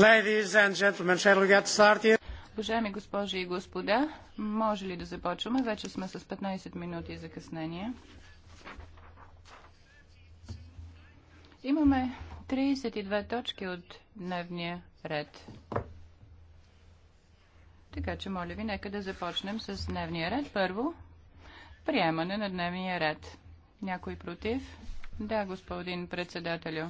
Ladies and gentlemen, shall we get started? Уважаеми госпожи и господа, може ли да започваме? Вече сме с 15 минути закъснение. Имаме 32 точки от дневния ред. Така че, моля ви, нека да започнем с дневния ред. Първо, приемане на дневния ред. Някой против? Да, господин председателю.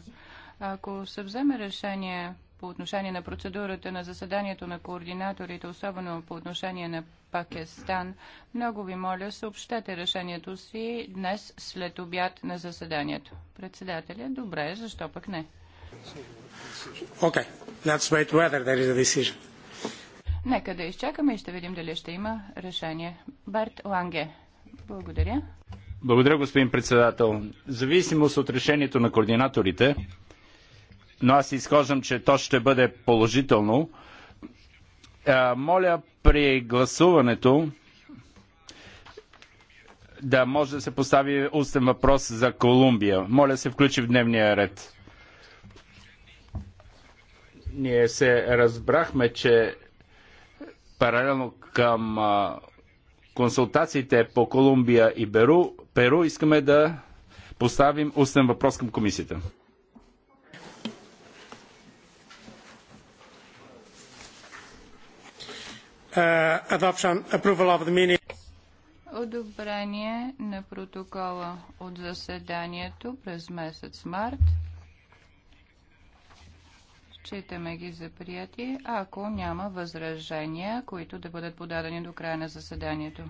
Ако се вземе решение по отношение на процедурата на заседанието на координаторите, особено по отношение на Пакистан, много ви моля, съобщете решението си днес след обяд на заседанието. Председателя, добре, защо пък не? Okay. Let's wait whether there is a decision. Нека да изчакаме и ще видим дали ще има решение. Барт Ланге. Благодаря. Благодаря, господин председател. В зависимост от решението на координаторите, но аз изхождам, че то ще бъде положително. Моля при гласуването да може да се постави устен въпрос за Колумбия. Моля да се включи в дневния ред. Ние се разбрахме, че паралелно към консултациите по Колумбия и Беру, Перу искаме да поставим устен въпрос към комисията. adoption, е, approval of the Одобрение на протокола от заседанието през месец март. Считаме ги за прияти, ако няма възражения, които да бъдат подадени до края на заседанието.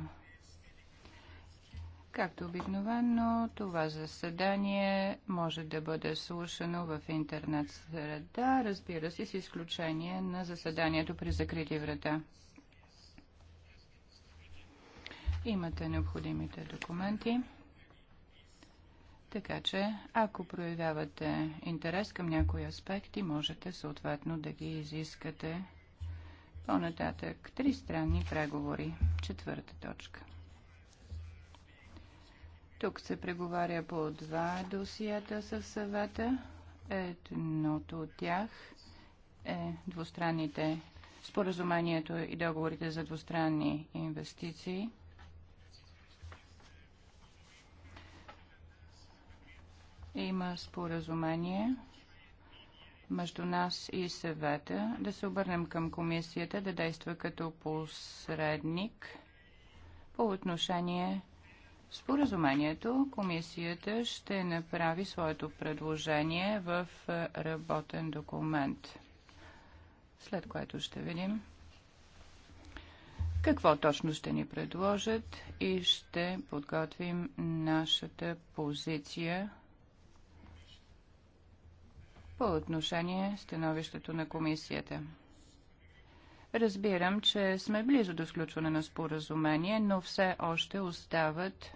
Както обикновено, това заседание може да бъде слушано в интернет среда, разбира се, с изключение на заседанието при закрити врата. Имате необходимите документи. Така че, ако проявявате интерес към някои аспекти, можете съответно да ги изискате по-нататък. Три странни преговори. Четвърта точка. Тук се преговаря по два досията с съвета. Едното от тях е двустранните споразумението и договорите за двустранни инвестиции – Има споразумение между нас и съвета да се обърнем към комисията да действа като посредник по отношение споразумението. Комисията ще направи своето предложение в е, работен документ, след което ще видим какво точно ще ни предложат и ще подготвим нашата позиция по отношение становището на комисията. Разбирам, че сме близо до сключване на споразумение, но все още остават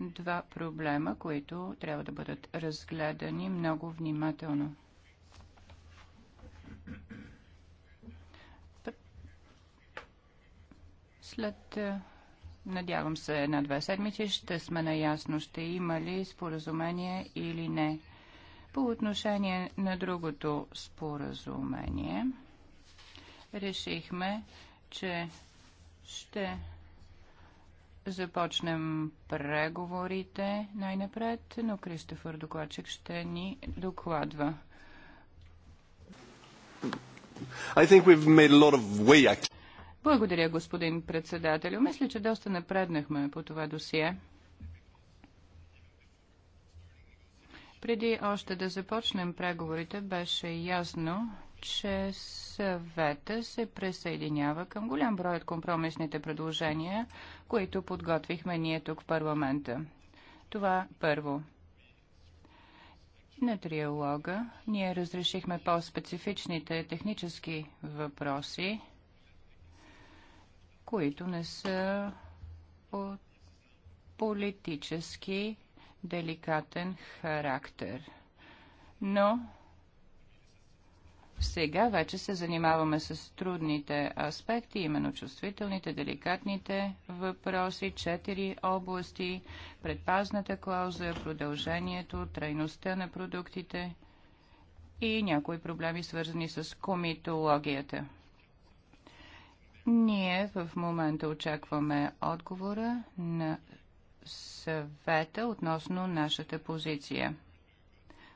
два проблема, които трябва да бъдат разгледани много внимателно. След, е, надявам се, една-две седмици ще сме наясно, ще има ли споразумение или не. По отношение на другото споразумение, решихме, че ще започнем преговорите най-напред, но Кристофър докладчик ще ни докладва. I think we've made a lot of way. Благодаря, господин председател. Мисля, че доста напреднахме по това досие. Преди още да започнем преговорите, беше ясно, че съвета се присъединява към голям брой от компромисните предложения, които подготвихме ние тук в парламента. Това първо. На триалога ние разрешихме по-специфичните технически въпроси, които не са от политически деликатен характер. Но сега вече се занимаваме с трудните аспекти, именно чувствителните, деликатните въпроси, четири области, предпазната клауза, продължението, трайността на продуктите и някои проблеми свързани с комитологията. Ние в момента очакваме отговора на съвета относно нашата позиция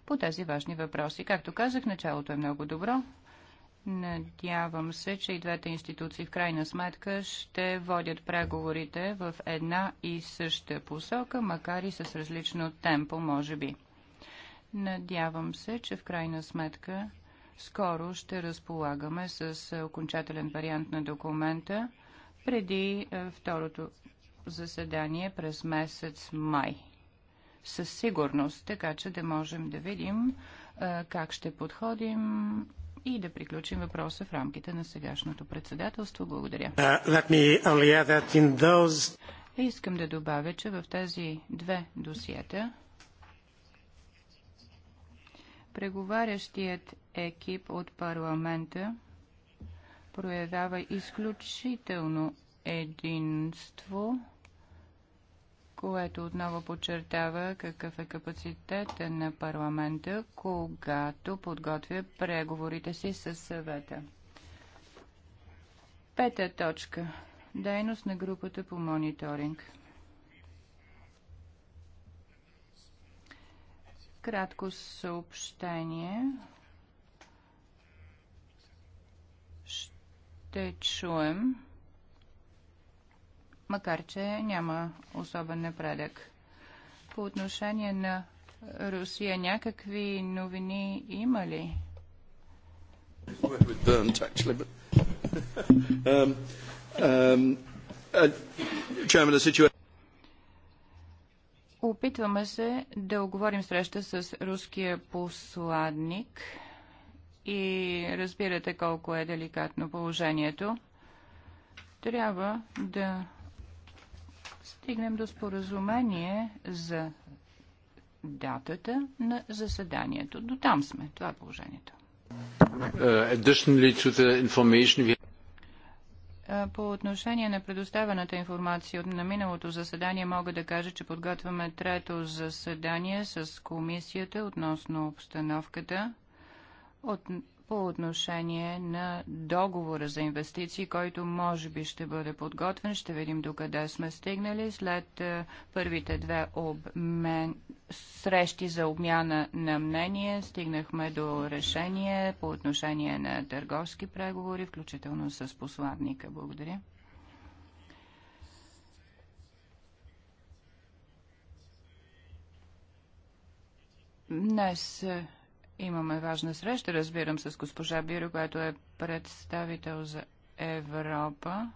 по тези важни въпроси. Както казах, началото е много добро. Надявам се, че и двете институции в крайна сметка ще водят преговорите в една и съща посока, макар и с различно темпо, може би. Надявам се, че в крайна сметка скоро ще разполагаме с окончателен вариант на документа преди е, второто заседание през месец май. Със сигурност, така че да можем да видим как ще подходим и да приключим въпроса в рамките на сегашното председателство. Благодаря. Uh, those... Искам да добавя, че в тези две досиета преговарящият екип от парламента проявява изключително единство което отново подчертава какъв е капацитета на парламента, когато подготвя преговорите си с съвета. Пета точка. Дейност на групата по мониторинг. Кратко съобщение. Ще чуем макар че няма особен напредък. По отношение на Русия, някакви новини има ли? Опитваме се да оговорим среща с руския посладник и разбирате колко е деликатно положението. Трябва да стигнем до споразумение за датата на заседанието. До там сме. Това е положението. Uh, по отношение на предоставената информация от на миналото заседание мога да кажа, че подготвяме трето заседание с комисията относно обстановката от по отношение на договора за инвестиции, който може би ще бъде подготвен. Ще видим докъде сме стигнали след е, първите две обмен... срещи за обмяна на мнение. Стигнахме до решение по отношение на търговски преговори, включително с посланника. Благодаря. Днес е, Имаме важна среща, разбирам, с госпожа Биро, която е представител за Европа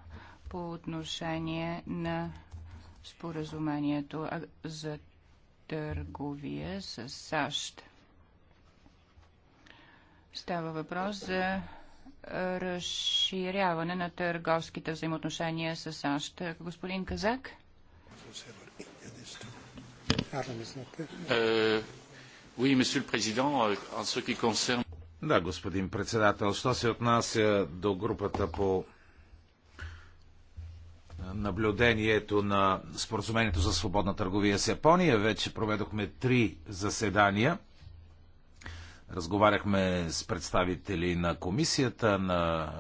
по отношение на споразумението за търговия с САЩ. Става въпрос за разширяване на търговските взаимоотношения с САЩ. Господин Казак? Uh, Euh, да, господин председател, що се отнася до групата по наблюдението на споразумението за свободна търговия с Япония, вече проведохме три заседания. Разговаряхме с представители на комисията, на,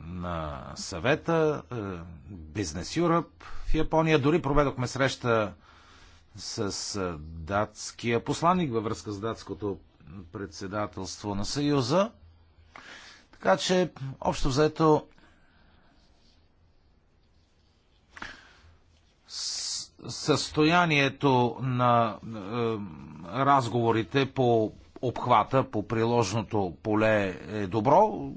на съвета, Бизнес Юръп в Япония. Дори проведохме среща с датския посланник във връзка с датското председателство на Съюза. Така че, общо взето, състоянието на е, разговорите по обхвата, по приложното поле е добро.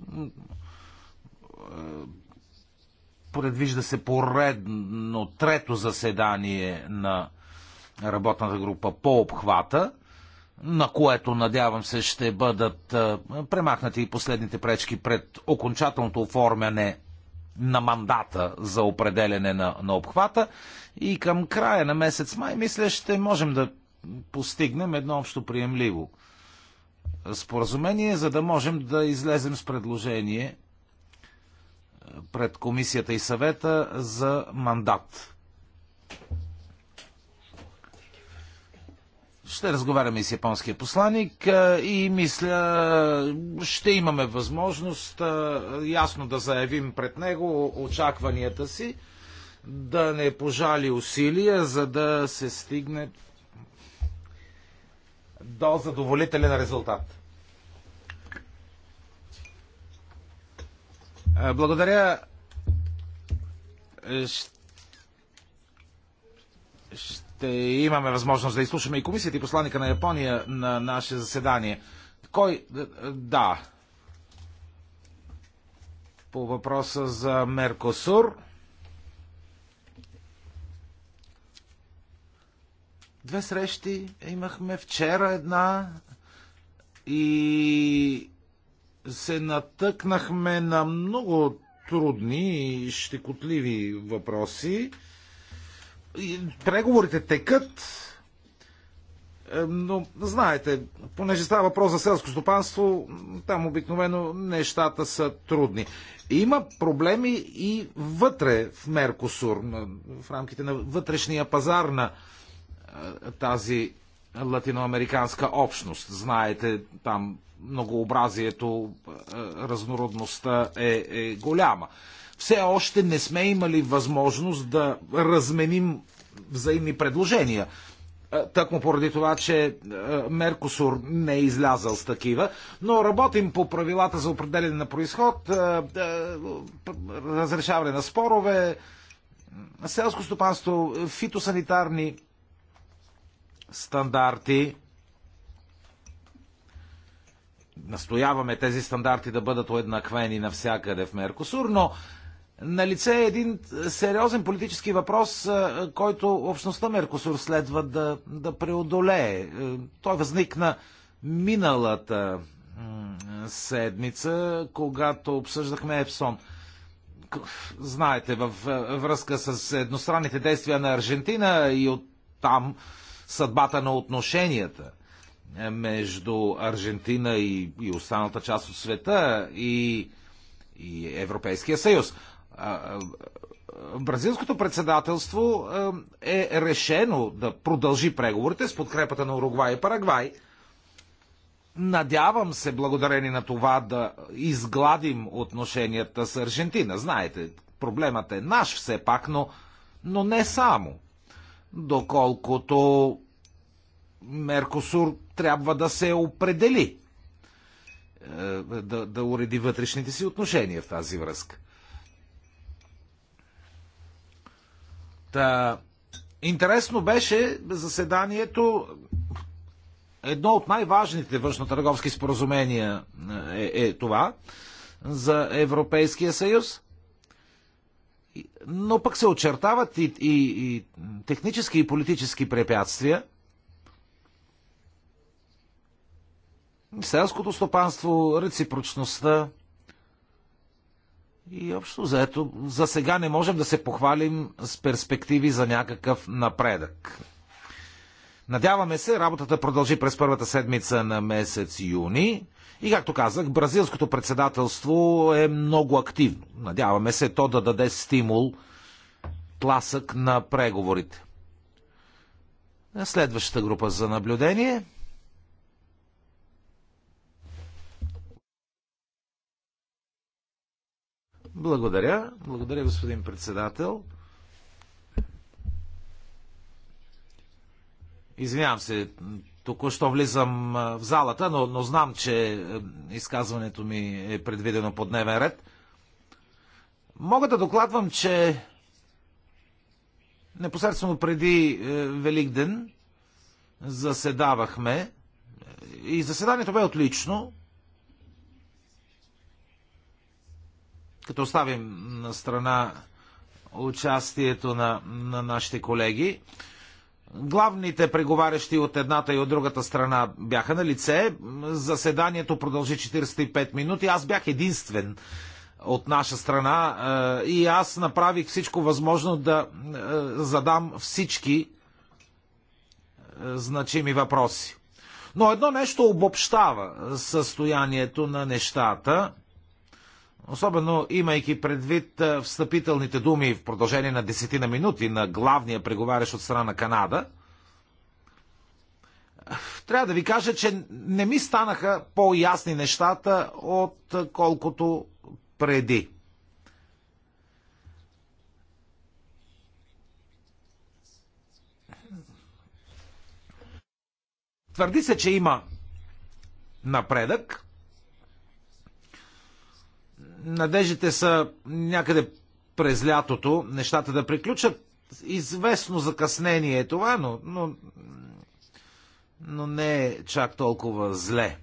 Предвижда се поредно трето заседание на работната група по обхвата, на което, надявам се, ще бъдат премахнати и последните пречки пред окончателното оформяне на мандата за определене на, на обхвата. И към края на месец май, мисля, ще можем да постигнем едно общо приемливо споразумение, за да можем да излезем с предложение пред комисията и съвета за мандат ще разговаряме и с японския посланник и мисля, ще имаме възможност ясно да заявим пред него очакванията си, да не пожали усилия, за да се стигне до задоволителен резултат. Благодаря. Ще ще имаме възможност да изслушаме и комисията и посланника на Япония на наше заседание. Кой? Да. По въпроса за Меркосур. Две срещи имахме вчера една и се натъкнахме на много трудни и щекотливи въпроси преговорите текат, е, но знаете, понеже става въпрос за селско стопанство, там обикновено нещата са трудни. Има проблеми и вътре в Меркосур, в рамките на вътрешния пазар на е, тази латиноамериканска общност. Знаете, там многообразието, е, разнородността е, е голяма все още не сме имали възможност да разменим взаимни предложения. Е, тъкмо поради това, че е, Меркосур не е излязал с такива, но работим по правилата за определене на происход, е, разрешаване на спорове, селско стопанство, фитосанитарни стандарти. Настояваме тези стандарти да бъдат уеднаквени навсякъде в Меркосур, но на лице е един сериозен политически въпрос, който общността Меркосур следва да, да преодолее. Е, той възникна миналата седмица, когато обсъждахме Епсон. Знаете, във връзка с едностранните действия на Аржентина и от там съдбата на отношенията е, между Аржентина и, и останалата част от света и, и Европейския съюз бразилското председателство е решено да продължи преговорите с подкрепата на Уругвай и Парагвай. Надявам се, благодарение на това, да изгладим отношенията с Аржентина. Знаете, проблемът е наш все пак, но, но не само. Доколкото Меркосур трябва да се определи, е, да, да уреди вътрешните си отношения в тази връзка. Та, интересно беше заседанието. Едно от най-важните външно-търговски споразумения е, е това за Европейския съюз. Но пък се очертават и, и, и технически и политически препятствия. Селското стопанство, реципрочността, и общо заето, за сега не можем да се похвалим с перспективи за някакъв напредък. Надяваме се, работата продължи през първата седмица на месец юни. И както казах, бразилското председателство е много активно. Надяваме се то да даде стимул, тласък на преговорите. Следващата група за наблюдение – Благодаря. Благодаря, господин председател. Извинявам се, току-що влизам в залата, но, но знам, че изказването ми е предвидено по дневен ред. Мога да докладвам, че непосредствено преди е, Велик ден заседавахме и заседанието бе отлично, като оставим на страна участието на, на нашите колеги, Главните преговарящи от едната и от другата страна бяха на лице. Заседанието продължи 45 минути. Аз бях единствен от наша страна е, и аз направих всичко възможно да е, задам всички е, значими въпроси. Но едно нещо обобщава състоянието на нещата – Особено имайки предвид встъпителните думи в продължение на десетина минути на главния преговарящ от страна на Канада, трябва да ви кажа, че не ми станаха по-ясни нещата, от колкото преди. Твърди се, че има напредък, Надеждите са някъде през лятото нещата да приключат. Известно закъснение е това, но, но, но не е чак толкова зле.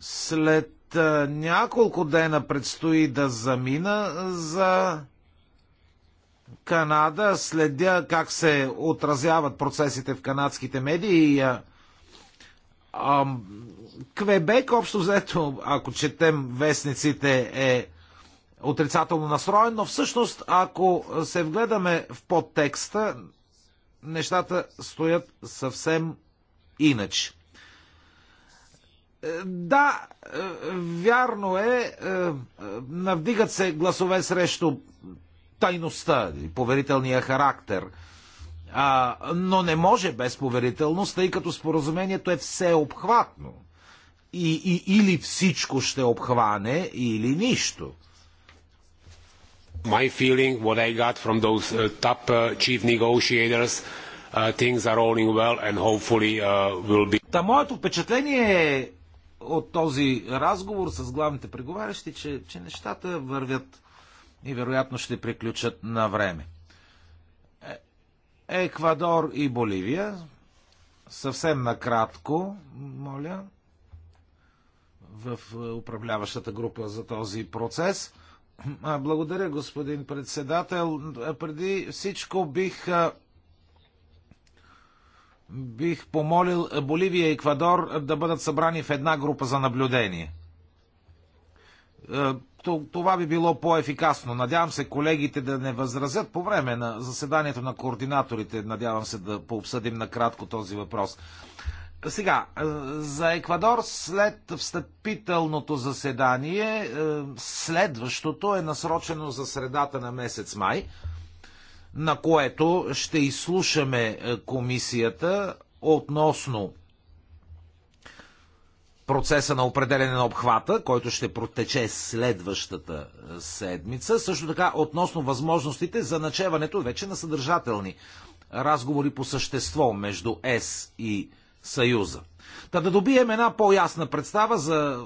След а, няколко дена предстои да замина за Канада. Следя как се отразяват процесите в канадските медии и а, а, Квебек, общо взето, ако четем вестниците, е отрицателно настроен, но всъщност, ако се вгледаме в подтекста, нещата стоят съвсем иначе. Да, е, вярно е, е, навдигат се гласове срещу тайността, поверителния характер – а, но не може без поверителност, тъй като споразумението е всеобхватно. И, и, или всичко ще обхване, или нищо. My feeling, what I got from those uh, top uh, chief negotiators, uh, things are rolling well and hopefully uh, will be... Та моето впечатление е от този разговор с главните преговарящи, че, че нещата вървят и вероятно ще приключат на време. Еквадор и Боливия. Съвсем накратко, моля, в е, управляващата група за този процес. Благодаря, господин председател. Преди всичко бих бих помолил Боливия и Еквадор да бъдат събрани в една група за наблюдение това би било по-ефикасно. Надявам се колегите да не възразят по време на заседанието на координаторите. Надявам се да пообсъдим накратко този въпрос. Сега, е, за Еквадор след встъпителното заседание, е, следващото е насрочено за средата на месец май, на което ще изслушаме е, комисията относно процеса на определене на обхвата, който ще протече следващата е, седмица. Също така относно възможностите за начеването вече на съдържателни разговори по същество между ЕС и Съюза. Та да добием една по-ясна представа за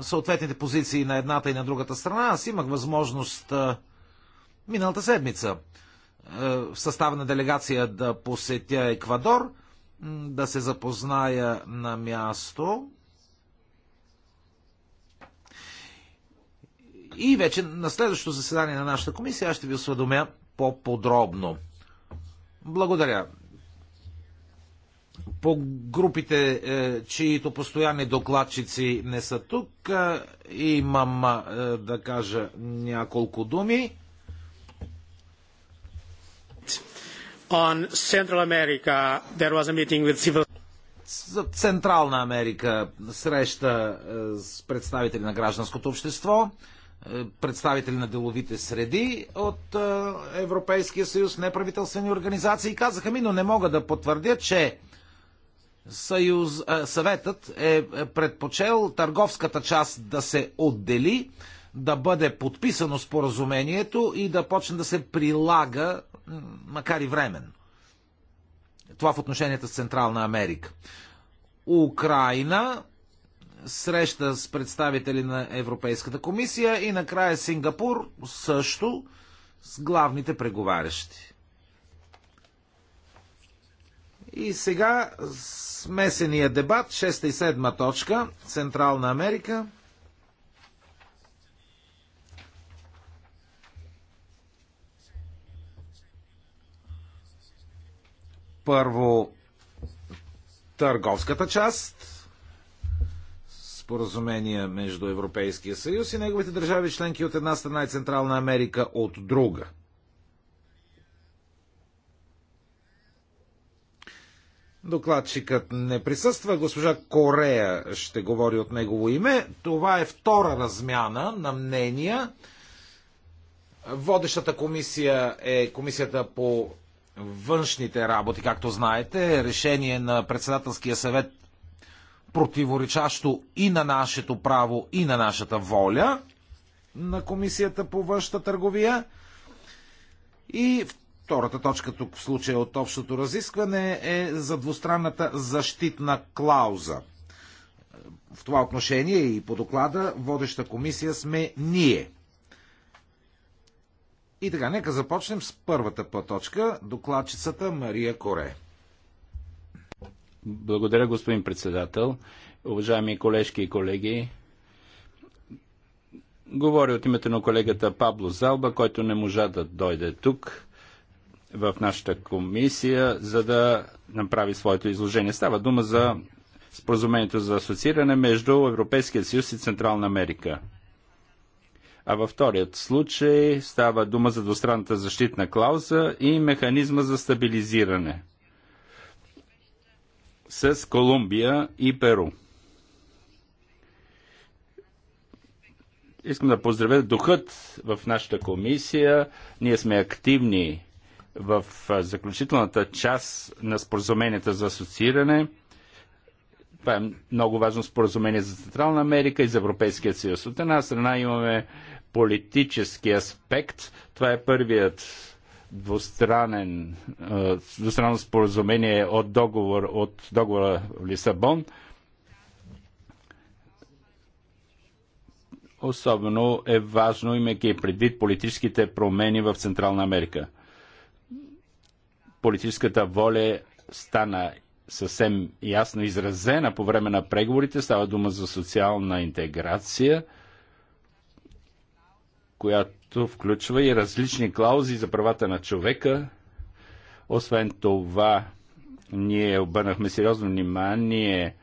съответните позиции на едната и на другата страна, аз имах възможност е, миналата седмица е, в състава на делегация да посетя Еквадор, да се запозная на място И вече на следващото заседание на нашата комисия аз ще ви осведомя по-подробно. Благодаря. По групите, е, чието постоянни докладчици не са тук, е, имам е, да кажа няколко думи. On Central America, there was a meeting with civil... Централна Америка среща с представители на гражданското общество представители на деловите среди от е, Европейския съюз, неправителствени организации и казаха ми, но не мога да потвърдя, че съюз, е, съветът е, е предпочел търговската част да се отдели, да бъде подписано споразумението и да почне да се прилага, макар и временно. Това в отношенията с Централна Америка. Украина среща с представители на Европейската комисия и накрая Сингапур също с главните преговарящи. И сега смесения дебат, 6 и 7 точка, Централна Америка. Първо търговската част, споразумения между Европейския съюз и неговите държави членки от една страна и Централна Америка от друга. Докладчикът не присъства. Госпожа Корея ще говори от негово име. Това е втора размяна на мнения. Водещата комисия е комисията по външните работи, както знаете. Решение на председателския съвет противоречащо и на нашето право, и на нашата воля на Комисията по външна търговия. И втората точка тук в случая от общото разискване е за двустранната защитна клауза. В това отношение и по доклада водеща комисия сме ние. И така, нека започнем с първата точка, докладчицата Мария Коре. Благодаря, господин председател. Уважаеми колежки и колеги, говоря от името на колегата Пабло Залба, който не можа да дойде тук в нашата комисия, за да направи своето изложение. Става дума за споразумението за асоцииране между Европейския съюз и Централна Америка. А във вторият случай става дума за двустранната защитна клауза и механизма за стабилизиране – с Колумбия и Перу. Искам да поздравя духът в нашата комисия. Ние сме активни в заключителната част на споразуменията за асоцииране. Това е много важно споразумение за Централна Америка и за Европейския съюз. От една страна имаме политически аспект. Това е първият двустранен, двустранно споразумение от договор, от договора в Лисабон, особено е важно, имайки предвид политическите промени в Централна Америка. Политическата воля стана съвсем ясно изразена по време на преговорите. Става дума за социална интеграция, която което включва и различни клаузи за правата на човека. Освен това, ние обърнахме сериозно внимание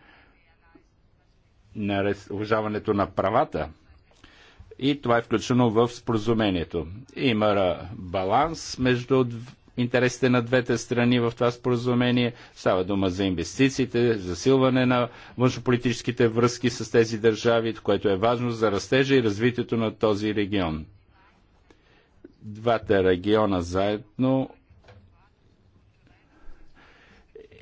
на уважаването на правата. И това е включено в споразумението. Има баланс между интересите на двете страни в това споразумение. Става дума за инвестициите, засилване на външополитическите връзки с тези държави, което е важно за растежа и развитието на този регион. Двата региона заедно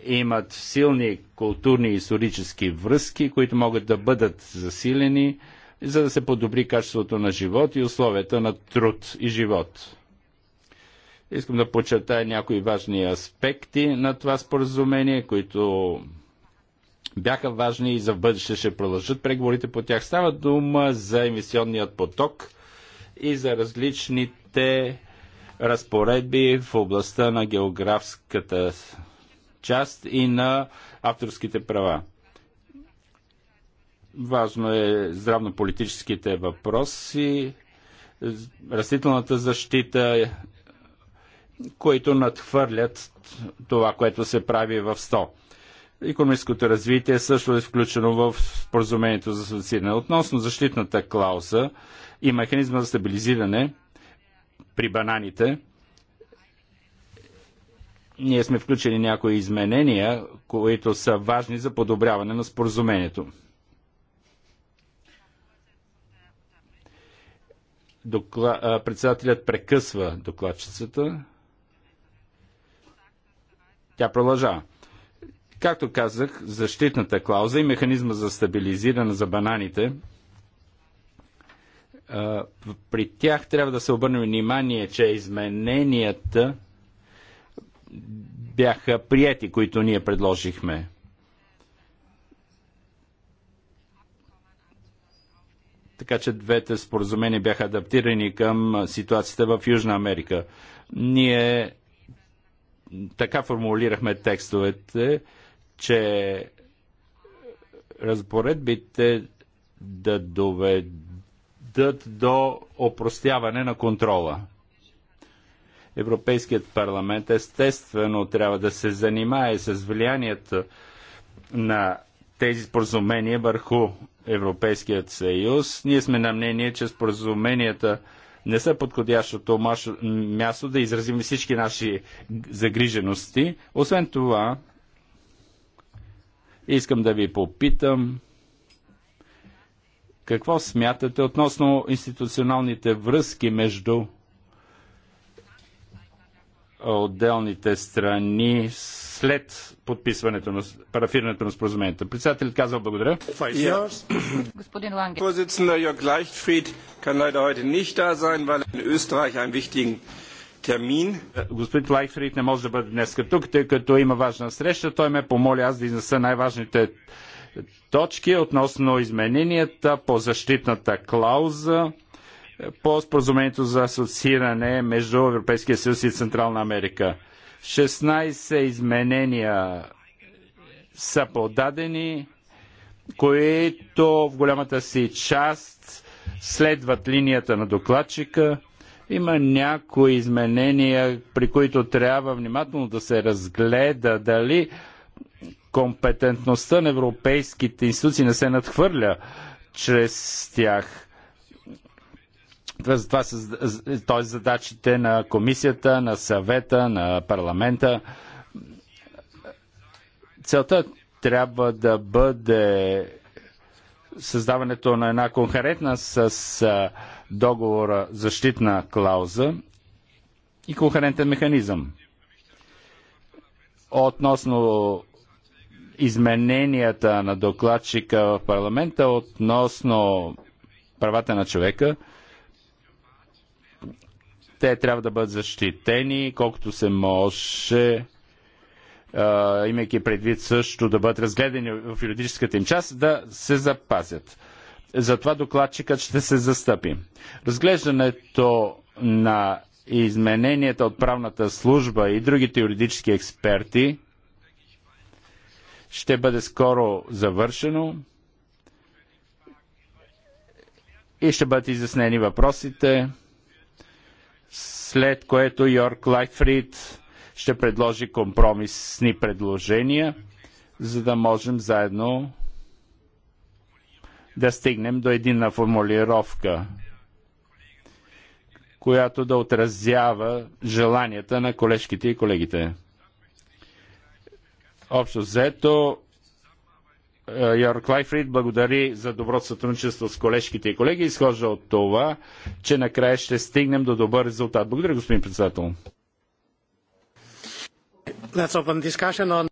имат силни културни и исторически връзки, които могат да бъдат засилени, за да се подобри качеството на живот и условията на труд и живот. Искам да подчертая някои важни аспекти на това споразумение, които бяха важни и за бъдеще ще продължат преговорите по тях. Става дума за инвестиционният поток и за различните новите разпоредби в областта на географската част и на авторските права. Важно е здравнополитическите въпроси, растителната защита, които надхвърлят това, което се прави в 100. Економическото развитие също е включено в споразумението за асоцииране. Относно защитната клауза и механизма за стабилизиране – при бананите. Ние сме включили някои изменения, които са важни за подобряване на споразумението. Докла... Председателят прекъсва докладчицата. Тя продължава. Както казах, защитната клауза и механизма за стабилизиране за бананите – при тях трябва да се обърне внимание, че измененията бяха прияти, които ние предложихме. Така че двете споразумения бяха адаптирани към ситуацията в Южна Америка. Ние така формулирахме текстовете, че разпоредбите да доведат доведат до опростяване на контрола. Европейският парламент естествено трябва да се занимае с влиянието на тези споразумения върху Европейският съюз. Ние сме на мнение, че споразуменията не са подходящото място да изразим всички наши загрижености. Освен това, искам да ви попитам какво смятате относно институционалните връзки между отделните страни след подписването на парафирането на споразумението. Председателят казва благодаря. Господин Ланге. Er Österreich термин. Господин Лайхфрид не може да бъде днес тук, тъй като има важна среща. Той ме помоли аз да изнеса най-важните точки относно измененията по защитната клауза по споразумението за асоцииране между Европейския съюз и Централна Америка. 16 изменения са подадени, които в голямата си част следват линията на докладчика. Има някои изменения, при които трябва внимателно да се разгледа дали компетентността на европейските институции не се надхвърля чрез тях. Това, това са т.е. задачите на комисията, на съвета, на парламента. Целта трябва да бъде създаването на една конкурентна с договора защитна клауза и конкурентен механизъм. Относно измененията на докладчика в парламента относно правата на човека. Те трябва да бъдат защитени колкото се може, имайки предвид също да бъдат разгледани в юридическата им част, да се запазят. Затова докладчикът ще се застъпи. Разглеждането на измененията от правната служба и другите юридически експерти – ще бъде скоро завършено и ще бъдат изяснени въпросите, след което Йорк Лайтфрид ще предложи компромисни предложения, за да можем заедно да стигнем до единна формулировка, която да отразява желанията на колежките и колегите. Общо взето, е, Йорк Лайфрид благодари за добро сътрудничество с колежките и колеги. Изхожда от това, че накрая ще стигнем до добър резултат. Благодаря, господин председател. On...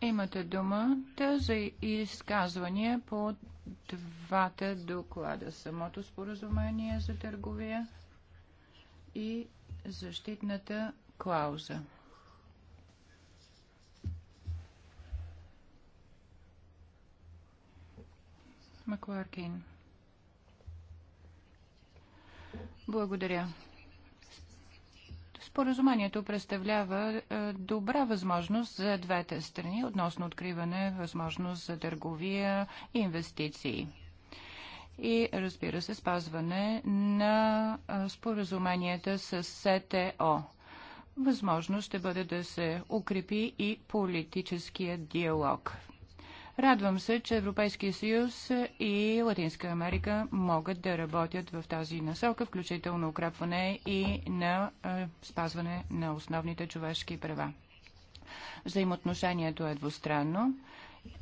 Имате думата за изказвания по двата доклада. Самото споразумение за търговия и защитната клауза. Макларкин. Благодаря. Споразумението представлява е, добра възможност за двете страни относно откриване възможност за търговия и инвестиции и разбира се спазване на е, споразуменията с СТО. Възможно ще бъде да се укрепи и политическия диалог. Радвам се, че Европейския съюз и Латинска Америка могат да работят в тази насока, включително укрепване и на е, спазване на основните човешки права. Взаимоотношението е двустранно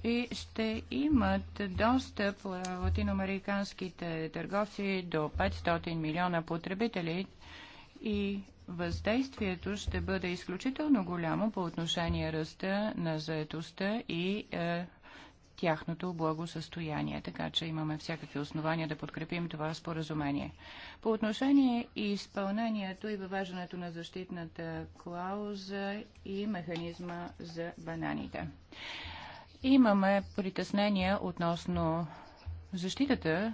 и ще имат достъп е, латиноамериканските търговци до 500 милиона потребители и въздействието ще бъде изключително голямо по отношение ръста на заетостта и е, тяхното благосъстояние. Така че имаме всякакви основания да подкрепим това споразумение. По отношение и изпълнението и въвеждането на защитната клауза и механизма за бананите. Имаме притеснения относно защитата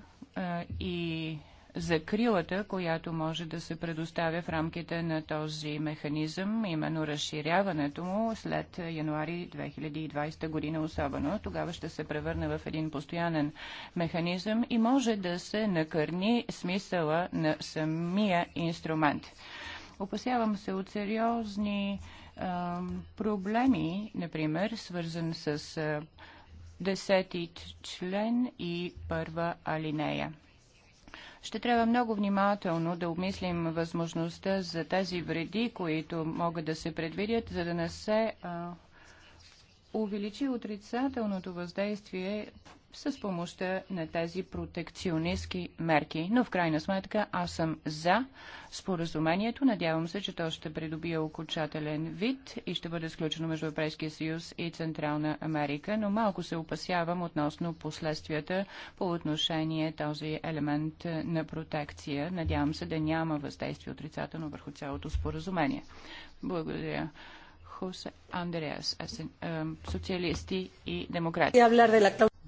и закрилата, която може да се предоставя в рамките на този механизъм, именно разширяването му след януари 2020 година особено. Тогава ще се превърне в един постоянен механизъм и може да се накърни смисъла на самия инструмент. Опасявам се от сериозни а, проблеми, например, свързан с а, десети член и първа алинея. Ще трябва много внимателно да обмислим възможността за тези вреди, които могат да се предвидят, за да не се а, увеличи отрицателното въздействие с помощта на тези протекционистки мерки. Но в крайна сметка аз съм за споразумението. Надявам се, че то ще придобие окончателен вид и ще бъде сключено между Европейския съюз и Централна Америка, но малко се опасявам относно последствията по отношение този елемент на протекция. Надявам се да няма въздействие отрицателно върху цялото споразумение. Благодаря. Андреас, социалисти и демократи.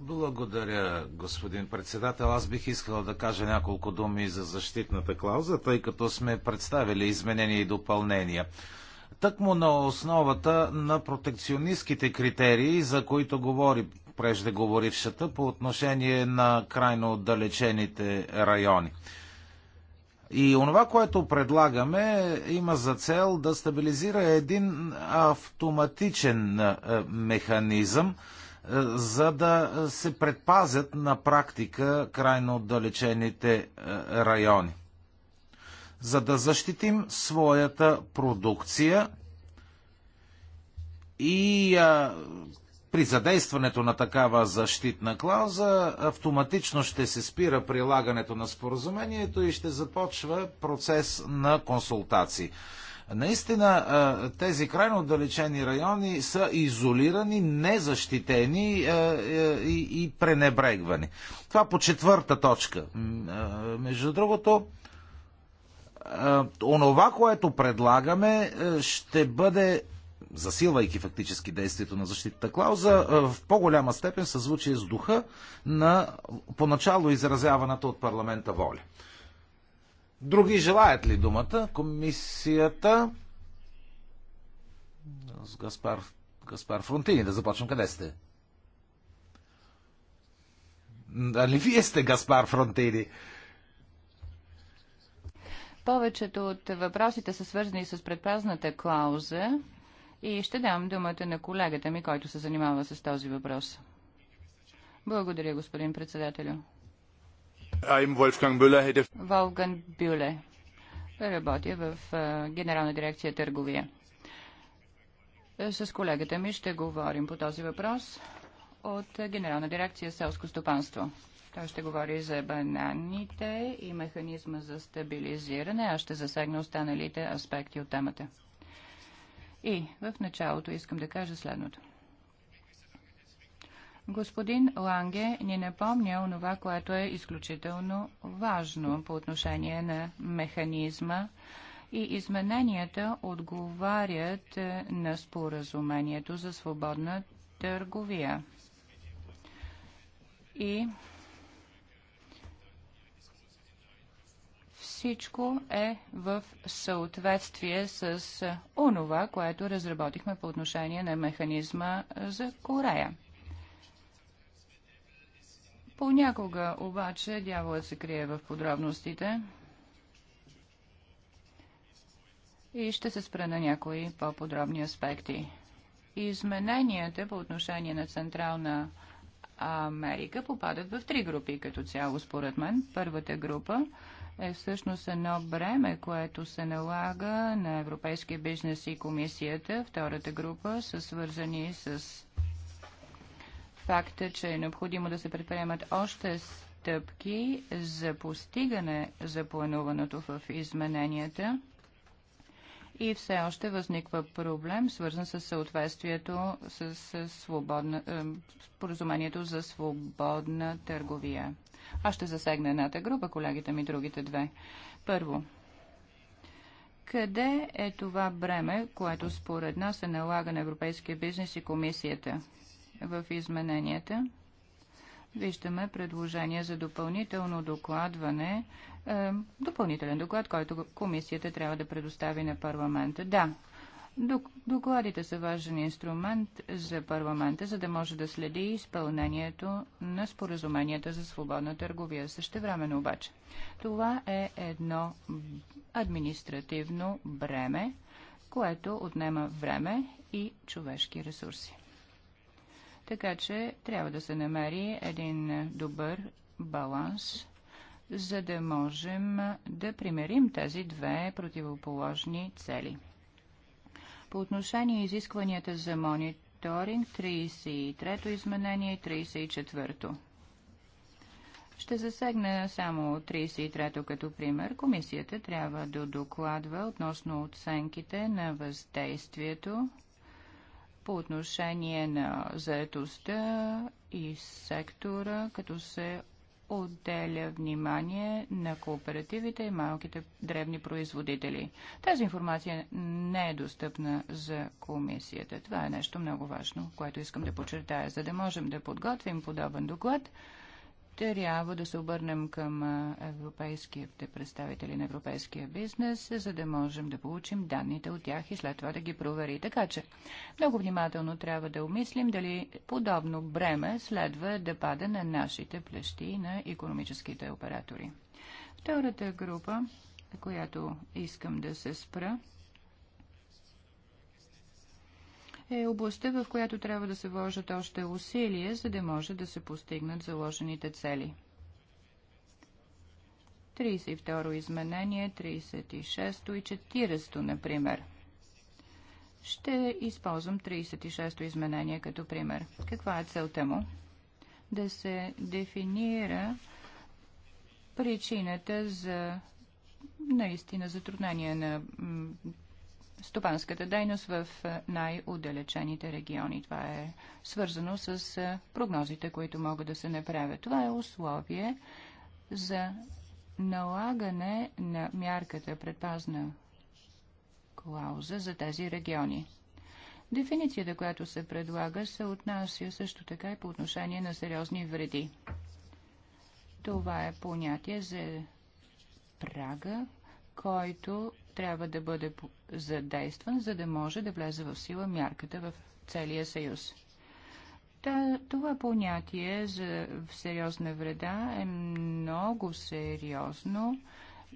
Благодаря, господин председател. Аз бих искал да кажа няколко думи за защитната клауза, тъй като сме представили изменения и допълнения. Тъкмо на основата на протекционистските критерии, за които говори преждеговорившата по отношение на крайно отдалечените райони. И онова, което предлагаме, има за цел да стабилизира един автоматичен е, механизъм, е, за да се предпазят на практика крайно отдалечените е, райони. За да защитим своята продукция и а, е, при задействането на такава защитна клауза автоматично ще се спира прилагането на споразумението и ще започва процес на консултации. Наистина тези крайно отдалечени райони са изолирани, незащитени е, и пренебрегвани. Това по четвърта точка. Между другото, онова, което предлагаме, е, ще бъде засилвайки фактически действието на защитата клауза, е, в по-голяма степен съзвучие с духа на поначало изразяваната от парламента воля. Други желаят ли думата? Комисията. С Гаспар, Гаспар Фронтини да започнем. Къде сте? Дали вие сте Гаспар Фронтини? Повечето от въпросите са свързани с предпазната клауза и ще дам думата на колегата ми, който се занимава с този въпрос. Благодаря, господин председателю. I'm Wolfgang Bühler, Wolfgang Bühler. Работя в Генерална дирекция търговия. Е, с колегата ми ще говорим по този въпрос от Генерална дирекция селско стопанство. Той ще говори за бананите и механизма за стабилизиране, а ще засегна останалите аспекти от темата. И в началото искам да кажа следното. Господин Ланге ни напомня онова, което е изключително важно по отношение на механизма и измененията отговарят е, на споразумението за свободна търговия. И всичко е в съответствие с онова, което разработихме по отношение на механизма за Корея. Понякога обаче дяволът се крие в подробностите и ще се спра на някои по-подробни аспекти. Измененията по отношение на Централна Америка попадат в три групи като цяло, според мен. Първата група е всъщност едно бреме, което се налага на Европейския бизнес и комисията. Втората група са свързани с факта, че е необходимо да се предприемат още стъпки за постигане за плануваното в измененията и все още възниква проблем, свързан с съответствието с, свободна, е, споразумението за свободна търговия. Аз ще засегна едната група, колегите ми другите две. Първо, къде е това бреме, което според нас се налага на европейския бизнес и комисията? в измененията виждаме предложение за допълнително докладване, е, допълнителен доклад, който комисията трябва да предостави на парламента. Да, докладите са важен инструмент за парламента, за да може да следи изпълнението на споразуменията за свободна търговия. Същевременно обаче, това е едно административно бреме, което отнема време и човешки ресурси. Така че трябва да се намери един добър баланс, за да можем да примерим тези две противоположни цели. По отношение изискванията за мониторинг 33-то изменение и 34-то. Ще засегна само 33-то като пример. Комисията трябва да докладва относно оценките на въздействието по отношение на заетостта и сектора, като се отделя внимание на кооперативите и малките древни производители. Тази информация не е достъпна за комисията. Това е нещо много важно, което искам да подчертая, за да можем да подготвим подобен доклад трябва да се обърнем към европейските представители на европейския бизнес, за да можем да получим данните от тях и след това да ги провери. Така че много внимателно трябва да умислим дали подобно бреме следва да пада на нашите плещи на економическите оператори. Втората група, която искам да се спра, е областта, в която трябва да се вложат още усилия, за да може да се постигнат заложените цели. 32 изменение, 36 и 40, например. Ще използвам 36-то изменение като пример. Каква е целта му? Да се дефинира причината за наистина затруднение на стопанската дейност в е, най-отдалечените региони. Това е свързано с е, прогнозите, които могат да се направят. Това е условие за налагане на мярката предпазна клауза за тези региони. Дефиницията, която се предлага, се отнася също така и по отношение на сериозни вреди. Това е понятие за прага, който трябва да бъде задействан, за да може да влезе в сила мярката в целия съюз. Та, това понятие за сериозна вреда е много сериозно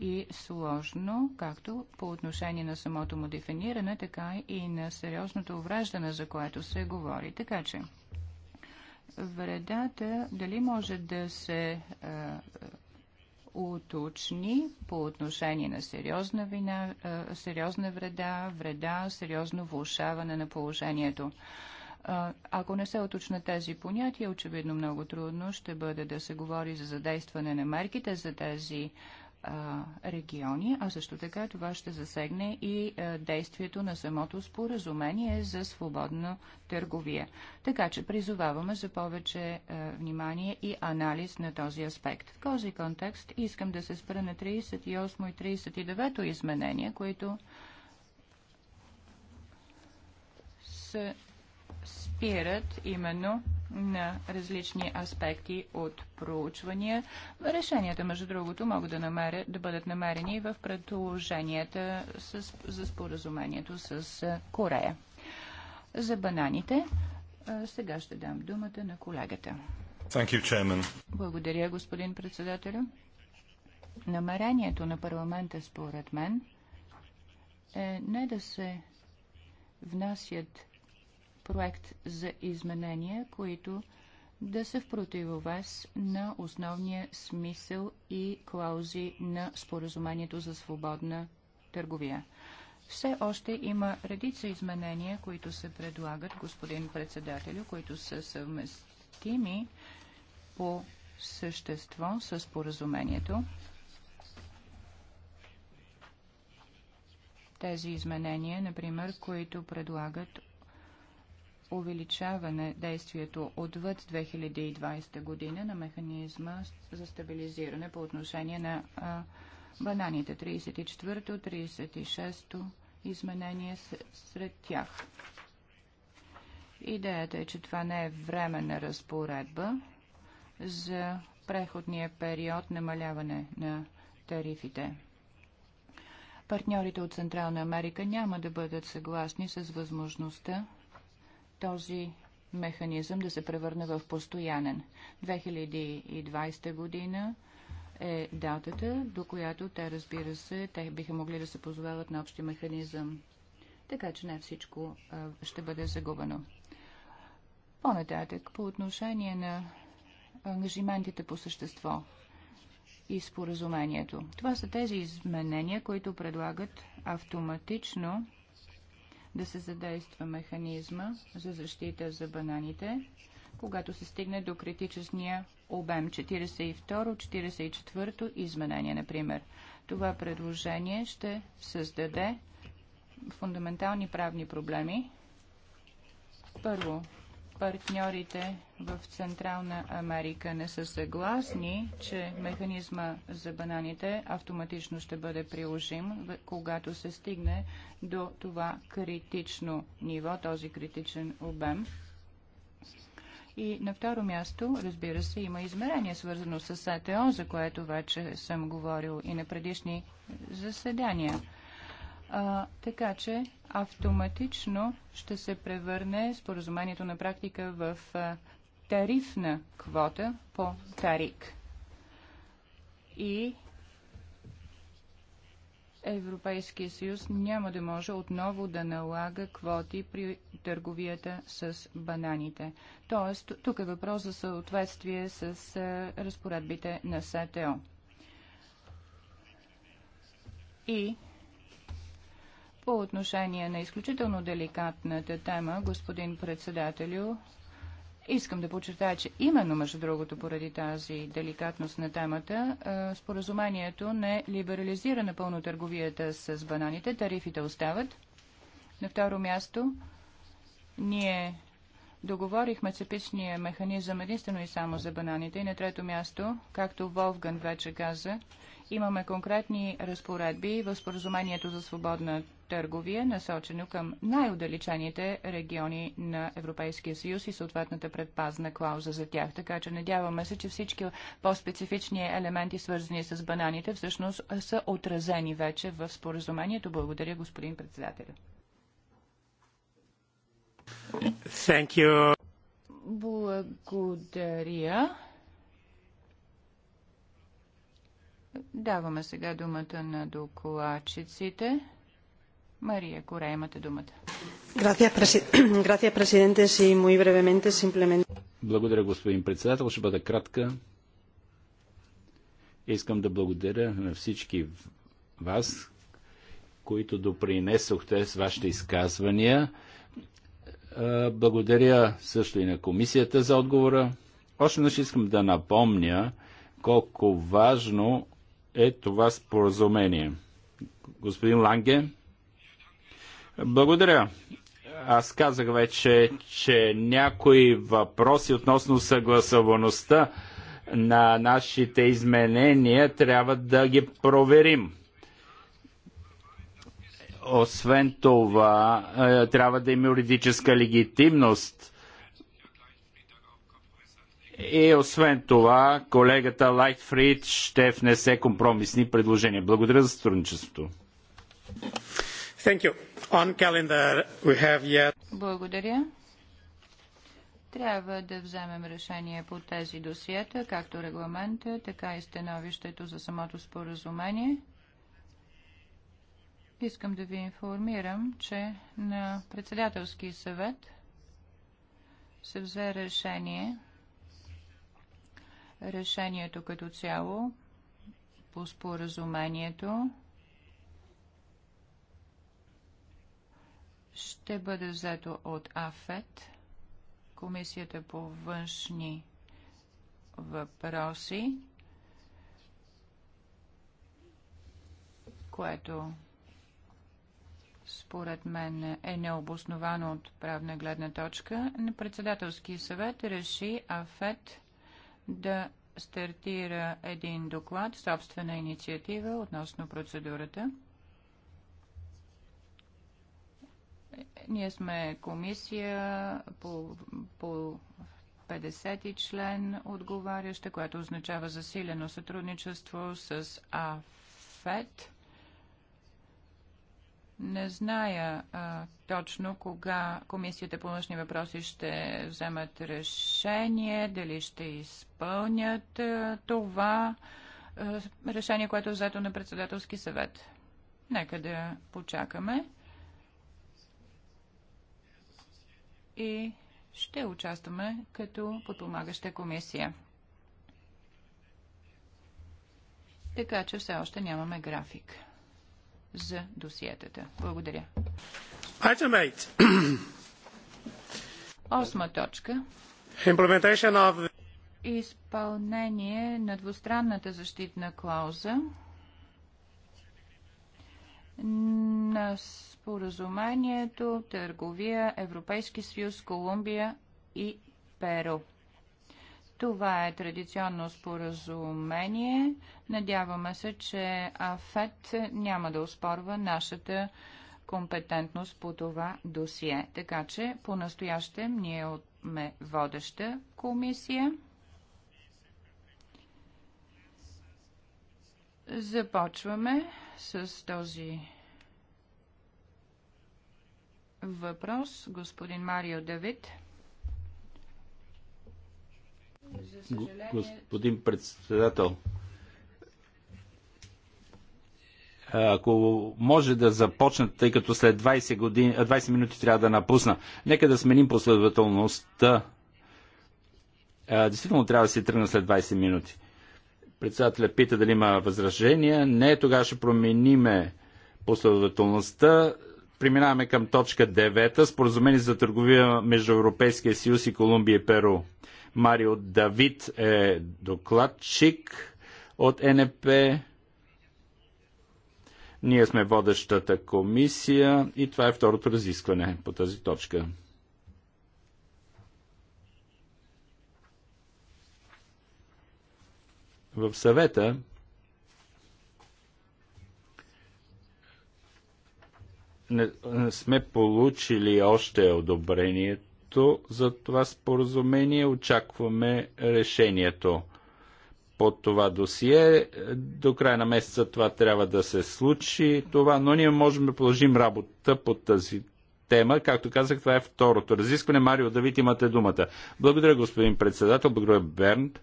и сложно, както по отношение на самото му дефиниране, така и на сериозното увреждане, за което се говори. Така че, вредата дали може да се а, уточни по отношение на сериозна, вина, сериозна вреда, вреда, сериозно влушаване на положението. Ако не се оточнат тези понятия, очевидно много трудно ще бъде да се говори за задействане на мерките за тези а, региони, а също така това ще засегне и а, действието на самото споразумение за свободна търговия. Така че призоваваме за повече а, внимание и анализ на този аспект. В този контекст искам да се спра на 38 и 39 изменения, които се спират именно на различни аспекти от проучвания. Решенията, между другото, могат да, намеря, да бъдат намерени в предложенията с, за споразумението с Корея. За бананите сега ще дам думата на колегата. You, Благодаря, господин председател. Намерението на парламента, според мен, е не да се внасят проект за изменения, които да са в противовес на основния смисъл и клаузи на споразумението за свободна търговия. Все още има редица изменения, които се предлагат, господин председателю, които са съвместими по същество с споразумението. Тези изменения, например, които предлагат увеличаване действието отвъд 2020 година на механизма за стабилизиране по отношение на бананите 34-то, 36-то изменение сред тях. Идеята е, че това не е временна разпоредба за преходния период намаляване на тарифите. Партньорите от Централна Америка няма да бъдат съгласни с възможността този механизъм да се превърне в постоянен. 2020 година е датата, до която те, разбира се, те биха могли да се позовават на общи механизъм. Така че не всичко а, ще бъде загубено. По-нататък, по отношение на ангажиментите по същество и споразумението. Това са тези изменения, които предлагат автоматично да се задейства механизма за защита за бананите, когато се стигне до критичния обем 42-44 изменение, например. Това предложение ще създаде фундаментални правни проблеми. Първо, партньорите в Централна Америка не са съгласни, че механизма за бананите автоматично ще бъде приложим, когато се стигне до това критично ниво, този критичен обем. И на второ място, разбира се, има измерение, свързано с СТО, за което вече съм говорил и на предишни заседания а, така че автоматично ще се превърне споразумението на практика в а, тарифна квота по тарик. И Европейския съюз няма да може отново да налага квоти при търговията с бананите. Тоест, тук е въпрос за съответствие с разпоредбите на СТО. И по отношение на изключително деликатната тема, господин председателю, Искам да подчертая, че именно, между другото, поради тази деликатност на темата, е, споразумението не либерализира напълно търговията с бананите. Тарифите остават. На второ място, ние договорихме цепичния механизъм единствено и само за бананите. И на трето място, както Волфган вече каза, имаме конкретни разпоредби в споразумението за свободна търговия, насочено към най-удалечените региони на Европейския съюз и съответната предпазна клауза за тях. Така че надяваме се, че всички по-специфични елементи, свързани с бананите, всъщност са отразени вече в споразумението. Благодаря, господин председател. Thank you. Благодаря. Даваме сега думата на докладчиците. Мария Кора, имате думата. Благодаря, господин председател. Ще бъда кратка. Искам да благодаря на всички вас, които допринесохте с вашите изказвания. Благодаря също и на комисията за отговора. Още веднъж искам да напомня колко важно е това споразумение. Господин Ланге, благодаря. Аз казах вече, че някои въпроси относно съгласоваността на нашите изменения трябва да ги проверим. Освен това, е, трябва да има юридическа легитимност. И освен това, колегата Лайтфрид ще внесе компромисни предложения. Благодаря за сътрудничеството. Thank you. On calendar we have yet... Благодаря. Трябва да вземем решение по тези досиета, както регламента, така и становището за самото споразумение. Искам да ви информирам, че на председателски съвет се взе решение. Решението като цяло по споразумението ще бъде взето от АФЕТ, Комисията по външни въпроси, което според мен е необосновано от правна гледна точка. Председателски съвет реши АФЕТ да стартира един доклад, собствена инициатива относно процедурата. Ние сме комисия по, по 50 член отговаряща, което означава засилено сътрудничество с АФЕД. Не зная а, точно кога Комисията по външни въпроси ще вземат решение, дали ще изпълнят а, това а, решение, което е взето на председателски съвет. Нека да почакаме. и ще участваме като подпомагаща комисия. Така че все още нямаме график за досиетата. Благодаря. Осма точка. Изпълнение на двустранната защитна клауза на споразумението Търговия Европейски съюз, Колумбия и Перу. Това е традиционно споразумение. Надяваме се, че АФЕТ няма да успорва нашата компетентност по това досие. Така че по настояще ние отме водеща комисия. Започваме с този въпрос господин Марио Давид. Господин председател, ако може да започна, тъй като след 20, години, 20 минути трябва да напусна, нека да сменим последователността. Действително трябва да се тръгна след 20 минути. Председателя пита дали има възражения. Не, тогава ще промениме последователността. Преминаваме към точка 9. Споразумение за търговия между Европейския съюз и Колумбия и Перу. Марио Давид е докладчик от НП. Ние сме водещата комисия и това е второто разискване по тази точка. в съвета не, не сме получили още одобрението за това споразумение. Очакваме решението по това досие. До края на месеца това трябва да се случи, това, но ние можем да продължим работа по тази тема. Както казах, това е второто разискване. Марио Давид, имате думата. Благодаря, господин председател. Благодаря, Бернт.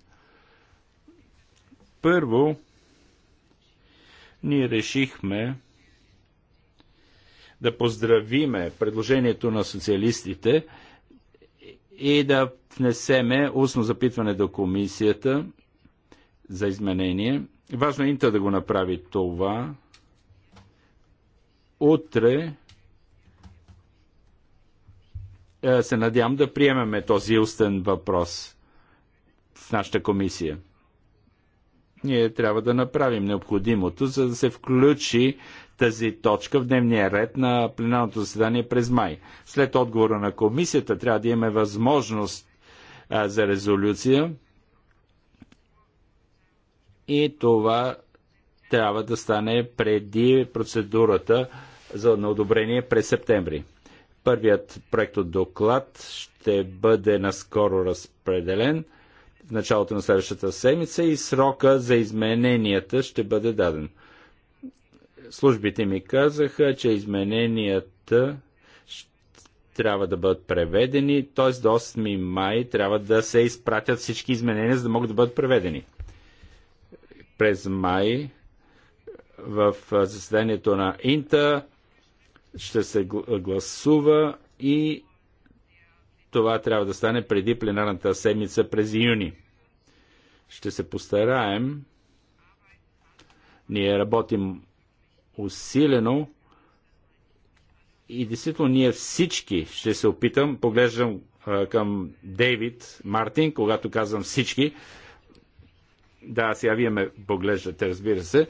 Първо, ние решихме да поздравиме предложението на социалистите и да внесеме устно запитване до комисията за изменение. Важно е Инта да го направи това. Утре е, се надявам да приемеме този устен въпрос в нашата комисия ние трябва да направим необходимото, за да се включи тази точка в дневния ред на пленарното заседание през май. След отговора на комисията трябва да имаме възможност а, за резолюция и това трябва да стане преди процедурата за одобрение през септември. Първият проект от доклад ще бъде наскоро разпределен – в началото на следващата седмица и срока за измененията ще бъде даден. Службите ми казаха, че измененията трябва да бъдат преведени, т.е. до 8 май трябва да се изпратят всички изменения, за да могат да бъдат преведени. През май в заседанието на Инта ще се гласува и това трябва да стане преди пленарната седмица през юни. Ще се постараем. Ние работим усилено и действително ние всички ще се опитам, поглеждам към Дейвид Мартин, когато казвам всички, да, сега вие ме поглеждате, разбира се,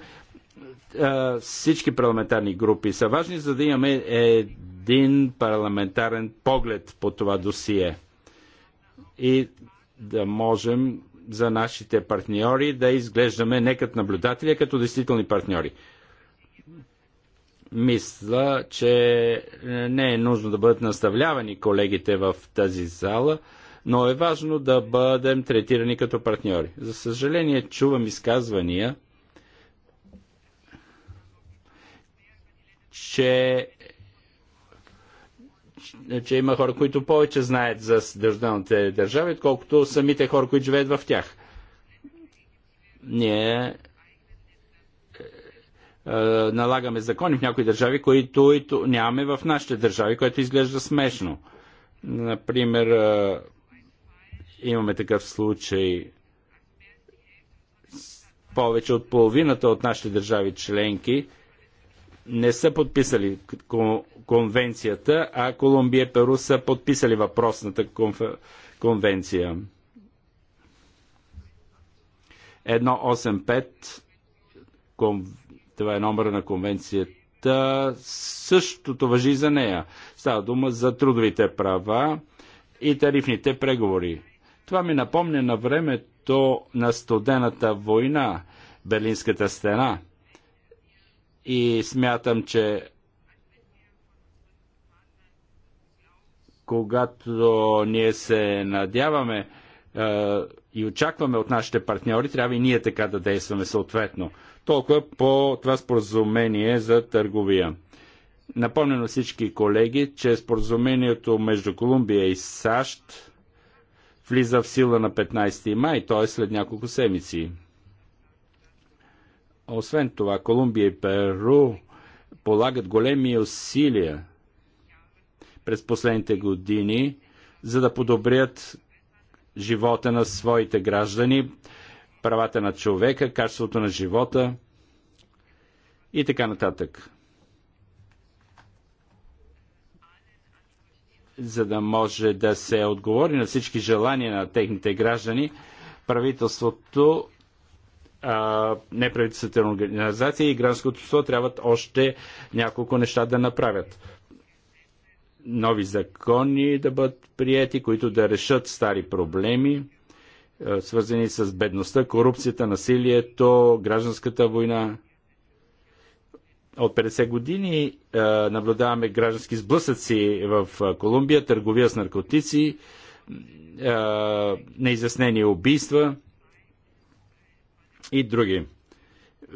всички парламентарни групи са важни, за да имаме един парламентарен поглед по това досие и да можем за нашите партньори да изглеждаме не като наблюдатели, а като действителни партньори. Мисля, че не е нужно да бъдат наставлявани колегите в тази зала, но е важно да бъдем третирани като партньори. За съжаление, чувам изказвания – че че има хора, които повече знаят за държавните държави, отколкото самите хора, които живеят в тях. Ние е, е, налагаме закони в някои държави, които и нямаме в нашите държави, което изглежда смешно. Например, е, имаме такъв случай повече от половината от нашите държави членки – не са подписали конвенцията, а Колумбия и Перу са подписали въпросната конвенция. 185, това е номера на конвенцията, същото въжи за нея. Става дума за трудовите права и тарифните преговори. Това ми напомня на времето на студената война, Берлинската стена – и смятам, че когато ние се надяваме е, и очакваме от нашите партньори, трябва и ние така да действаме съответно. Толкова по това споразумение за търговия. Напомням на всички колеги, че споразумението между Колумбия и САЩ влиза в сила на 15 май, т.е. след няколко седмици. Освен това, Колумбия и Перу полагат големи усилия през последните години, за да подобрят живота на своите граждани, правата на човека, качеството на живота и така нататък. За да може да се отговори на всички желания на техните граждани, правителството неправителствените организации и гражданското общество трябват още няколко неща да направят. Нови закони да бъдат прияти, които да решат стари проблеми, свързани с бедността, корупцията, насилието, гражданската война. От 50 години наблюдаваме граждански сблъсъци в Колумбия, търговия с наркотици, неизяснени убийства – и други.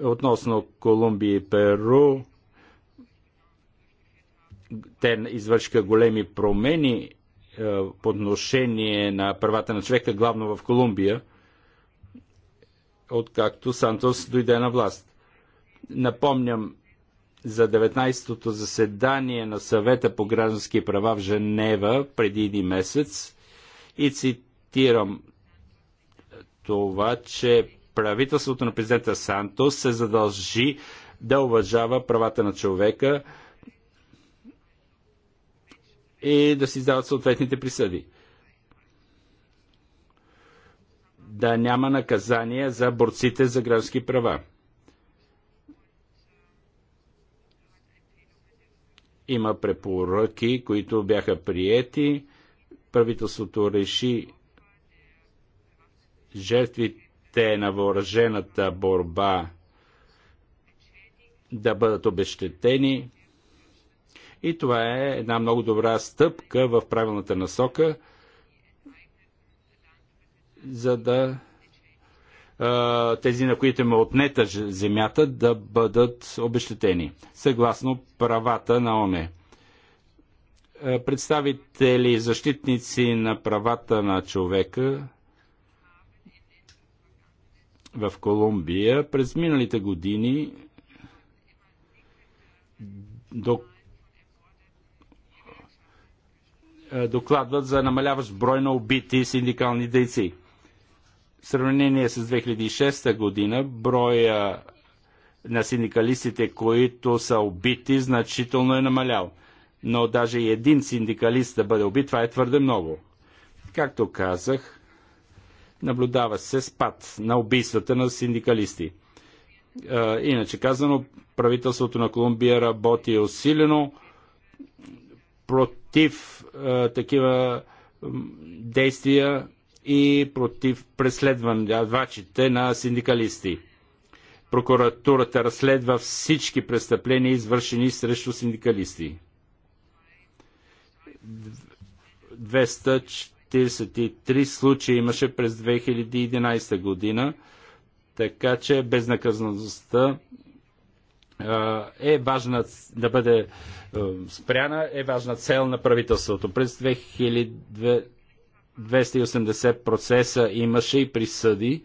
Относно Колумбия и Перу, те извършиха големи промени е, по отношение на правата на човека, главно в Колумбия, откакто Сантос дойде на власт. Напомням за 19-то заседание на съвета по граждански права в Женева преди един месец и цитирам това, че правителството на президента Сантос се задължи да уважава правата на човека и да си издават съответните присъди. Да няма наказание за борците за граждански права. Има препоръки, които бяха приети. Правителството реши жертвите жертвите на въоръжената борба да бъдат обещетени. И това е една много добра стъпка в правилната насока, за да тези, на които ме отнета земята, да бъдат обещетени, съгласно правата на ОНЕ. Представители, защитници на правата на човека в Колумбия през миналите години до... Е, докладват за намаляващ брой на убити синдикални дейци. В сравнение с 2006 година броя на синдикалистите, които са убити, значително е намалял. Но даже и един синдикалист да бъде убит, това е твърде много. Както казах, Наблюдава се спад на убийствата на синдикалисти. Иначе казано, правителството на Колумбия работи усилено против такива действия и против преследвачите на синдикалисти. Прокуратурата разследва всички престъпления, извършени срещу синдикалисти. 200, 43 случая имаше през 2011 година, така че безнаказаността е важна да бъде спряна, е важна цел на правителството. През 2280 процеса имаше и присъди.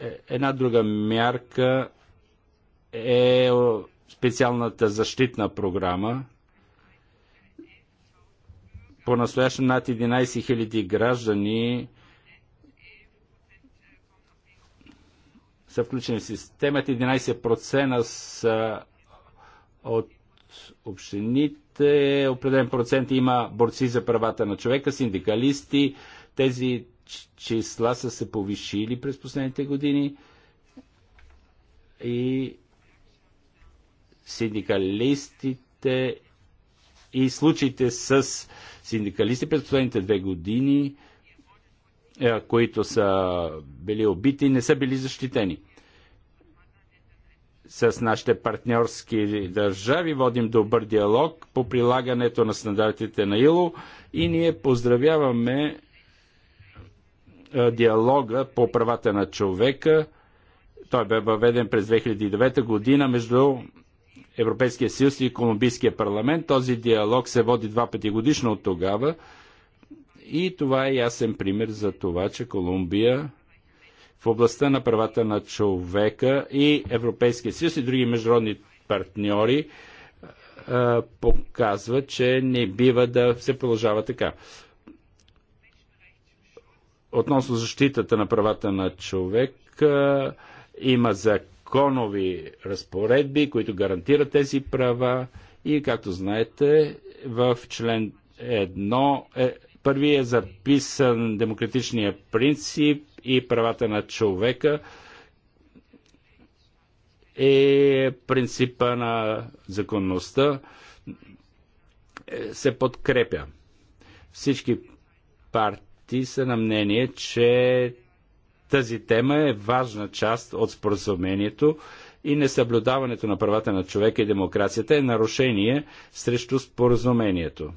Е, една друга мярка е специалната защитна програма, по-настоящем над 11 000 граждани са включени в системата. 11% са от общините. Определен процент има борци за правата на човека, синдикалисти. Тези числа са се повишили през последните години. И синдикалистите и случаите с синдикалисти през последните две години, е, които са били убити, не са били защитени. С нашите партньорски държави водим добър диалог по прилагането на стандартите на ИЛО и ние поздравяваме е, диалога по правата на човека. Той бе въведен през 2009 година между Европейския съюз и Колумбийския парламент. Този диалог се води два пъти годишно от тогава и това е ясен пример за това, че Колумбия в областта на правата на човека и Европейския съюз и други международни партньори показва, че не бива да се продължава така. Относно защитата на правата на човек, има закон законови разпоредби, които гарантират тези права и, както знаете, в член 1 е, първи е записан демократичния принцип и правата на човека е принципа на законността е, се подкрепя. Всички партии са на мнение, че тази тема е важна част от споразумението и несъблюдаването на правата на човека и демокрацията е нарушение срещу споразумението.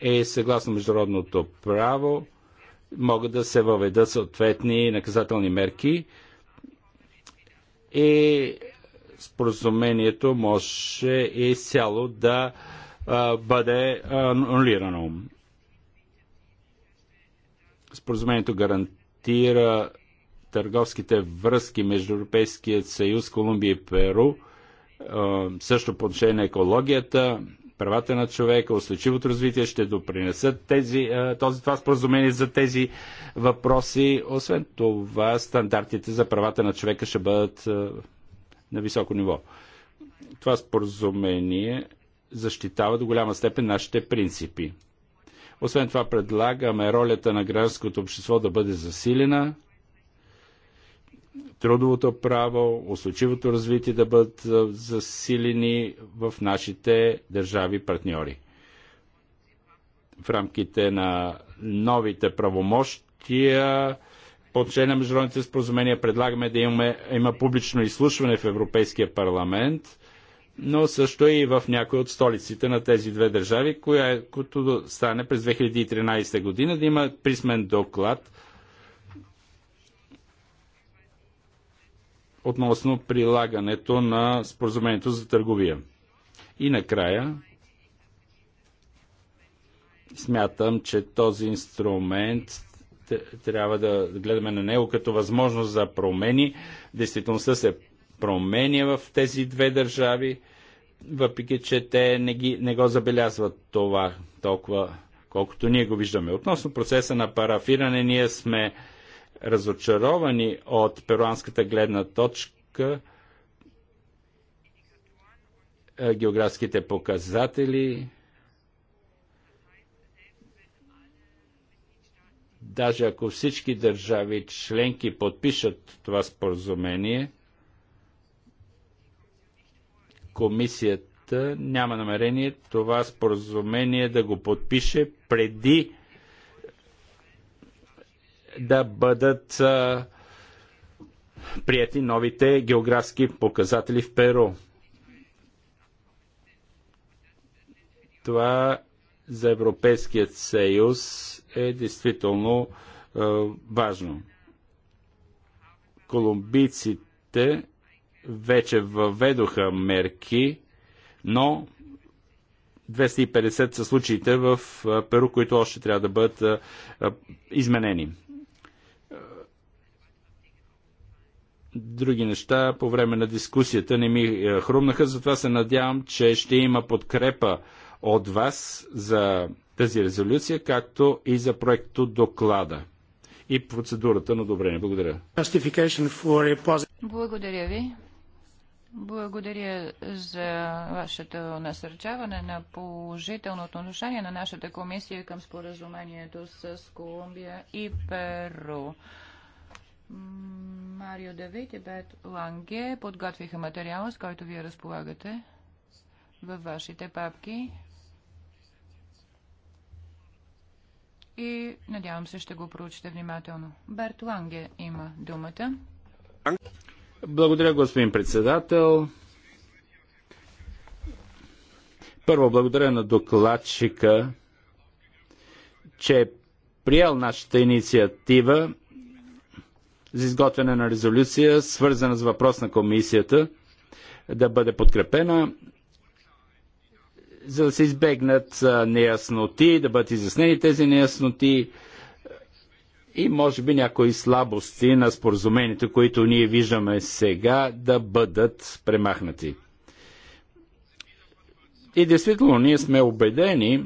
Е съгласно международното право могат да се въведат съответни наказателни мерки и споразумението може изцяло да а, бъде анулирано. Споразумението гарантира търговските връзки между Европейският съюз, Колумбия и Перу, също по отношение на екологията, правата на човека, устойчивото развитие ще допринесат тези, този, това споразумение за тези въпроси. Освен това, стандартите за правата на човека ще бъдат на високо ниво. Това споразумение защитава до голяма степен нашите принципи. Освен това предлагаме ролята на гражданското общество да бъде засилена, трудовото право, устойчивото развитие да бъдат засилени в нашите държави партньори. В рамките на новите правомощия по член на международните споразумения предлагаме да имаме, има публично изслушване в Европейския парламент но също и в някои от столиците на тези две държави, което стане през 2013 година, да има писмен доклад относно прилагането на споразумението за търговия. И накрая смятам, че този инструмент трябва да гледаме на него като възможност за промени. Действителността се променя в тези две държави, въпреки че те не, ги, не го забелязват това толкова, колкото ние го виждаме. Относно процеса на парафиране, ние сме разочаровани от перуанската гледна точка, е, географските показатели, даже ако всички държави членки подпишат това споразумение – комисията няма намерение това споразумение да го подпише преди да бъдат прияти новите географски показатели в Перу. Това за Европейският съюз е действително е, важно. Колумбийците вече въведоха мерки, но 250 са случаите в Перу, които още трябва да бъдат изменени. Други неща по време на дискусията не ми хрумнаха, затова се надявам, че ще има подкрепа от вас за тази резолюция, както и за проекто доклада и процедурата на одобрение. Благодаря. Благодаря ви. Благодаря за вашето насърчаване на положителното отношение на нашата комисия към споразумението с Колумбия и Перу. Марио Давид и Бет Ланге подготвиха материала, с който вие разполагате във вашите папки. И надявам се ще го проучите внимателно. Берт Ланге има думата. Благодаря, господин председател. Първо, благодаря на докладчика, че е приел нашата инициатива за изготвяне на резолюция, свързана с въпрос на комисията, да бъде подкрепена, за да се избегнат неясноти, да бъдат изяснени тези неясноти, и може би някои слабости на споразумението, които ние виждаме сега, да бъдат премахнати. И действително ние сме убедени,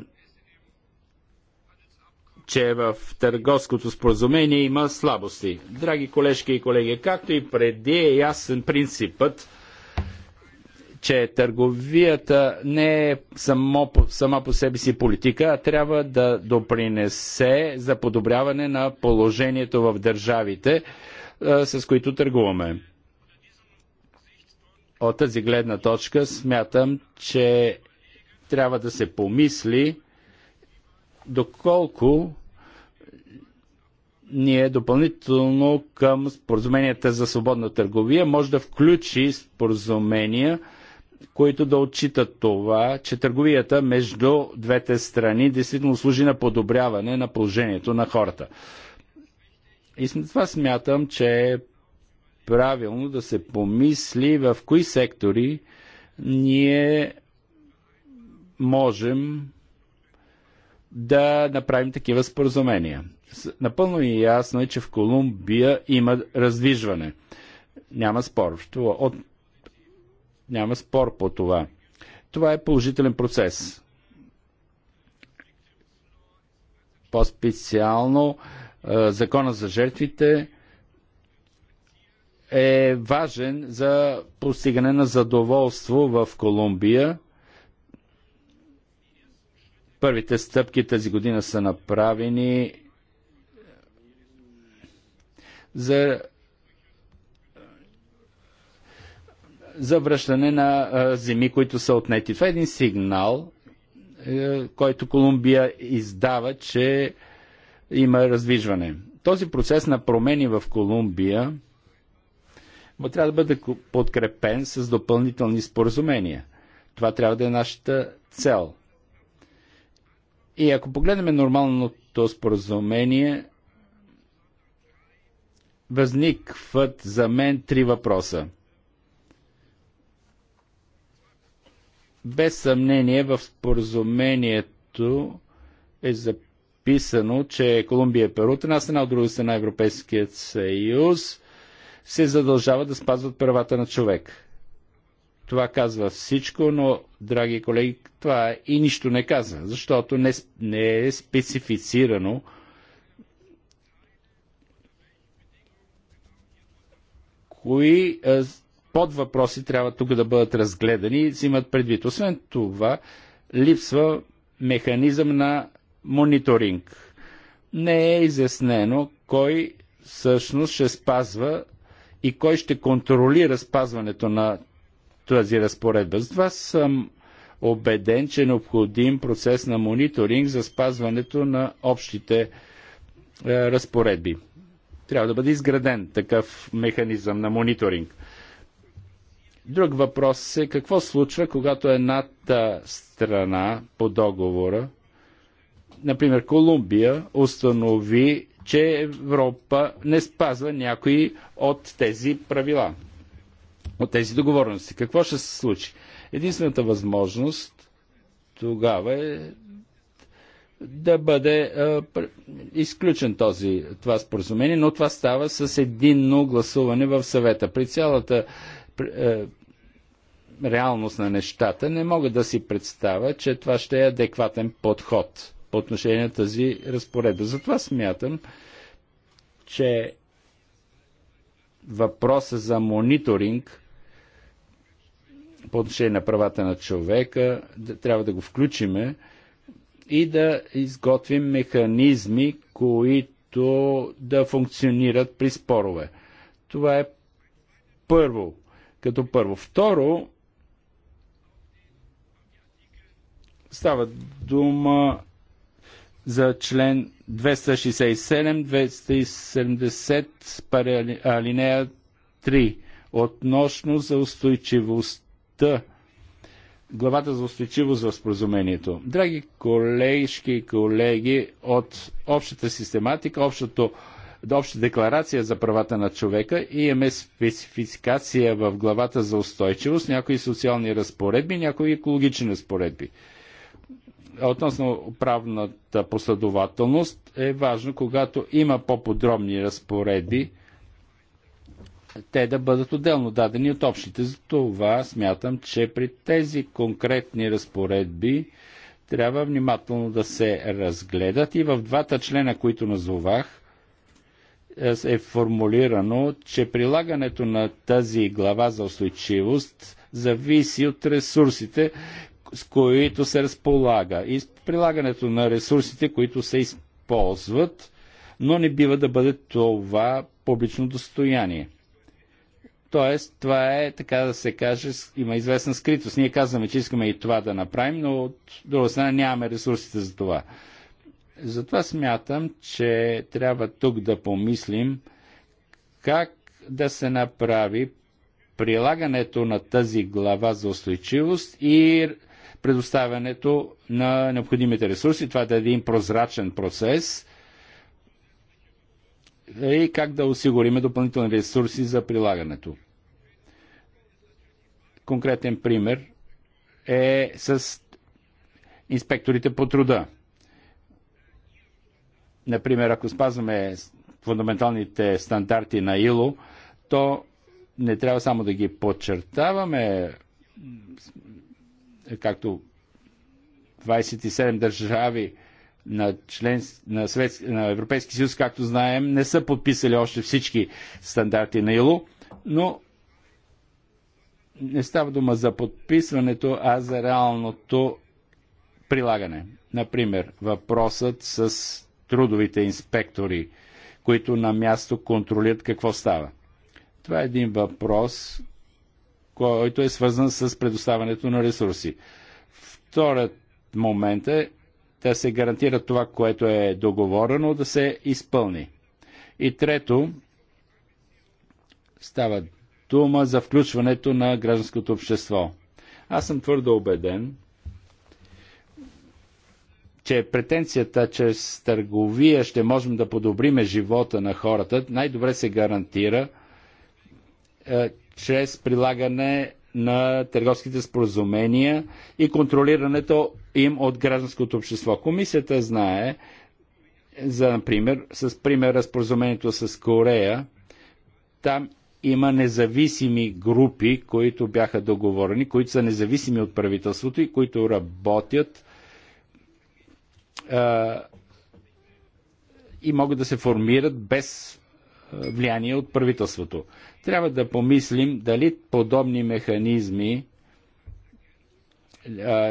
че в търговското споразумение има слабости. Драги колежки и колеги, както и преди е ясен принципът че търговията не е само, сама по себе си политика, а трябва да допринесе за подобряване на положението в държавите, е, с които търгуваме. От тази гледна точка смятам, че трябва да се помисли доколко ние допълнително към споразуменията за свободна търговия може да включи споразумения които да отчитат това, че търговията между двете страни действително служи на подобряване на положението на хората. И с това смятам, че е правилно да се помисли в кои сектори ние можем да направим такива споразумения. Напълно и ясно е, че в Колумбия има раздвижване. Няма спор. От няма спор по това. Това е положителен процес. По-специално закона за жертвите е важен за постигане на задоволство в Колумбия. Първите стъпки тази година са направени за за връщане на земи, които са отнети. Това е един сигнал, е, който Колумбия издава, че има раздвижване. Този процес на промени в Колумбия трябва да бъде подкрепен с допълнителни споразумения. Това трябва да е нашата цел. И ако погледнем нормалното споразумение, възникват за мен три въпроса – Без съмнение в споразумението е записано, че Колумбия и Перу, от една страна, от друга страна Европейският съюз, се задължава да спазват правата на човек. Това казва всичко, но, драги колеги, това и нищо не казва, защото не, не е специфицирано кои под въпроси трябва тук да бъдат разгледани и имат предвид. Освен това, липсва механизъм на мониторинг. Не е изяснено кой всъщност ще спазва и кой ще контролира спазването на тази разпоредба. С това съм убеден, че е необходим процес на мониторинг за спазването на общите е, разпоредби. Трябва да бъде изграден такъв механизъм на мониторинг. Друг въпрос е какво случва, когато едната страна по договора, например Колумбия, установи, че Европа не спазва някои от тези правила, от тези договорности. Какво ще се случи? Единствената възможност тогава е да бъде а, изключен този, това споразумение, но това става с единно гласуване в съвета. При цялата при, а, реалност на нещата, не мога да си представя, че това ще е адекватен подход по отношение на тази разпоредба. Затова смятам, че въпроса за мониторинг по отношение на правата на човека да, трябва да го включиме и да изготвим механизми, които да функционират при спорове. Това е първо. Като първо. Второ, Става дума за член 267-270 алинея 3 относно за устойчивостта главата за устойчивост в споразумението. Драги колежки и колеги, от общата систематика, общото, обща декларация за правата на човека и имаме спецификация в главата за устойчивост, някои социални разпоредби, някои екологични разпоредби. Относно правната последователност е важно, когато има по-подробни разпореди, те да бъдат отделно дадени от общите. Затова смятам, че при тези конкретни разпоредби трябва внимателно да се разгледат и в двата члена, които назовах, е формулирано, че прилагането на тази глава за устойчивост зависи от ресурсите, с които се разполага и с прилагането на ресурсите, които се използват, но не бива да бъде това публично достояние. Тоест, това е, така да се каже, има известна скритост. Ние казваме, че искаме и това да направим, но от друга страна нямаме ресурсите за това. Затова смятам, че трябва тук да помислим как да се направи прилагането на тази глава за устойчивост и предоставянето на необходимите ресурси. Това да е един прозрачен процес и как да осигурим допълнителни ресурси за прилагането. Конкретен пример е с инспекторите по труда. Например, ако спазваме фундаменталните стандарти на ИЛО, то не трябва само да ги подчертаваме, както 27 държави на, член, на, Свет, на Европейски съюз, както знаем, не са подписали още всички стандарти на ИЛО, но не става дума за подписването, а за реалното прилагане. Например, въпросът с трудовите инспектори, които на място контролират какво става. Това е един въпрос, който е свързан с предоставянето на ресурси. Вторият момент е да се гарантира това, което е договорено, да се изпълни. И трето, става дума за включването на гражданското общество. Аз съм твърдо убеден, че претенцията, че с търговия ще можем да подобриме живота на хората, най-добре се гарантира, е, чрез прилагане на търговските споразумения и контролирането им от гражданското общество. Комисията знае, за например, с пример споразумението с Корея, там има независими групи, които бяха договорени, които са независими от правителството и които работят а, и могат да се формират без влияние от правителството. Трябва да помислим дали подобни механизми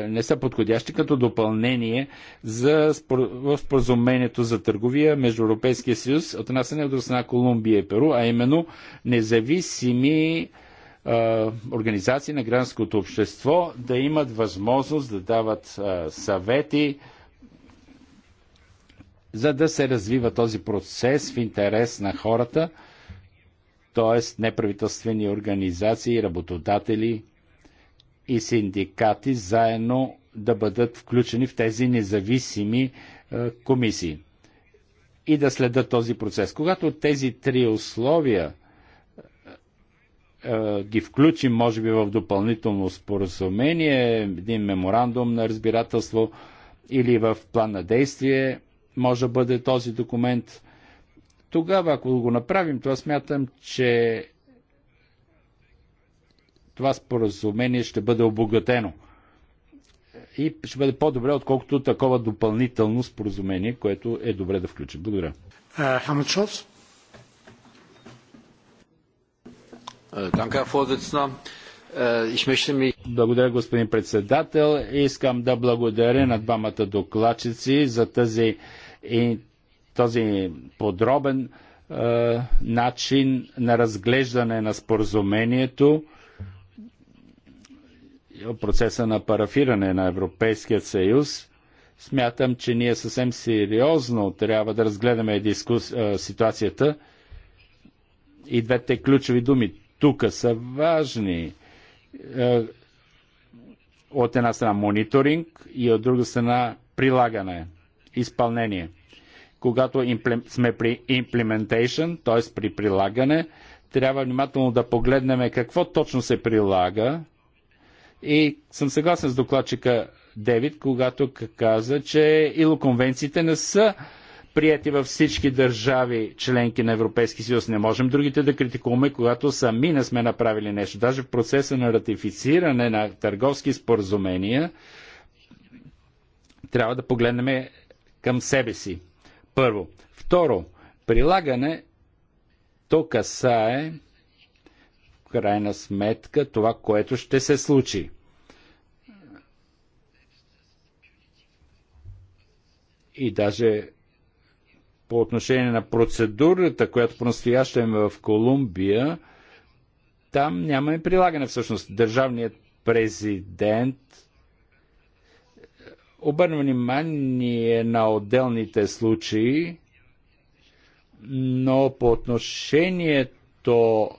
не са подходящи като допълнение за спор... в споразумението за търговия между Европейския съюз, от една страна от страна Колумбия и Перу, а именно независими а, организации на гражданското общество да имат възможност да дават а, съвети, за да се развива този процес в интерес на хората, т.е. неправителствени организации, работодатели и синдикати заедно да бъдат включени в тези независими е, комисии и да следят този процес. Когато тези три условия е, ги включим, може би, в допълнително споразумение, един меморандум на разбирателство или в план на действие, може да бъде този документ. Тогава, ако го направим, това смятам, че това споразумение ще бъде обогатено. И ще бъде по-добре, отколкото такова допълнително споразумение, което е добре да включим. Благодаря. Е, Хамед Шолц. Danke, Herr Vorsitzender. Е, благодаря, господин председател. Искам да благодаря на двамата докладчици за тази, и, този подробен е, начин на разглеждане на споразумението процеса на парафиране на Европейския съюз. Смятам, че ние съвсем сериозно трябва да разгледаме дискус, е, ситуацията и двете ключови думи тук са важни е, от една страна мониторинг и от друга страна прилагане, изпълнение. Когато сме при implementation, т.е. при прилагане, трябва внимателно да погледнем какво точно се прилага. И съм съгласен с докладчика Девид, когато каза, че илоконвенциите не са прияти във всички държави членки на Европейски съюз. Не можем другите да критикуваме, когато сами не сме направили нещо. Даже в процеса на ратифициране на търговски споразумения трябва да погледнем към себе си. Първо. Второ. Прилагане то касае в крайна сметка това, което ще се случи. И даже по отношение на процедурата, която по-настоящем е в Колумбия, там нямаме прилагане всъщност. Държавният президент обърна внимание на отделните случаи, но по отношението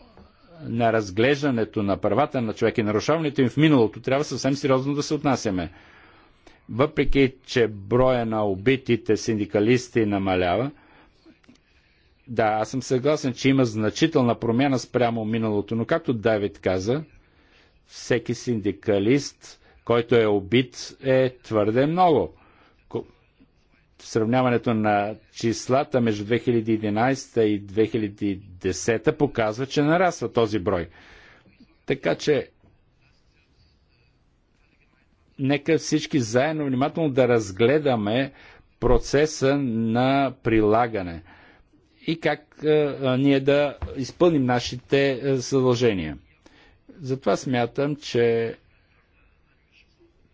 на разглеждането на правата на човек и нарушаването им в миналото, трябва съвсем сериозно да се отнасяме. Въпреки, че броя на убитите синдикалисти намалява, да, аз съм съгласен, че има значителна промяна спрямо миналото, но както Давид каза, всеки синдикалист, който е убит, е твърде много. Сравняването на числата между 2011 и 2010 показва, че нараства този брой. Така че нека всички заедно внимателно да разгледаме процеса на прилагане – и как ние да изпълним нашите задължения. Затова смятам, че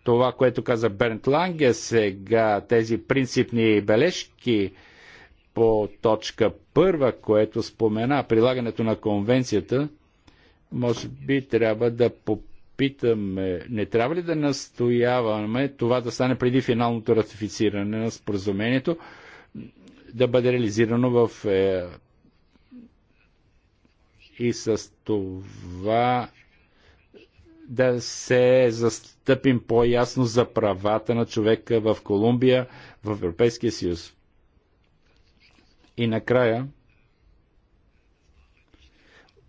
това, което каза Бернт Ланге сега, тези принципни бележки по точка първа, което спомена, прилагането на конвенцията, може би трябва да попитаме, не трябва ли да настояваме това да стане преди финалното ратифициране на споразумението, да бъде реализирано в е, и с това да се застъпим по-ясно за правата на човека в Колумбия, в Европейския съюз. И накрая,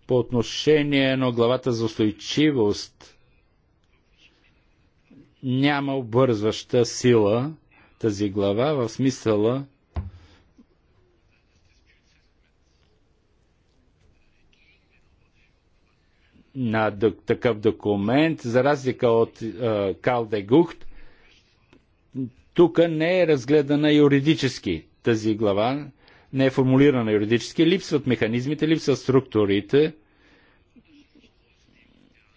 по отношение на главата за устойчивост, няма обвързваща сила тази глава в смисъла, на такъв документ, за разлика от е, Гухт, тук не е разгледана юридически тази глава, не е формулирана юридически, липсват механизмите, липсват структурите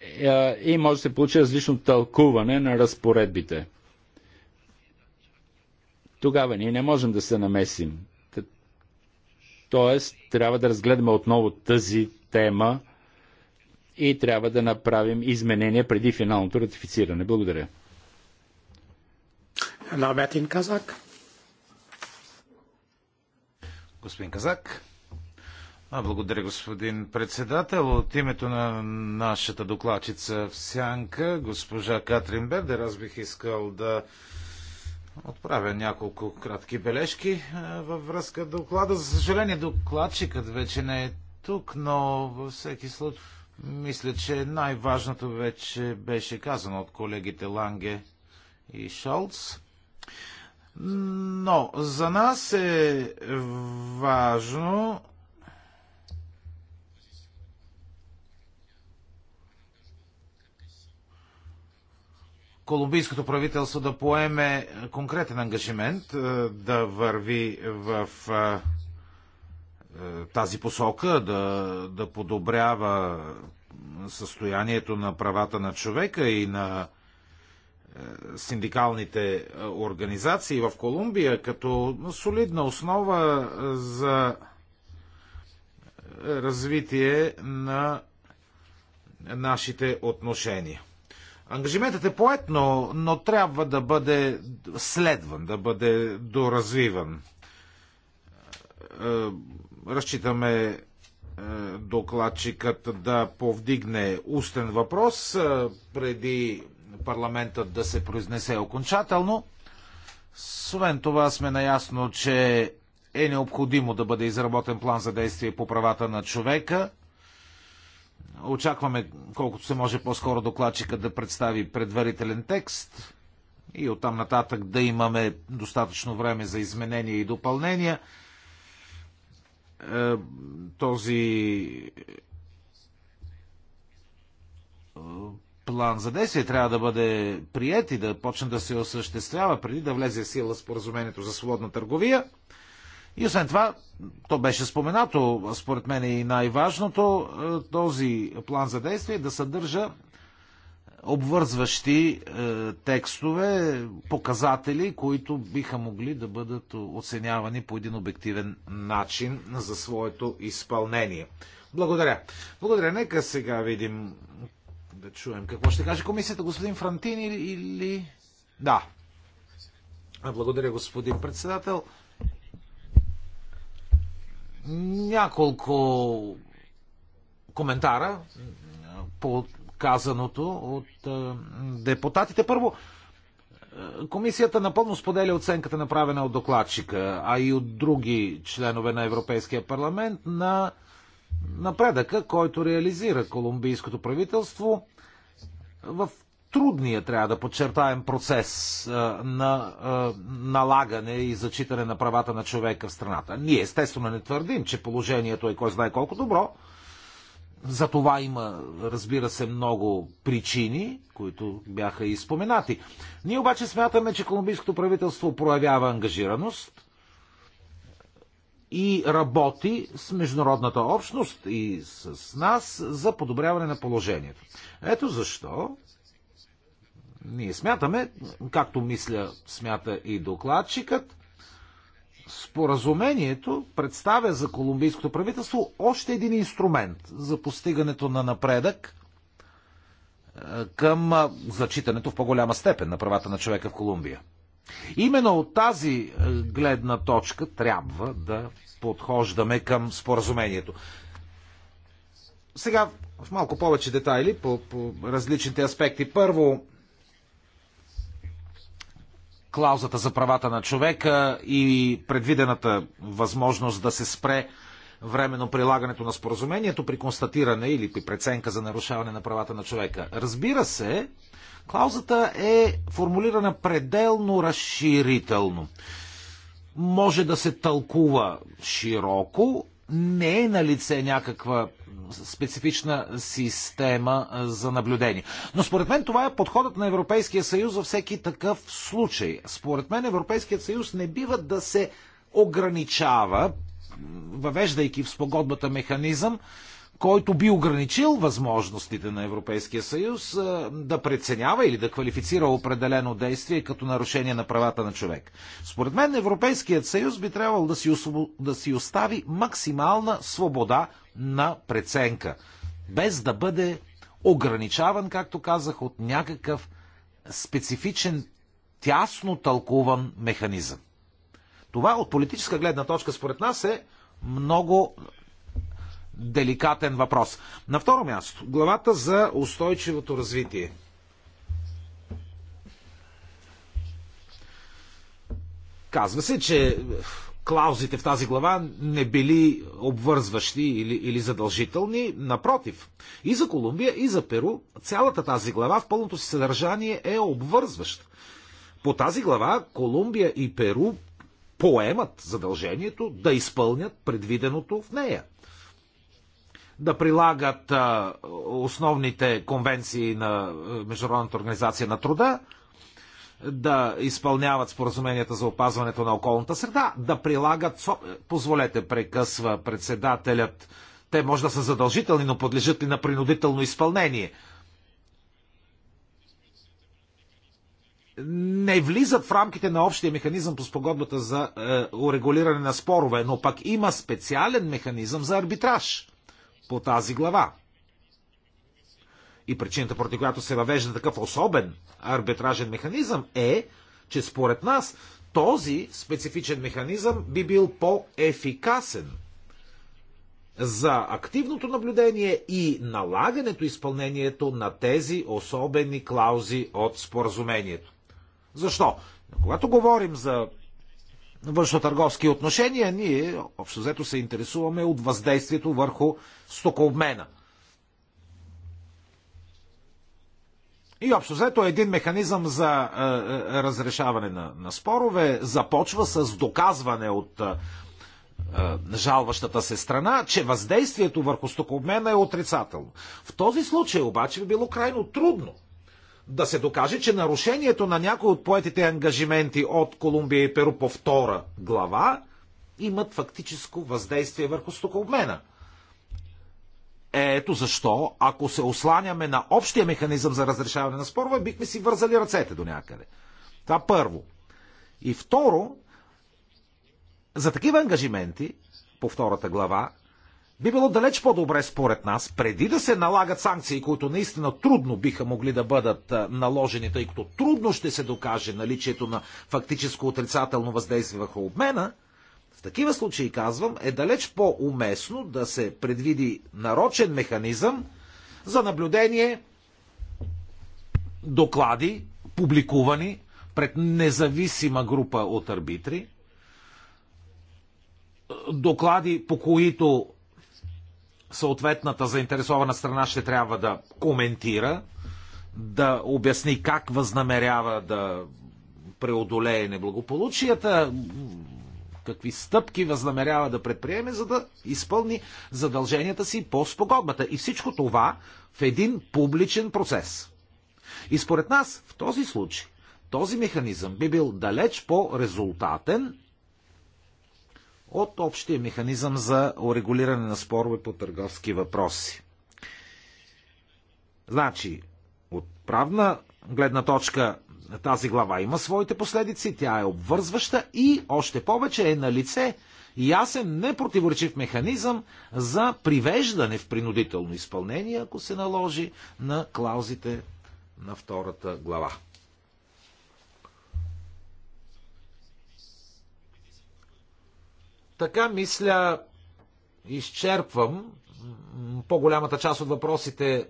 е, и може да се получи различно тълкуване на разпоредбите. Тогава ние не можем да се намесим. Тоест, трябва да разгледаме отново тази тема – и трябва да направим изменения преди финалното ратифициране. Благодаря. Мартин Казак. Господин Казак. А, благодаря, господин председател. От името на нашата докладчица в Сянка, госпожа Катрин Бердер, аз бих искал да отправя няколко кратки бележки във връзка с доклада. За съжаление, докладчикът вече не е тук, но във всеки случай мисля, че най-важното вече беше казано от колегите Ланге и Шолц. Но за нас е важно колумбийското правителство да поеме конкретен ангажимент е, да върви в е, е, тази посока, да, да подобрява състоянието на правата на човека и на е, синдикалните е, организации в Колумбия като солидна основа за развитие на нашите отношения. Ангажиментът е поет, но, но трябва да бъде следван, да бъде доразвиван разчитаме е, докладчикът да повдигне устен въпрос е, преди парламентът да се произнесе окончателно. Освен това сме наясно, че е необходимо да бъде изработен план за действие по правата на човека. Очакваме колкото се може по-скоро докладчика да представи предварителен текст и оттам нататък да имаме достатъчно време за изменения и допълнения – е, този е, план за действие трябва да бъде прият и да почне да се осъществява преди да влезе в сила споразумението за свободна търговия. И освен това, то беше споменато, според мен е и най-важното, този план за действие да съдържа обвързващи е, текстове, показатели, които биха могли да бъдат оценявани по един обективен начин за своето изпълнение. Благодаря. Благодаря. Нека сега видим да чуем какво ще каже комисията, господин Франтин или... или... Да. Благодаря, господин председател. Няколко коментара по казаното от е, депутатите. Първо, е, Комисията напълно споделя оценката, направена от докладчика, а и от други членове на Европейския парламент на напредъка, който реализира колумбийското правителство в трудния, трябва да подчертаем, процес е, на налагане и зачитане на правата на човека в страната. Ние естествено не твърдим, че положението е кой знае колко добро, за това има, разбира се, много причини, които бяха и споменати. Ние обаче смятаме, че колумбийското правителство проявява ангажираност и работи с международната общност и с нас за подобряване на положението. Ето защо ние смятаме, както мисля, смята и докладчикът, Споразумението представя за колумбийското правителство още един инструмент за постигането на напредък е, към е, зачитането в по-голяма степен на правата на човека в Колумбия. Именно от тази е, гледна точка трябва да подхождаме към споразумението. Сега в малко повече детайли по, по различните аспекти. Първо, клаузата за правата на човека и предвидената възможност да се спре временно прилагането на споразумението при констатиране или при преценка за нарушаване на правата на човека. Разбира се, клаузата е формулирана пределно разширително. Може да се тълкува широко, не е на лице някаква специфична система за наблюдение. Но според мен това е подходът на Европейския съюз за всеки такъв случай. Според мен Европейският съюз не бива да се ограничава, въвеждайки в спогодбата механизъм, който би ограничил възможностите на Европейския съюз да преценява или да квалифицира определено действие като нарушение на правата на човек. Според мен Европейският съюз би трябвало да си, да си остави максимална свобода на преценка, без да бъде ограничаван, както казах, от някакъв специфичен, тясно тълкуван механизъм. Това от политическа гледна точка според нас е много деликатен въпрос. На второ място, главата за устойчивото развитие. Казва се, че клаузите в тази глава не били обвързващи или, или задължителни. Напротив, и за Колумбия, и за Перу цялата тази глава в пълното си съдържание е обвързваща. По тази глава Колумбия и Перу поемат задължението да изпълнят предвиденото в нея да прилагат основните конвенции на Международната организация на труда, да изпълняват споразуменията за опазването на околната среда, да прилагат, позволете, прекъсва председателят, те може да са задължителни, но подлежат ли на принудително изпълнение? не влизат в рамките на общия механизъм по спогодбата за е, урегулиране на спорове, но пък има специален механизъм за арбитраж по тази глава. И причината, поради която се въвежда такъв особен арбитражен механизъм е, че според нас този специфичен механизъм би бил по-ефикасен за активното наблюдение и налагането изпълнението на тези особени клаузи от споразумението. Защо? Когато говорим за външно-търговски отношения, ние общо взето се интересуваме от въздействието върху стокообмена. И общо взето един механизъм за е, е, разрешаване на, на спорове започва с доказване от е, е жалващата се страна, че въздействието върху стокообмена е отрицателно. В този случай обаче би било крайно трудно да се докаже, че нарушението на някои от поетите ангажименти от Колумбия и Перу по втора глава имат фактическо въздействие върху стокообмена. Ето защо, ако се осланяме на общия механизъм за разрешаване на спорове, бихме си вързали ръцете до някъде. Това първо. И второ, за такива ангажименти по втората глава би било далеч по-добре, според нас, преди да се налагат санкции, които наистина трудно биха могли да бъдат наложени, тъй като трудно ще се докаже наличието на фактическо отрицателно въздействие върху обмена, в такива случаи, казвам, е далеч по-уместно да се предвиди нарочен механизъм за наблюдение доклади, публикувани пред независима група от арбитри, доклади, по които съответната заинтересована страна ще трябва да коментира, да обясни как възнамерява да преодолее неблагополучията, какви стъпки възнамерява да предприеме, за да изпълни задълженията си по спогодбата. И всичко това в един публичен процес. И според нас, в този случай, този механизъм би бил далеч по-резултатен от общия механизъм за урегулиране на спорове по търговски въпроси. Значи, от правна гледна точка тази глава има своите последици, тя е обвързваща и още повече е на лице ясен непротиворечив механизъм за привеждане в принудително изпълнение, ако се наложи на клаузите на втората глава. Така мисля, изчерпвам по-голямата част от въпросите е,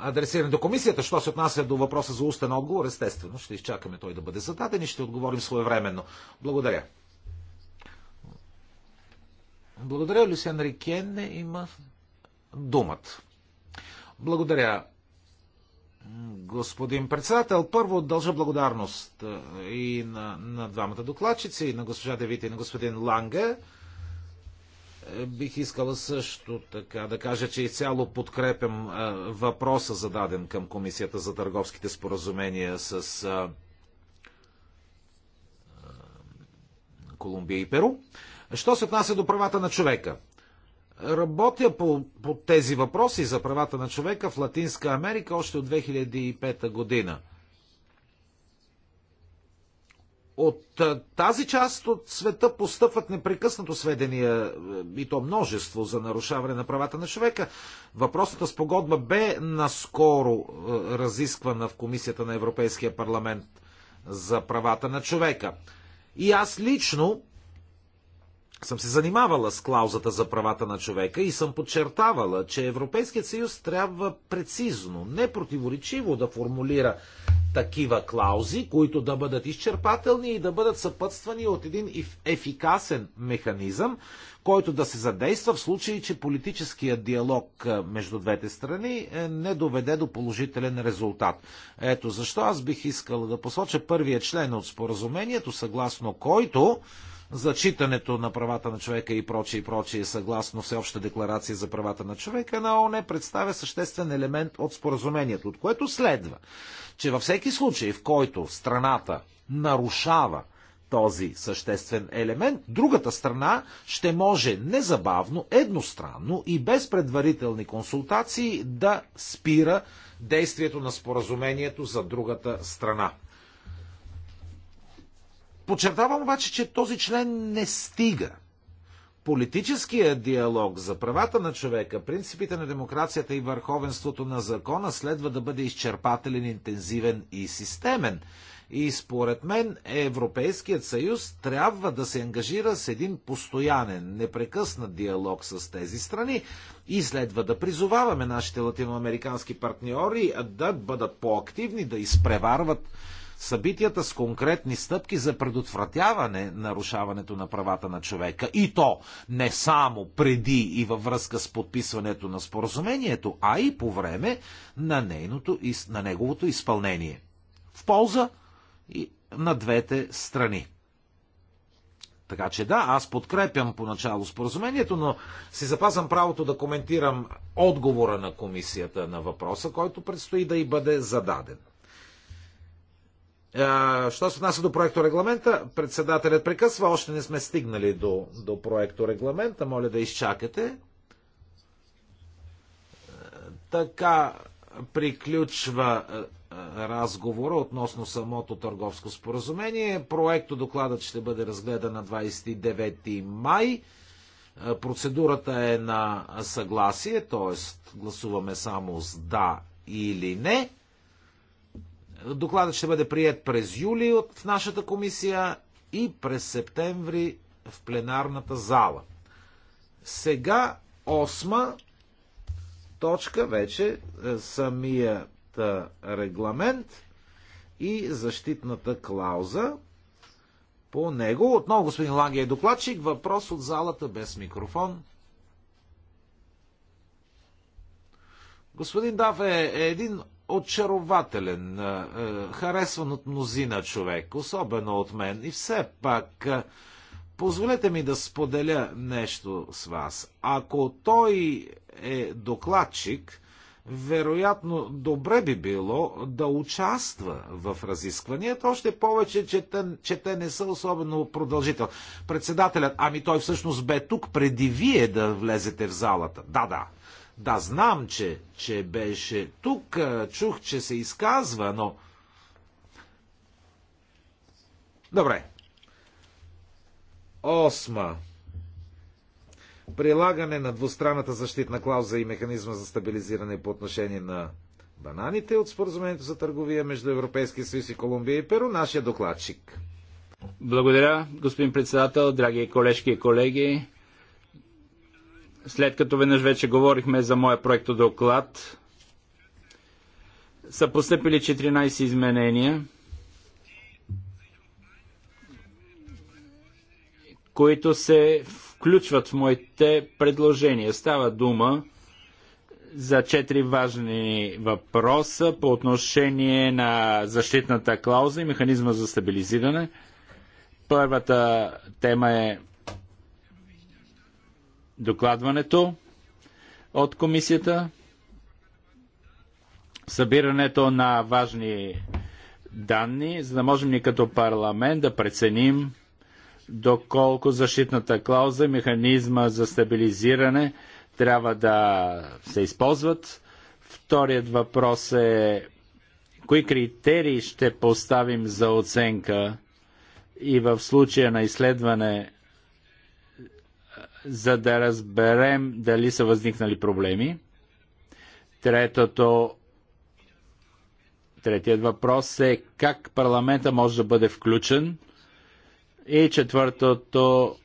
адресирани до комисията. Що се отнася до въпроса за устен отговор, естествено, ще изчакаме той да бъде зададен и ще отговорим своевременно. Благодаря. Благодаря, Люсен Рикенне има думата. Благодаря, господин председател. Първо дължа благодарност е, и на, на двамата докладчици, и на госпожа Девита, и на господин Ланге. Е, бих искала също така да кажа, че изцяло подкрепям е, въпроса зададен към Комисията за търговските споразумения с Колумбия и Перу. Що се отнася до правата на човека? Работя по, по тези въпроси за правата на човека в Латинска Америка още от 2005 година. От тази част от света постъпват непрекъснато сведения, е, и то множество, за нарушаване на правата на човека. Въпросната спогодба бе наскоро е, разисквана в Комисията на Европейския парламент за правата на човека. И аз лично съм се занимавала с клаузата за правата на човека и съм подчертавала, че Европейският съюз трябва прецизно, непротиворечиво да формулира такива клаузи, които да бъдат изчерпателни и да бъдат съпътствани от един ефикасен механизъм, който да се задейства в случай, че политическият диалог между двете страни е, не доведе до положителен резултат. Ето защо аз бих искал да посоча първия член от споразумението, съгласно който зачитането на правата на човека и прочие и прочие, съгласно Всеобща декларация за правата на човека на ООН, представя съществен елемент от споразумението, от което следва, че във всеки случай, в който страната нарушава този съществен елемент, другата страна ще може незабавно, едностранно и без предварителни консултации да спира действието на споразумението за другата страна. Подчертавам обаче, че този член не стига. Политическия диалог за правата на човека, принципите на демокрацията и върховенството на закона следва да бъде изчерпателен, интензивен и системен. И според мен Европейският съюз трябва да се ангажира с един постоянен, непрекъснат диалог с тези страни и следва да призоваваме нашите латиноамерикански партньори да бъдат по-активни, да изпреварват събитията с конкретни стъпки за предотвратяване нарушаването на правата на човека. И то не само преди и във връзка с подписването на споразумението, а и по време на, нейното, на неговото изпълнение. В полза и на двете страни. Така че да, аз подкрепям поначало споразумението, но си запазвам правото да коментирам отговора на комисията на въпроса, който предстои да и бъде зададен. Що се отнася до проекто регламента, председателят прекъсва, още не сме стигнали до, до проекто регламента, моля да изчакате. Така приключва разговора относно самото търговско споразумение. Проекто докладът ще бъде разгледан на 29 май. Процедурата е на съгласие, т.е. гласуваме само с да или не. Докладът ще бъде прият през юли от нашата комисия и през септември в пленарната зала. Сега осма точка вече е, самият е, регламент и защитната клауза по него. Отново господин Лангия е докладчик. Въпрос от залата без микрофон. Господин Дав е един очарователен, е, е, харесван от мнозина човек, особено от мен. И все пак, е, позволете ми да споделя нещо с вас. Ако той е докладчик, вероятно добре би било да участва в разискванията, още повече, че те, че те не са особено продължител. Председателят, ами той всъщност бе тук преди вие да влезете в залата. Да, да, да, знам, че, че беше тук, чух, че се изказва, но... Добре. Осма. Прилагане на двустранната защитна клауза и механизма за стабилизиране по отношение на бананите от споразумението за търговия между Европейския съюз и Колумбия и Перу, нашия докладчик. Благодаря, господин председател, драги колежки и колеги. След като веднъж вече говорихме за моя проект доклад, са поступили 14 изменения, които се включват в моите предложения. Става дума за четири важни въпроса по отношение на защитната клауза и механизма за стабилизиране. Първата тема е докладването от комисията, събирането на важни данни, за да можем ни като парламент да преценим доколко защитната клауза и механизма за стабилизиране трябва да се използват. Вторият въпрос е кои критерии ще поставим за оценка и в случая на изследване за да разберем дали са възникнали проблеми. Третото, третият въпрос е как парламента може да бъде включен. И четвъртото,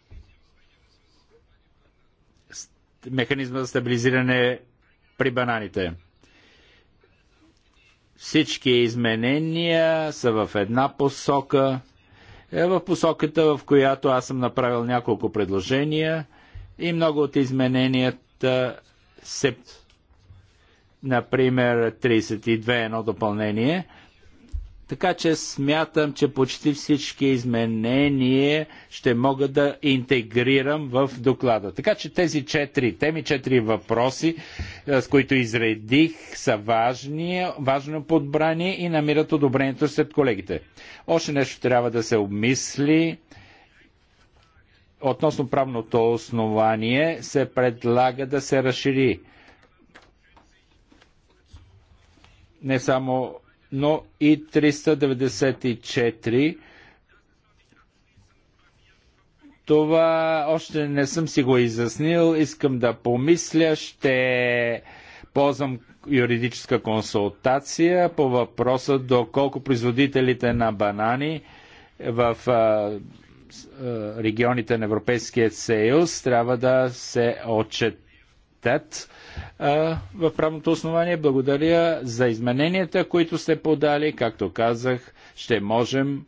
механизма за стабилизиране при бананите. Всички изменения са в една посока, е в посоката, в която аз съм направил няколко предложения – и много от измененията се например 32 едно допълнение. Така че смятам, че почти всички изменения ще мога да интегрирам в доклада. Така че тези четири теми, четири въпроси, е, с които изредих, са важни, важно подбрани и намират одобрението сред колегите. Още нещо трябва да се обмисли Относно правното основание се предлага да се разшири не само, но и 394. Това още не съм си го изяснил. Искам да помисля. Ще ползвам юридическа консултация по въпроса доколко производителите на банани в е, регионите на Европейския съюз трябва да се отчетат е, в правното основание. Благодаря за измененията, които сте подали. Както казах, ще можем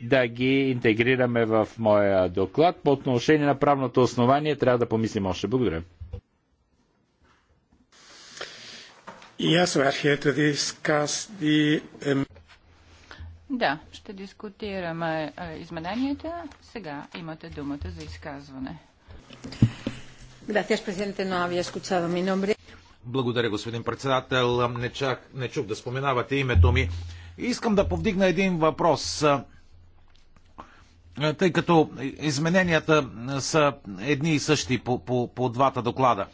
да ги интегрираме в моя доклад. По отношение на правното основание трябва да помислим още. Благодаря. Yes, here to discuss the да, ще дискутираме измененията. Сега имате думата за изказване. Gracias, presidente. No había escuchado mi nombre. Благодаря, господин председател. Не, чак, не чух да споменавате името ми. Искам да повдигна един въпрос. Тъй като измененията са едни и същи по, по, по двата доклада.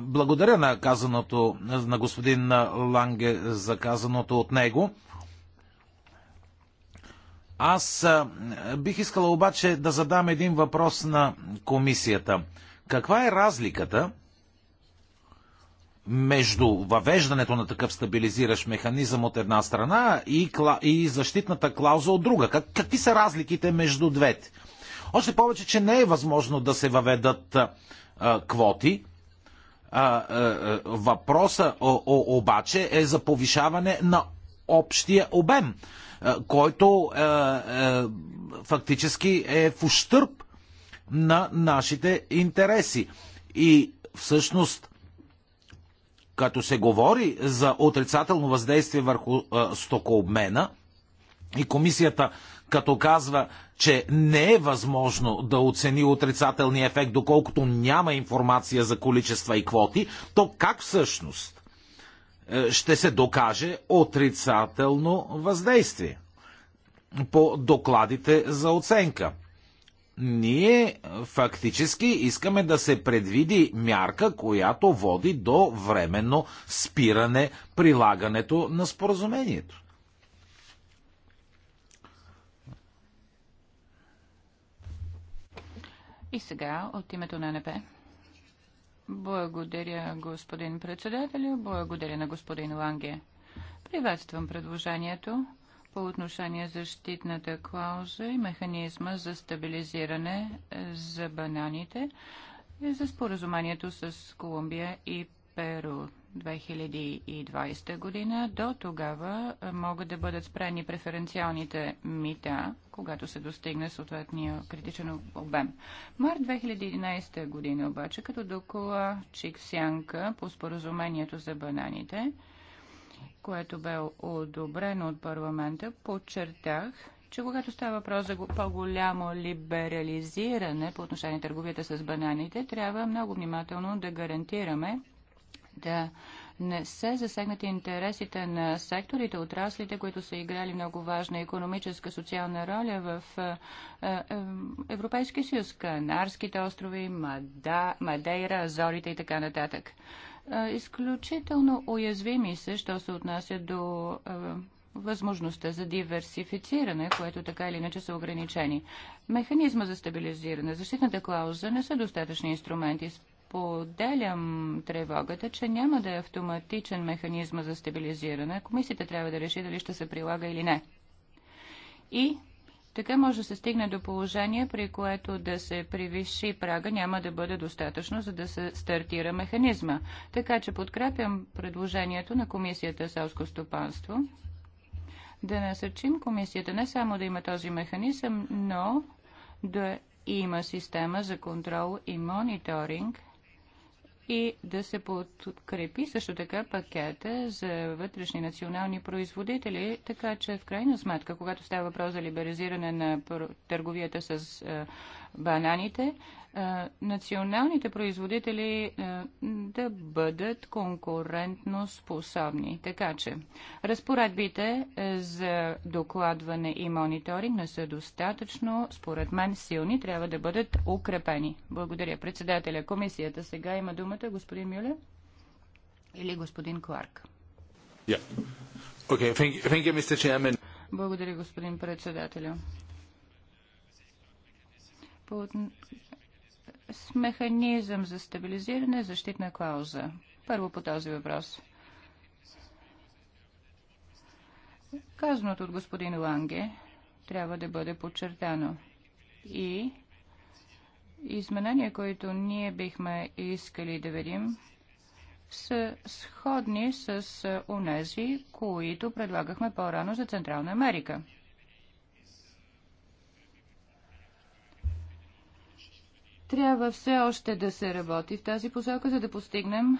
Благодаря на казаното на господин Ланге за казаното от него. Аз бих искала обаче да задам един въпрос на комисията. Каква е разликата между въвеждането на такъв стабилизиращ механизъм от една страна и, кла... и защитната клауза от друга? Как... Какви са разликите между двете? Още повече, че не е възможно да се въведат а, квоти. А, а, въпроса о, о, обаче е за повишаване на общия обем който фактически е в ущърп на нашите интереси. И всъщност, като се говори за отрицателно въздействие върху стокообмена, и комисията като казва, че не е възможно да оцени отрицателния ефект, доколкото няма информация за количества и квоти, то как всъщност е, ще се докаже отрицателно въздействие по докладите за оценка. Ние фактически искаме да се предвиди мярка, която води до временно спиране прилагането на споразумението. И сега от името на НП. Благодаря, господин председателю. Благодаря на господин Ланге. Приветствам предложението по отношение защитната клауза и механизма за стабилизиране за бананите и за споразумението с Колумбия и Перу. 2020 година. До тогава могат да бъдат спрени преференциалните мита, когато се достигне съответния критичен обем. Март 2011 година обаче, като Чик сянка по споразумението за бананите, което бе одобрено от парламента, подчертах, че когато става въпрос за по-голямо либерализиране по отношение на търговията с бананите, трябва много внимателно да гарантираме да не се засегнат интересите на секторите, отраслите, които са играли много важна економическа, социална роля в Европейския съюз, Канарските острови, Мада, Мадейра, Азорите и така нататък. Изключително уязвими се, що се отнася до възможността за диверсифициране, което така или иначе са ограничени. Механизма за стабилизиране, защитната клауза не са достатъчни инструменти. Поделям тревогата, че няма да е автоматичен механизма за стабилизиране. Комисията трябва да реши дали ще се прилага или не. И така може да се стигне до положение, при което да се превиши прага няма да бъде достатъчно, за да се стартира механизма. Така че подкрепям предложението на Комисията селско стопанство да насърчим комисията не само да има този механизъм, но да има система за контрол и мониторинг и да се подкрепи също така пакета за вътрешни национални производители, така че в крайна сметка, когато става въпрос за либерализиране на търговията с е, бананите, националните производители да бъдат конкурентно способни. Така че разпоредбите е, за докладване и мониторинг не са достатъчно, според мен, силни, трябва да бъдат укрепени. Благодаря. Председателя комисията сега има думата господин Мюле или господин Кларк. Yeah. Okay, thank you, thank you, Mr. Chairman. Благодаря, господин председателя с механизъм за стабилизиране, защитна клауза. Първо по този въпрос. Казаното от господин Ланге трябва да бъде подчертано. И изменения, които ние бихме искали да видим, са сходни с онези, които предлагахме по-рано за Централна Америка. Трябва все още да се работи в тази посока, за да постигнем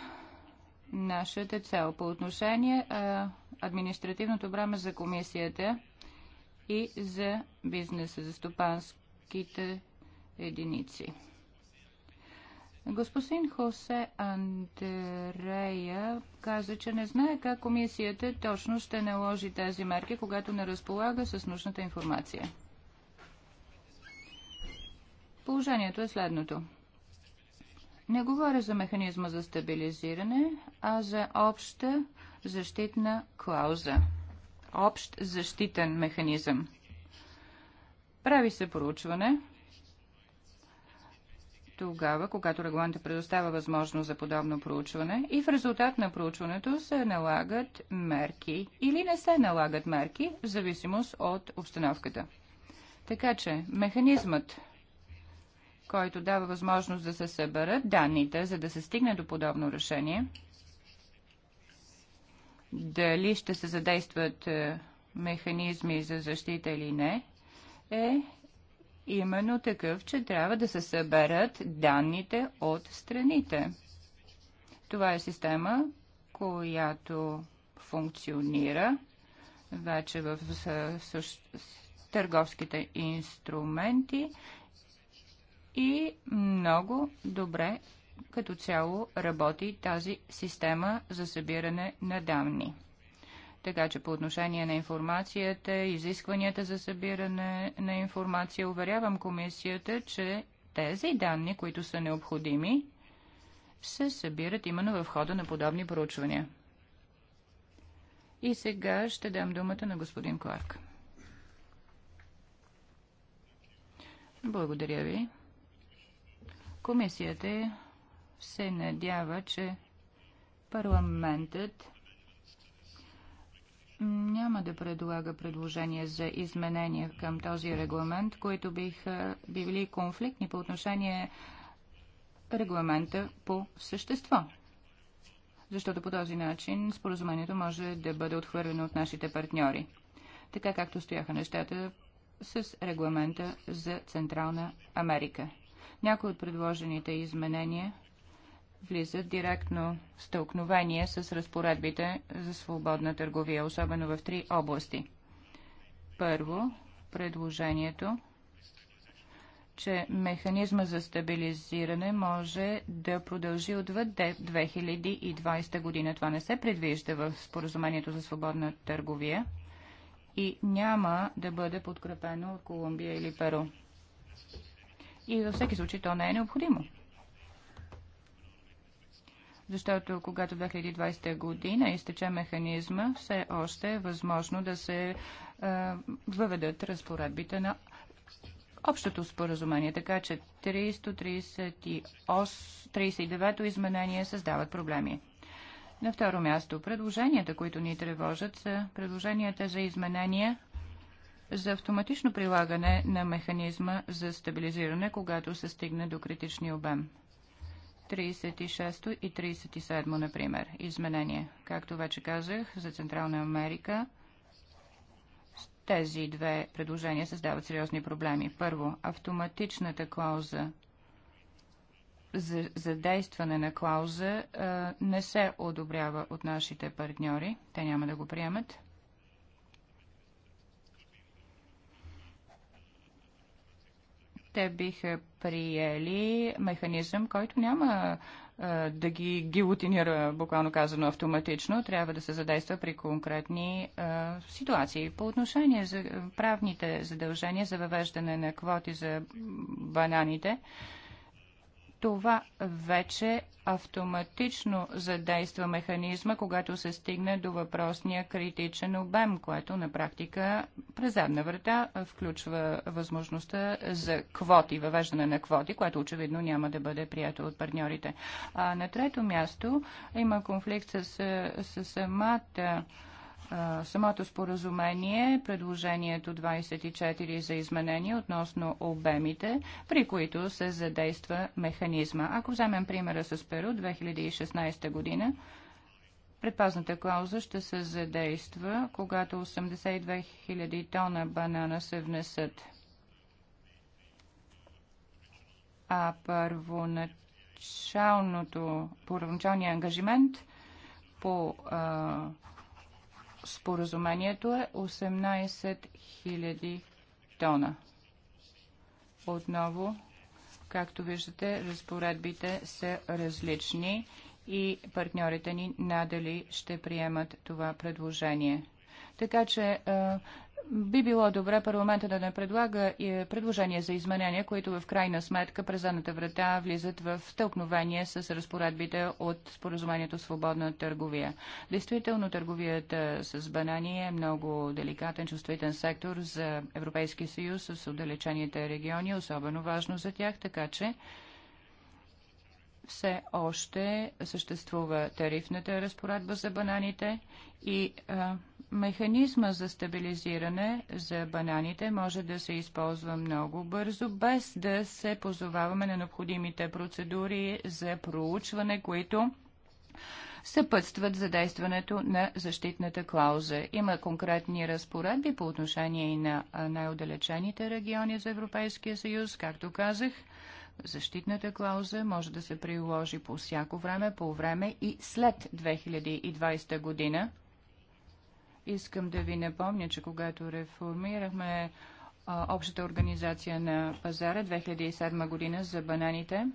нашата цел. По отношение а, административното браме за комисията и за бизнеса, за стопанските единици. Господин Хосе Андрея каза, че не знае как комисията точно ще наложи тези мерки, когато не разполага с нужната информация. Положението е следното. Не говоря за механизма за стабилизиране, а за обща защитна клауза. Общ защитен механизъм. Прави се проучване тогава, когато регламентът предоставя възможност за подобно проучване и в резултат на проучването се налагат мерки или не се налагат мерки, в зависимост от обстановката. Така че механизмът който дава възможност да се съберат данните, за да се стигне до подобно решение. Дали ще се задействат е, механизми за защита или не, е именно такъв, че трябва да се съберат данните от страните. Това е система, която функционира вече в, търговските инструменти и много добре като цяло работи тази система за събиране на данни. Така че по отношение на информацията, изискванията за събиране на информация, уверявам комисията, че тези данни, които са необходими, се събират именно в хода на подобни проучвания. И сега ще дам думата на господин Кларк. Благодаря ви. Комисията се надява, че парламентът няма да предлага предложения за изменения към този регламент, които биха били конфликтни по отношение регламента по същество. Защото по този начин споразумението може да бъде отхвърлено от нашите партньори. Така както стояха нещата с регламента за Централна Америка. Някои от предложените изменения влизат директно в стълкновение с разпоредбите за свободна търговия, особено в три области. Първо, предложението, че механизма за стабилизиране може да продължи отвъд 2020 година. Това не се предвижда в споразумението за свободна търговия и няма да бъде подкрепено от Колумбия или Перу. И във всеки случай то не е необходимо. Защото когато 2020 година изтече механизма, все още е възможно да се е, въведат разпоредбите на общото споразумение, така че 339-то изменение създават проблеми. На второ място, предложенията, които ни тревожат, са предложенията за изменения за автоматично прилагане на механизма за стабилизиране, когато се стигне до критичния обем. 36 и 37, например, изменение. Както вече казах, за Централна Америка тези две предложения създават сериозни проблеми. Първо, автоматичната клауза за действане на клауза не се одобрява от нашите партньори. Те няма да го приемат. те биха приели механизъм, който няма а, да ги гилотинира, буквално казано, автоматично. Трябва да се задейства при конкретни а, ситуации. По отношение за правните задължения за въвеждане на квоти за бананите, а, това вече автоматично задейства механизма, когато се стигне до въпросния критичен обем, което на практика през задна врата включва възможността за квоти, въвеждане на квоти, което очевидно няма да бъде прието от партньорите. А на трето място има конфликт с, с самата самото споразумение, предложението 24 за изменение относно обемите, при които се задейства механизма. Ако вземем примера с Перу 2016 година, предпазната клауза ще се задейства, когато 82 000 тона банана се внесат. А първоначалното, първоначалният ангажимент по а, споразумението е 18 000 тона. Отново, както виждате, разпоредбите са различни и партньорите ни надали ще приемат това предложение. Така че е, би било добре парламента да не предлага и е, предложения за изменения, които в крайна сметка през задната врата влизат в стълкновение с разпоредбите от споразумението свободна търговия. Действително търговията с банани е много деликатен, чувствителен сектор за Европейския съюз с отдалечените региони, особено важно за тях, така че все още съществува тарифната разпоредба за бананите и а, механизма за стабилизиране за бананите може да се използва много бързо, без да се позоваваме на необходимите процедури за проучване, които съпътстват задействането на защитната клауза. Има конкретни разпоредби по отношение и на най-отдалечените региони за Европейския съюз, както казах. Защитната клауза може да се приложи по всяко време, по време и след 2020 година, Искам да ви напомня, че когато реформирахме общата организация на пазара 2007 година за бананите,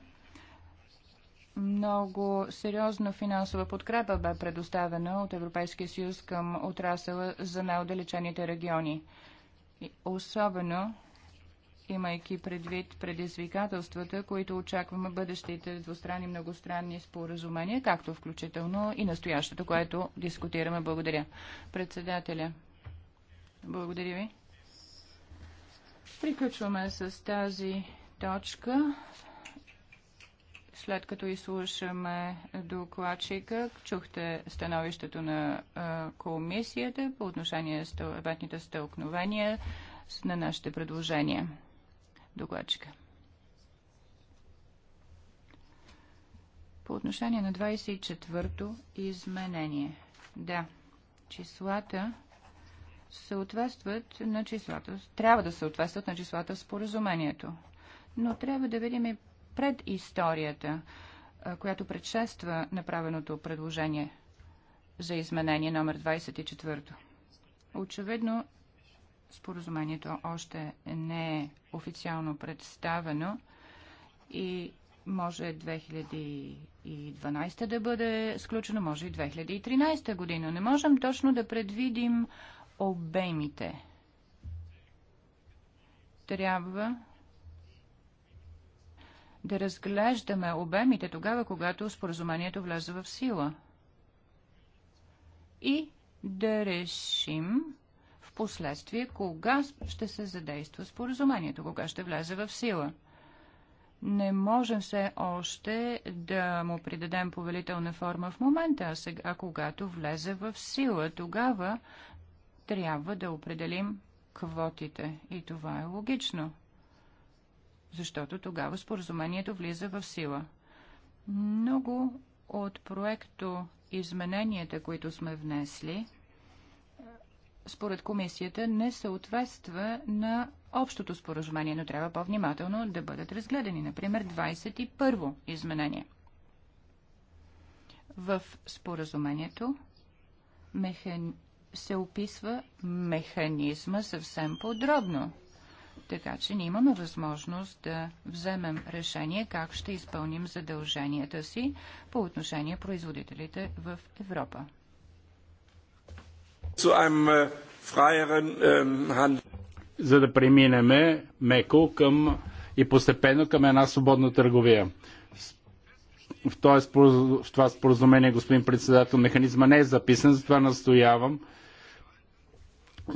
много сериозна финансова подкрепа бе предоставена от Европейския съюз към отрасъла за най-отдалечените региони. Особено имайки предвид предизвикателствата, които очакваме бъдещите двустранни многостранни споразумения, както включително и настоящото, което дискутираме. Благодаря. Председателя, благодаря ви. Приключваме с тази точка. След като изслушаме докладчика, чухте становището на комисията по отношение с съветните стълкновения на нашите предложения докладчика. По отношение на 24-то изменение. Да, числата съответстват на числата. Трябва да съответстват на числата в споразумението. Но трябва да видим и предисторията, която предшества направеното предложение за изменение номер 24. Очевидно Споразумението още не е официално представено и може 2012 да бъде сключено, може и 2013 година. Не можем точно да предвидим обемите. Трябва да разглеждаме обемите тогава, когато споразумението влезе в сила. И да решим последствие кога ще се задейства споразумението, кога ще влезе в сила. Не можем все още да му придадем повелителна форма в момента, а сега, когато влезе в сила, тогава трябва да определим квотите. И това е логично, защото тогава споразумението влиза в сила. Много от проекто измененията, които сме внесли, според комисията не съответства на общото споразумение, но трябва по-внимателно да бъдат разгледани. Например, 21-во изменение. В споразумението механ... се описва механизма съвсем подробно. Така че ние имаме възможност да вземем решение как ще изпълним задълженията си по отношение производителите в Европа. Äh, ähm, за да преминем меко към и постепенно към една свободна търговия. В, този, в това споразумение, господин председател, механизма не е записан, затова настоявам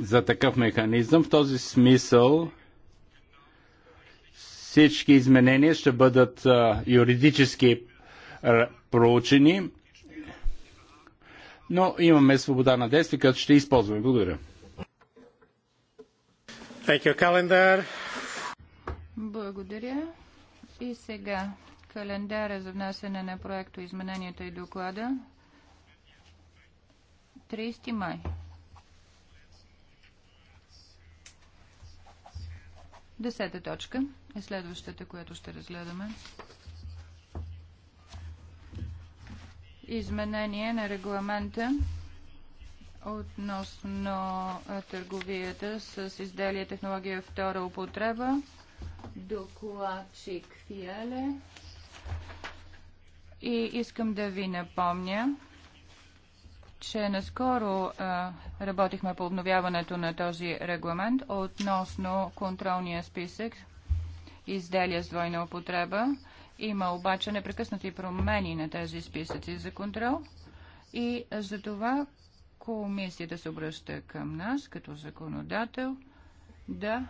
за такъв механизъм. В този смисъл всички изменения ще бъдат а, юридически а, проучени но имаме свобода на действие, която ще използваме. Благодаря. You, Благодаря. И сега календара за внасяне на проекто измененията и доклада. 30 май. Десета точка е следващата, която ще разгледаме. изменение на регламента относно търговията с изделия технология втора употреба. Докладчик Фиеле. И искам да ви напомня, че наскоро а, работихме по обновяването на този регламент относно контролния списък изделия с двойна употреба. Има обаче непрекъснати промени на тези списъци за контрол и за това комисията се обръща към нас като законодател да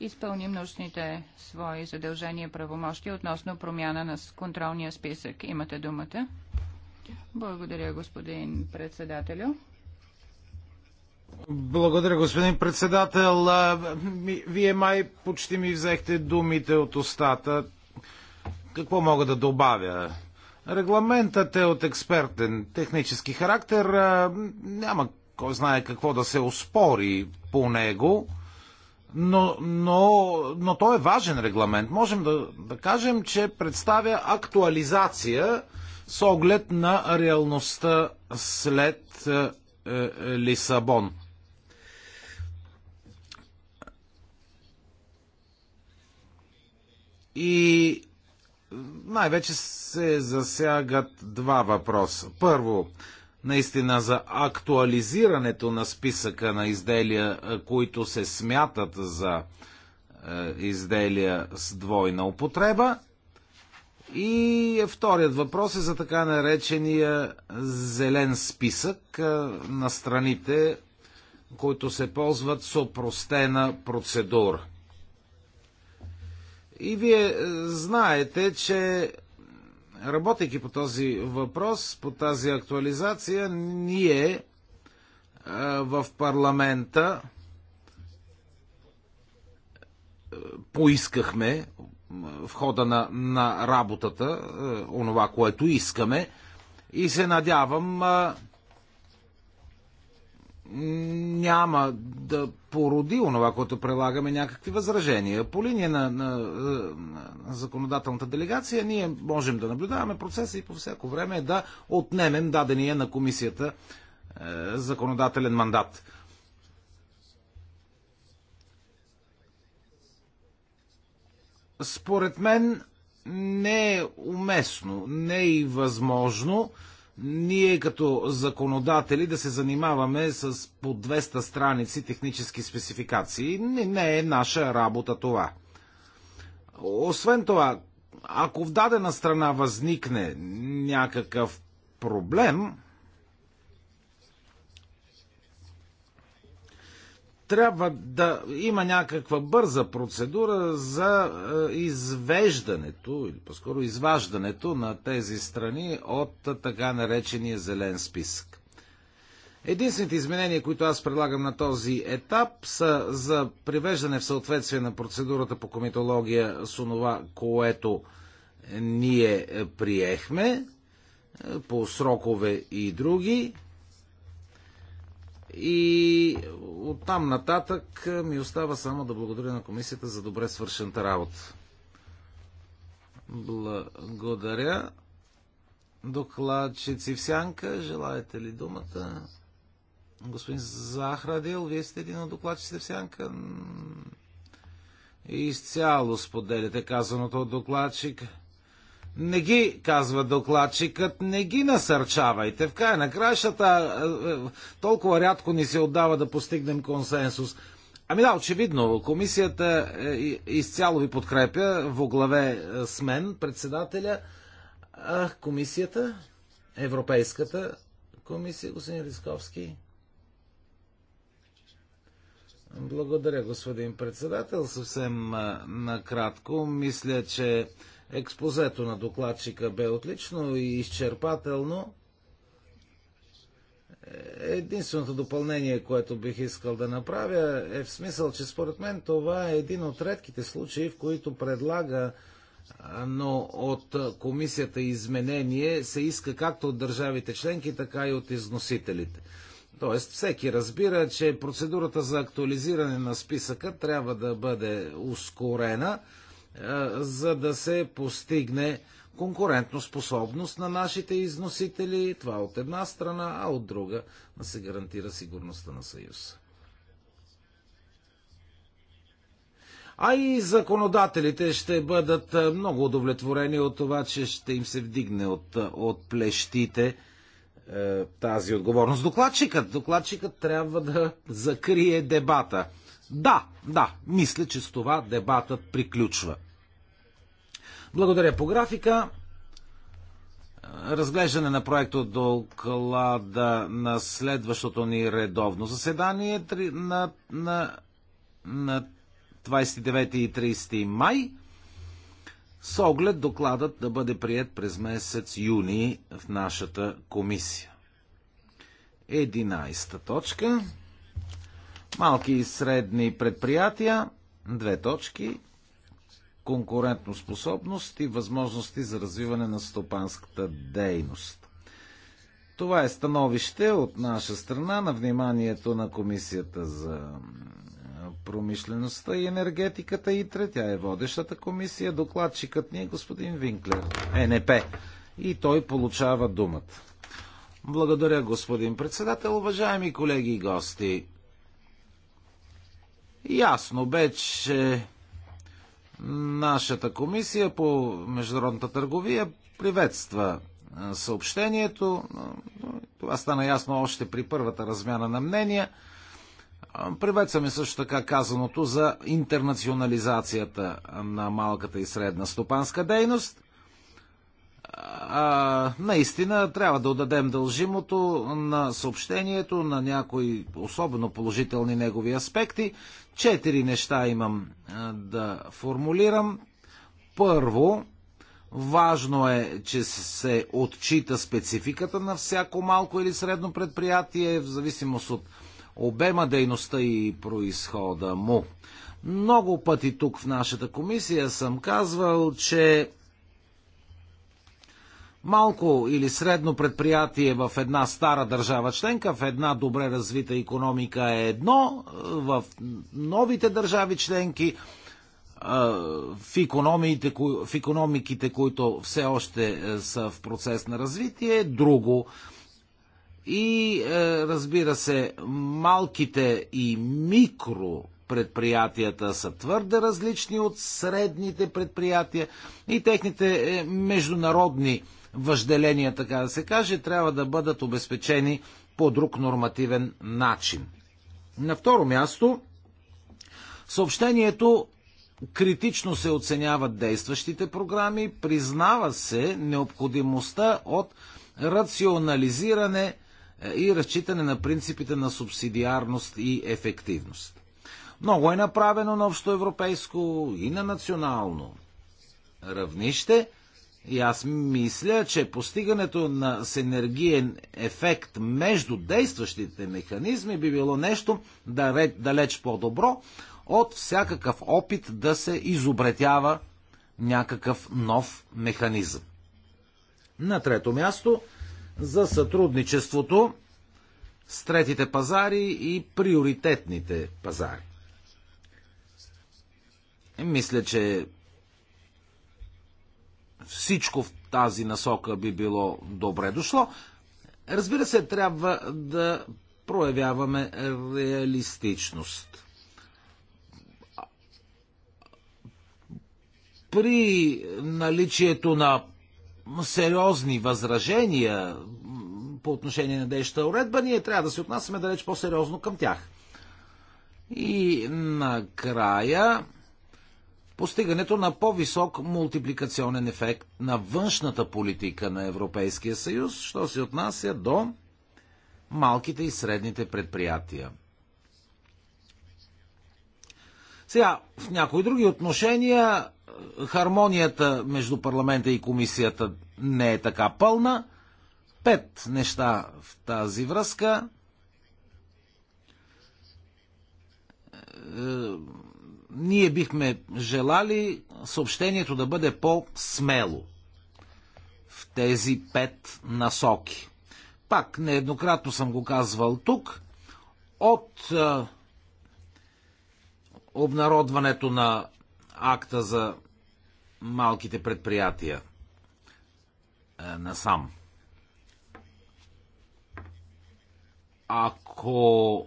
изпълним нужните свои задължения и правомощи относно промяна на контролния списък. Имате думата. Благодаря, господин председателю. Благодаря, господин председател. Вие май почти ми взехте думите от устата какво мога да добавя? Регламентът е от експертен технически характер. Няма кой знае какво да се оспори по него. Но, но, но той е важен регламент. Можем да, да кажем, че представя актуализация с оглед на реалността след е, е, Лисабон. И най-вече се засягат два въпроса. Първо, наистина за актуализирането на списъка на изделия, е, които се смятат за е, изделия с двойна употреба. И вторият въпрос е за така наречения зелен списък е, на страните, които се ползват с опростена процедура. И вие е, знаете, че работейки по този въпрос, по тази актуализация, ние е, в парламента е, поискахме в хода на, на работата онова, което искаме и се надявам няма да породи онова, което прилагаме някакви възражения. По линия на, на, на законодателната делегация ние можем да наблюдаваме процеса и по всяко време да отнемем дадения на комисията е, законодателен мандат. Според мен не е уместно, не е и възможно е, ние като законодатели да се занимаваме с по 200 страници технически спецификации. Не, не е наша работа това. Освен това, ако в дадена страна възникне някакъв проблем, трябва да има някаква бърза процедура за е, извеждането, или по-скоро изваждането на тези страни от така наречения зелен списък. Единствените изменения, които аз предлагам на този етап, са за привеждане в съответствие на процедурата по комитология с онова, което ние приехме е, по срокове и други и от там нататък ми остава само да благодаря на комисията за добре свършената работа. Благодаря. Докладчици в сянка, желаете ли думата? Господин Захрадил, вие сте един от докладчиците в сянка. Изцяло споделяте казаното от докладчика. Не ги, казва докладчикът, не ги насърчавайте. В края на краищата е, е, толкова рядко ни се отдава да постигнем консенсус. Ами да, очевидно, комисията е, изцяло ви подкрепя, во главе с мен, председателя, а комисията, Европейската комисия, господин Рисковски. Благодаря, господин председател. Съвсем накратко, мисля, че Експозето на докладчика бе отлично и изчерпателно. Единственото допълнение, което бих искал да направя, е в смисъл, че според мен това е един от редките случаи, в които предлага но от комисията изменение се иска както от държавите членки, така и от износителите. Тоест всеки разбира, че процедурата за актуализиране на списъка трябва да бъде ускорена, е, за да се постигне конкурентоспособност на нашите износители. Това от една страна, а от друга да се гарантира сигурността на Съюза. А и законодателите ще бъдат е, много удовлетворени от това, че ще им се вдигне от, е, от плещите тази отговорност. Докладчикът, докладчикът трябва да закрие дебата. Да, да, мисля, че с това дебатът приключва. Благодаря по графика. Разглеждане на проекта доклада на следващото ни редовно заседание на, на, на 29 и 30 май с оглед докладът да бъде прият през месец юни в нашата комисия. 11 точка. Малки и средни предприятия, две точки, конкурентоспособност и възможности за развиване на стопанската дейност. Това е становище от наша страна на вниманието на Комисията за промишлеността и енергетиката ИТРЕ. Тя е водещата комисия. Докладчикът ни е господин Винклер, ЕНП. И той получава думата. Благодаря, господин председател. Уважаеми колеги и гости, Ясно бе, че нашата комисия по международната търговия приветства съобщението. Това стана ясно още при първата размяна на мнения. Приветстваме също така казаното за интернационализацията на малката и средна стопанска дейност а, наистина трябва да отдадем дължимото на съобщението, на някои особено положителни негови аспекти. Четири неща имам да формулирам. Първо, важно е, че се отчита спецификата на всяко малко или средно предприятие, в зависимост от обема дейността и произхода му. Много пъти тук в нашата комисия съм казвал, че малко или средно предприятие в една стара държава членка, в една добре развита економика е едно, в новите държави членки, в в економиките които все още е, са в процес на развитие, е друго. И е, разбира се, малките и микро предприятията са твърде различни от средните предприятия и техните е, международни въжделения, така да се каже, трябва да бъдат обезпечени по друг нормативен начин. На второ място, съобщението критично се оценяват действащите програми, признава се необходимостта от рационализиране е, и разчитане на принципите на субсидиарност и ефективност. Много е направено на общоевропейско и на национално равнище – и аз мисля, че постигането на синергиен ефект между действащите механизми би било нещо далеч по-добро от всякакъв опит да се изобретява някакъв нов механизъм. На трето място за сътрудничеството с третите пазари и приоритетните пазари. Мисля, че всичко в тази насока би било добре дошло. Разбира се, трябва да проявяваме реалистичност. При наличието на сериозни възражения по отношение на действащата уредба, ние трябва да се отнасяме далеч по-сериозно към тях. И накрая постигането на по-висок мултипликационен ефект на външната политика на Европейския съюз, що се отнася до малките и средните предприятия. Сега, в някои други отношения е, хармонията между парламента и комисията не е така пълна. Пет неща в тази връзка е, ние бихме желали съобщението да бъде по-смело в тези пет насоки. Пак нееднократно съм го казвал тук. От а, е, обнародването на акта за малките предприятия а, е, насам. Ако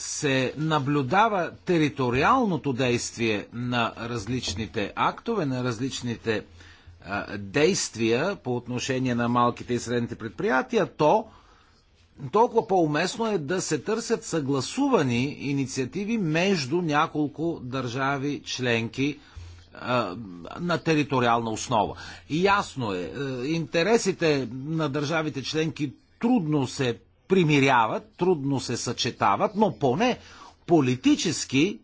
се наблюдава териториалното действие на различните актове, на различните а, действия по отношение на малките и средните предприятия, то толкова по-уместно е да се търсят съгласувани инициативи между няколко държави членки а, на териториална основа. И ясно е, интересите на държавите членки трудно се примиряват, трудно се съчетават, но поне политически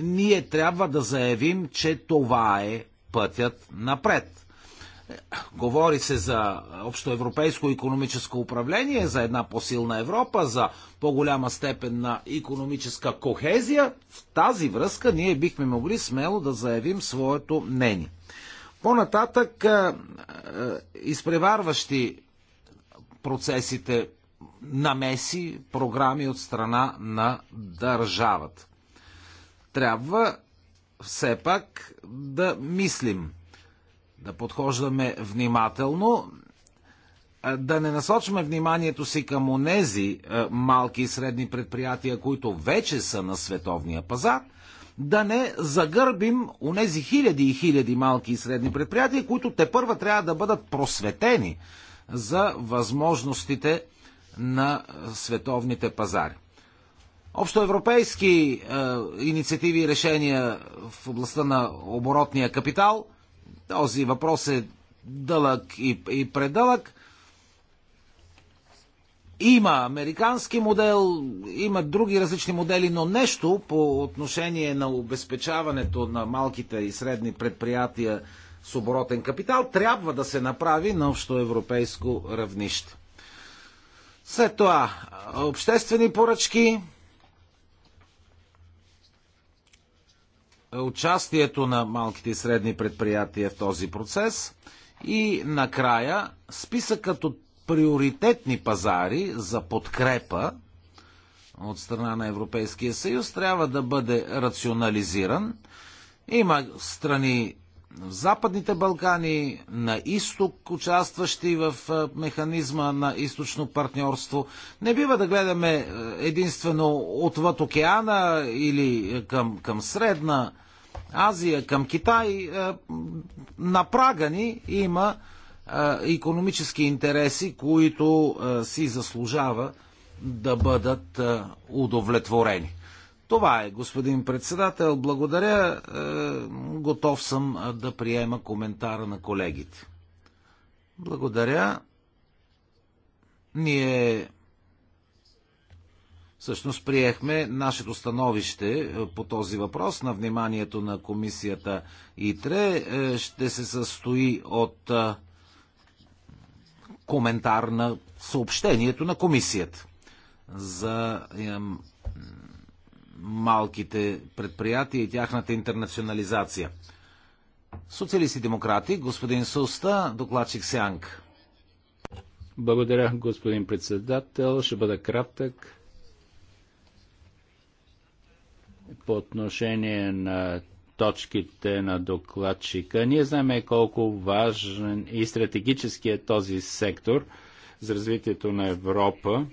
ние трябва да заявим, че това е пътят напред. Говори се за общоевропейско економическо управление, за една по-силна Европа, за по-голяма степен на економическа кохезия. В тази връзка ние бихме могли смело да заявим своето мнение. По-нататък, е, е, изпреварващи процесите намеси, програми от страна на държавата. Трябва все пак да мислим, да подхождаме внимателно, да не насочваме вниманието си към онези малки и средни предприятия, които вече са на световния пазар, да не загърбим онези хиляди и хиляди малки и средни предприятия, които те първа трябва да бъдат просветени за възможностите на световните пазари. Общоевропейски е, инициативи и решения в областта на оборотния капитал. Този въпрос е дълъг и, и предълъг. Има американски модел, има други различни модели, но нещо по отношение на обезпечаването на малките и средни предприятия с оборотен капитал трябва да се направи на общоевропейско равнище. След това обществени поръчки, участието на малките и средни предприятия в този процес и накрая списъкът от приоритетни пазари за подкрепа от страна на Европейския съюз трябва да бъде рационализиран. Има страни в Западните Балкани, на изток, участващи в е, механизма на източно партньорство. Не бива да гледаме е, единствено отвъд океана или е, към, към Средна Азия, към Китай. На прага ни има економически интереси, които си заслужава да бъдат удовлетворени. Това е, господин председател. Благодаря. Е, готов съм да приема коментара на колегите. Благодаря. Ние всъщност приехме нашето становище е, по този въпрос на вниманието на комисията ИТРЕ. Е, ще се състои от коментар на съобщението на комисията за малките предприятия и тяхната интернационализация. Социалисти демократи, господин Суста, докладчик Сянг. Благодаря, господин председател. Ще бъда кратък. По отношение на точките на докладчика, ние знаем колко важен и стратегически е този сектор за развитието на Европа.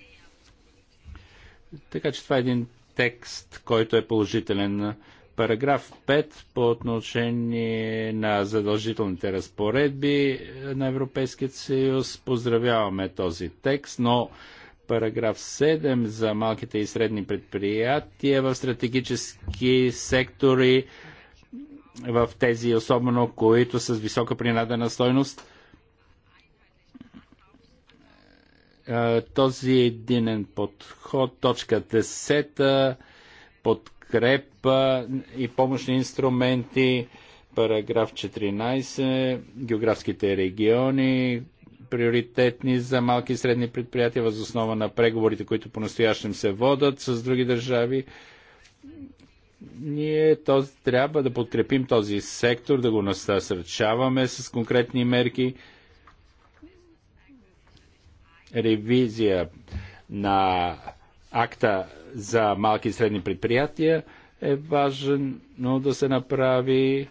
Така че това е един текст, който е положителен. Параграф 5 по отношение на задължителните разпоредби на Европейския съюз. Поздравяваме този текст, но параграф 7 за малките и средни предприятия в стратегически сектори в тези, особено които с висока принадена стойност, Е, този единен подход, точка 10, подкрепа и помощни инструменти, параграф 14, географските региони, приоритетни за малки и средни предприятия, възоснова на преговорите, които по-настоящем се водат с други държави. Ние този, трябва да подкрепим този сектор, да го насърчаваме с конкретни мерки ревизия на акта за малки и средни предприятия е важно да се направи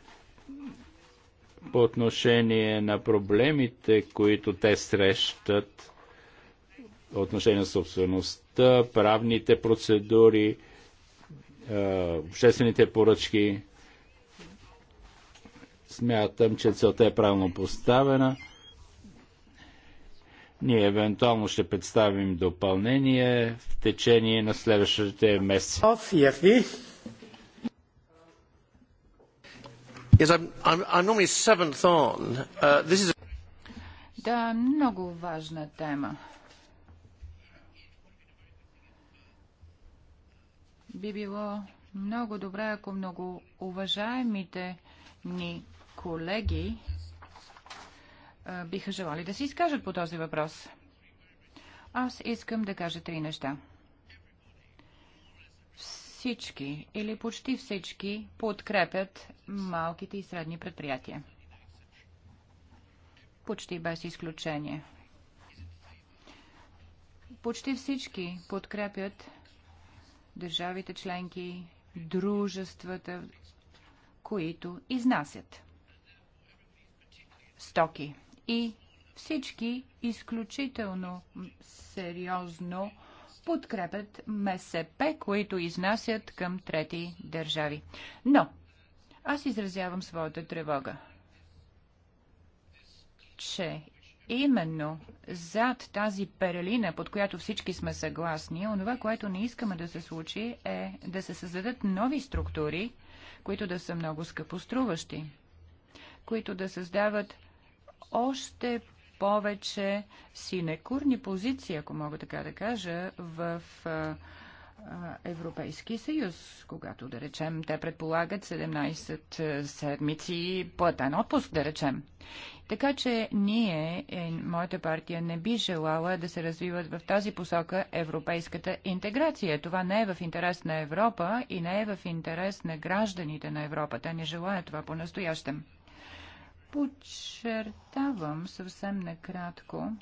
по отношение на проблемите, които те срещат отношение на собствеността, правните процедури, е, обществените поръчки. Смятам, че целта е правилно поставена – ние евентуално ще представим допълнение в течение на следващите месеци. Uh, да, много важна тема. Би било много добре, ако много уважаемите ни колеги биха желали да се изкажат по този въпрос. Аз искам да кажа три неща. Всички или почти всички подкрепят малките и средни предприятия. Почти без изключение. Почти всички подкрепят държавите членки, дружествата, които изнасят стоки и всички изключително сериозно подкрепят МСП, които изнасят към трети държави. Но аз изразявам своята тревога, че именно зад тази перелина, под която всички сме съгласни, онова, което не искаме да се случи, е да се създадат нови структури, които да са много скъпоструващи, които да създават още повече синекурни позиции, ако мога така да кажа, в Европейски съюз, когато, да речем, те предполагат 17 седмици платен отпуск, да речем. Така че ние, е, моята партия, не би желала да се развиват в тази посока европейската интеграция. Това не е в интерес на Европа и не е в интерес на гражданите на Европа. Те не желаят това по-настоящем подчертавам съвсем накратко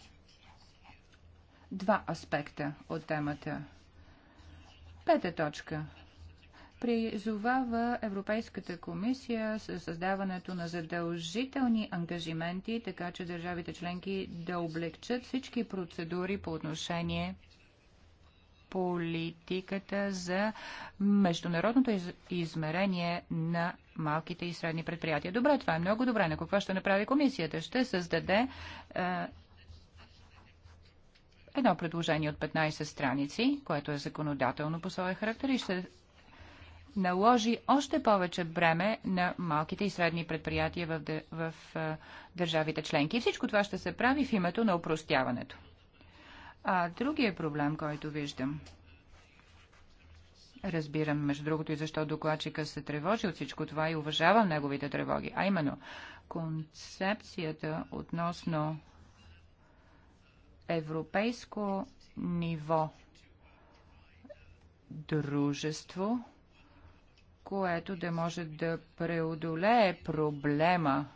два аспекта от темата. Пета точка призовава Европейската комисия със създаването на задължителни ангажименти, така че държавите членки да облегчат всички процедури по отношение политиката за международното измерение на малките и средни предприятия. Добре, това е много добре. На какво ще направи комисията? Ще създаде е, едно предложение от 15 страници, което е законодателно по своя характер и ще наложи още повече бреме на малките и средни предприятия в, в, в е, държавите членки. И всичко това ще се прави в името на упростяването. А другия проблем, който виждам, разбирам между другото и защо докладчика се тревожи от всичко това и уважавам неговите тревоги, а именно концепцията относно европейско ниво дружество, което да може да преодолее проблема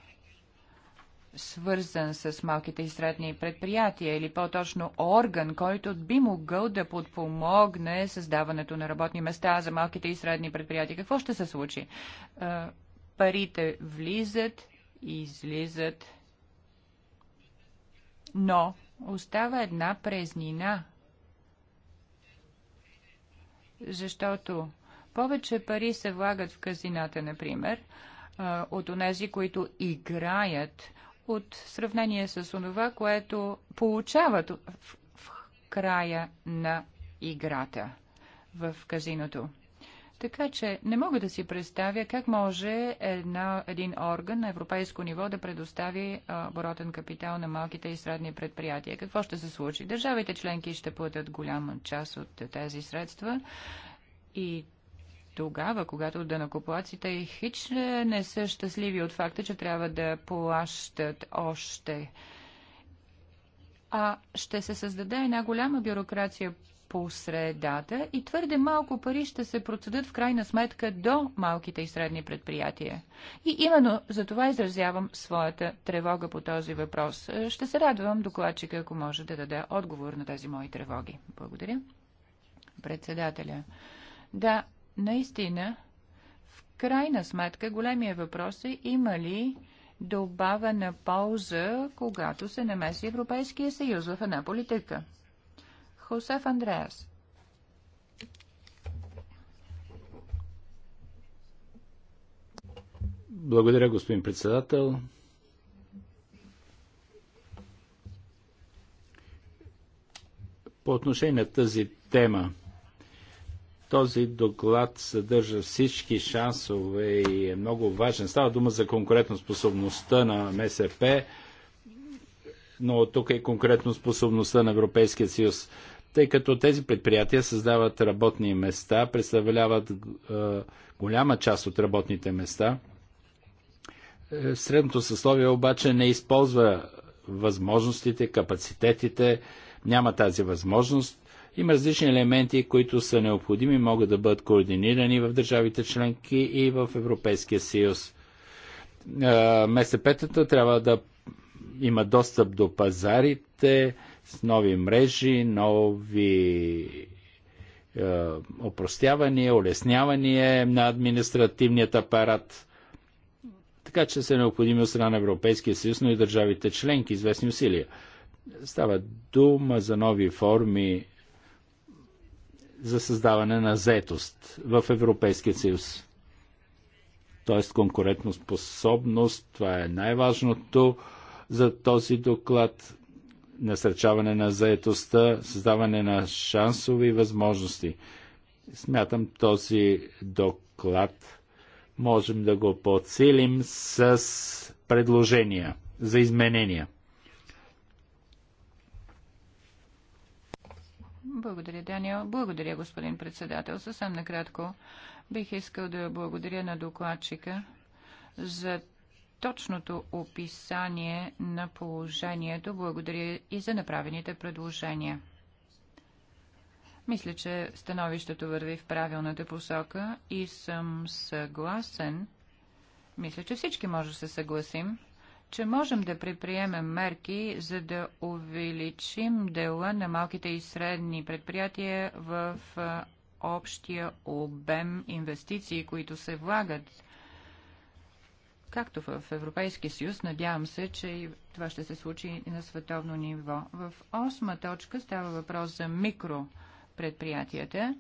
свързан с малките и средни предприятия или по-точно орган, който би могъл да подпомогне създаването на работни места за малките и средни предприятия. Какво ще се случи? Е, парите влизат и излизат, но остава една презнина, защото повече пари се влагат в казината, например, е, от онези, които играят от сравнение с онова, което получават в, в края на играта в казиното. Така че не мога да си представя как може една, един орган на европейско ниво да предостави оборотен капитал на малките и средни предприятия. Какво ще се случи? Държавите членки ще платят голяма част от тези средства и тогава, когато и хич не са щастливи от факта, че трябва да плащат още. А ще се създаде една голяма бюрокрация по средата и твърде малко пари ще се процедат в крайна сметка до малките и средни предприятия. И именно за това изразявам своята тревога по този въпрос. Ще се радвам докладчика, ако може да даде отговор на тези мои тревоги. Благодаря. Председателя. Да, наистина, в крайна сметка, големия въпрос е има ли добавена полза, когато се намеси Европейския съюз в една политика. Хосеф Андреас. Благодаря, господин председател. По отношение на тази тема, този доклад съдържа всички шансове и е много важен. Става дума за конкурентоспособността на МСП, но тук е конкурентоспособността на Европейския съюз, тъй като тези предприятия създават работни места, представляват е, голяма част от работните места. Е, средното съсловие обаче не използва възможностите, капацитетите, няма тази възможност има различни елементи, които са необходими, могат да бъдат координирани в държавите членки и в Европейския съюз. МСП-тата трябва да има достъп до пазарите с нови мрежи, нови опростявания, улеснявания на административният апарат. Така че са необходими от страна на Европейския съюз, но и държавите членки известни усилия. Става дума за нови форми за създаване на заетост в Европейския съюз. Тоест конкурентоспособност, това е най-важното за този доклад. Насърчаване на заетостта, създаване на шансови възможности. Смятам този доклад можем да го подсилим с предложения за изменения. Благодаря, Даниел. Благодаря, господин председател. Съвсем накратко бих искал да благодаря на докладчика за точното описание на положението. Благодаря и за направените предложения. Мисля, че становището върви в правилната посока и съм съгласен. Мисля, че всички може да се съгласим че можем да предприемем мерки, за да увеличим дела на малките и средни предприятия в общия обем инвестиции, които се влагат както в Европейския съюз, надявам се, че и това ще се случи и на световно ниво. В осма точка става въпрос за микропредприятията,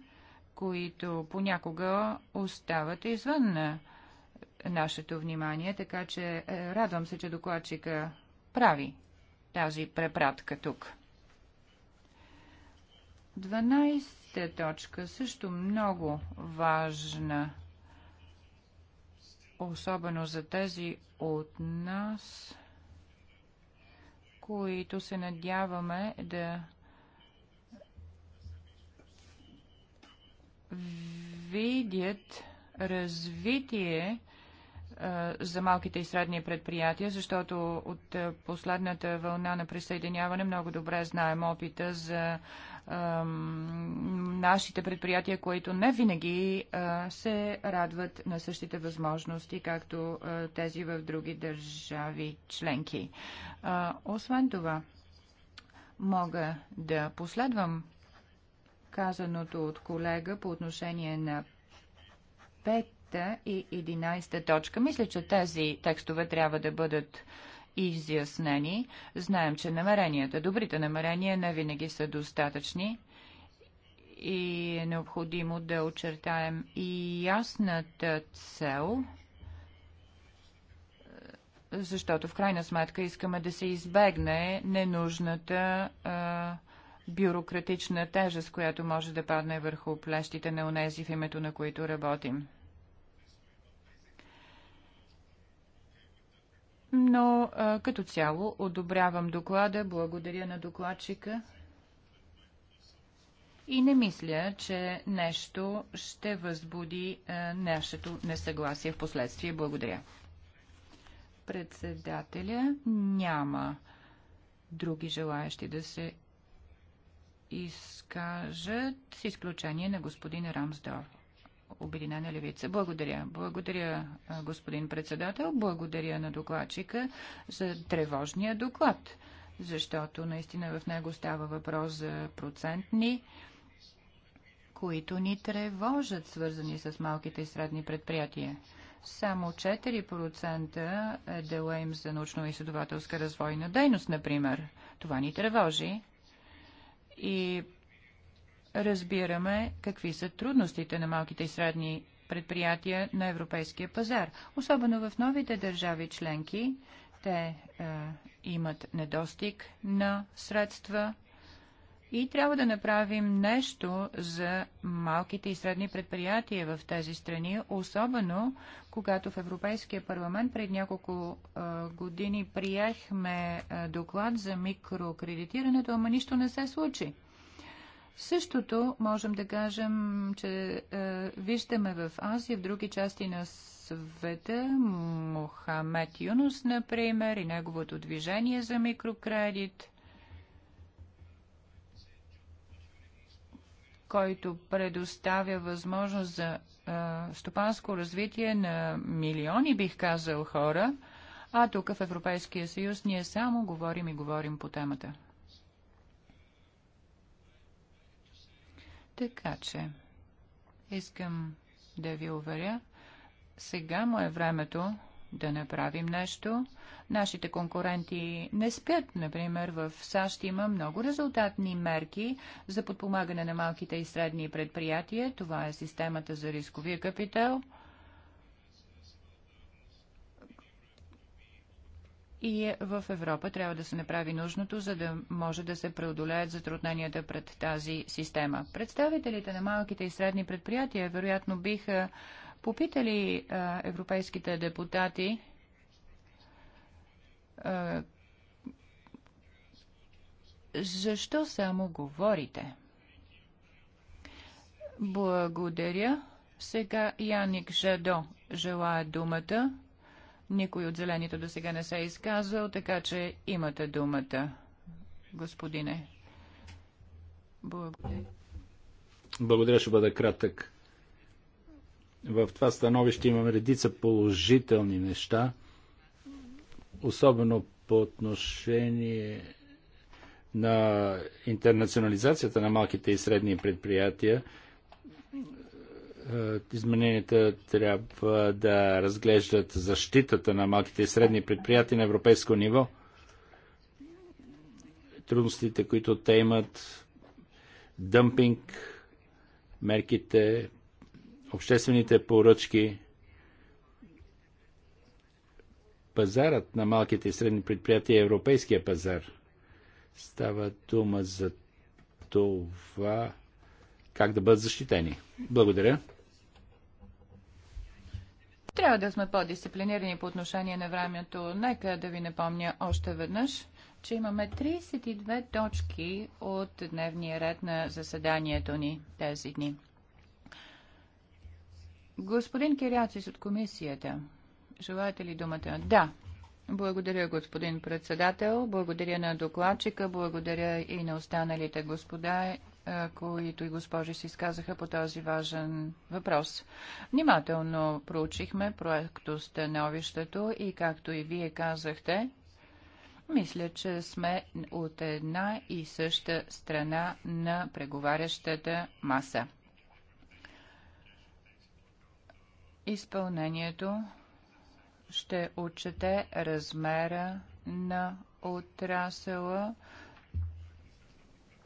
които понякога остават извън нашето внимание, така че е, радвам се, че докладчика прави тази препратка тук. 12 точка също много важна, особено за тези от нас, които се надяваме да видят развитие за малките и средни предприятия, защото от последната вълна на присъединяване много добре знаем опита за нашите предприятия, които не винаги се радват на същите възможности, както тези в други държави членки. Освен това, мога да последвам казаното от колега по отношение на пет 10 и 11 точка. Мисля, че тези текстове трябва да бъдат изяснени. Знаем, че намеренията, добрите намерения не винаги са достатъчни и е необходимо да очертаем и ясната цел, защото в крайна сметка искаме да се избегне ненужната а, бюрократична тежест, която може да падне върху плещите на унези, в името на които работим. но а, като цяло одобрявам доклада, благодаря на докладчика и не мисля, че нещо ще възбуди а, нашето несъгласие в последствие. Благодаря. Председателя няма други желаящи да се изкажат, с изключение на господин Рамсдорф. Обединена левица. Благодаря. Благодаря, господин председател. Благодаря на докладчика за тревожния доклад, защото наистина в него става въпрос за процентни които ни тревожат, свързани с малките и средни предприятия. Само 4% е дела им за научно-изследователска развойна дейност, например. Това ни тревожи. И разбираме какви са трудностите на малките и средни предприятия на европейския пазар. Особено в новите държави членки, те е, имат недостиг на средства и трябва да направим нещо за малките и средни предприятия в тези страни, особено когато в Европейския парламент пред няколко е, години приехме е, доклад за микрокредитирането, ама нищо не се случи. Същото можем да кажем, че е, виждаме в Азия, в други части на света, Мохамед Юнус, например, и неговото движение за микрокредит, който предоставя възможност за е, стопанско развитие на милиони, бих казал, хора, а тук в Европейския съюз ние само говорим и говорим по темата. Така че, искам да ви уверя, сега му е времето да направим нещо. Нашите конкуренти не спят. Например, в САЩ има много резултатни мерки за подпомагане на малките и средни предприятия. Това е системата за рисковия капитал – и в Европа трябва да се направи нужното, за да може да се преодолеят затрудненията пред тази система. Представителите на малките и средни предприятия вероятно биха попитали а, европейските депутати а, защо само говорите? Благодаря. Сега Яник Жадо желая думата. Никой от зелените до сега не се е изказал, така че имате думата, господине. Благодаря. Благодаря, ще бъда кратък. В това становище имам редица положителни неща, особено по отношение на интернационализацията на малките и средни предприятия е, измененията трябва да разглеждат защитата на малките и средни предприятия на европейско ниво, трудностите, които те имат, дъмпинг, мерките, обществените поръчки, пазарът на малките и средни предприятия е европейския пазар. Става дума за това как да бъдат защитени. Благодаря. Трябва да сме по-дисциплинирани по отношение на времето. Нека да ви напомня още веднъж, че имаме 32 точки от дневния ред на заседанието ни тези дни. Господин Киряцис от комисията, желаете ли думата? Да. Благодаря, господин председател. Благодаря на докладчика. Благодаря и на останалите господа които и госпожи се изказаха по този важен въпрос. Внимателно проучихме проекто становището и както и вие казахте, мисля, че сме от една и съща страна на преговарящата маса. Изпълнението ще отчете размера на отрасъла,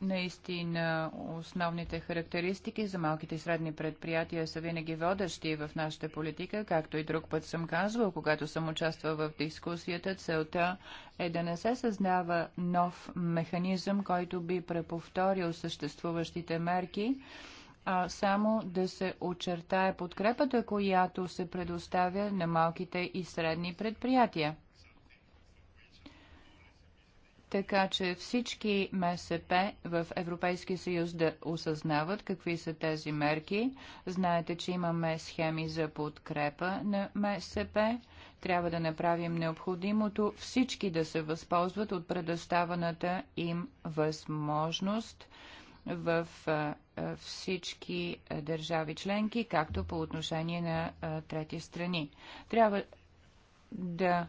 Наистина, основните характеристики за малките и средни предприятия са винаги водещи в нашата политика, както и друг път съм казвал, когато съм участвал в дискусията. Целта е да не се създава нов механизъм, който би преповторил съществуващите мерки, а само да се очертае подкрепата, която се предоставя на малките и средни предприятия така че всички МСП в Европейския съюз да осъзнават какви са тези мерки. Знаете, че имаме схеми за подкрепа на МСП. Трябва да направим необходимото всички да се възползват от предоставената им възможност в всички държави членки, както по отношение на трети страни. Трябва да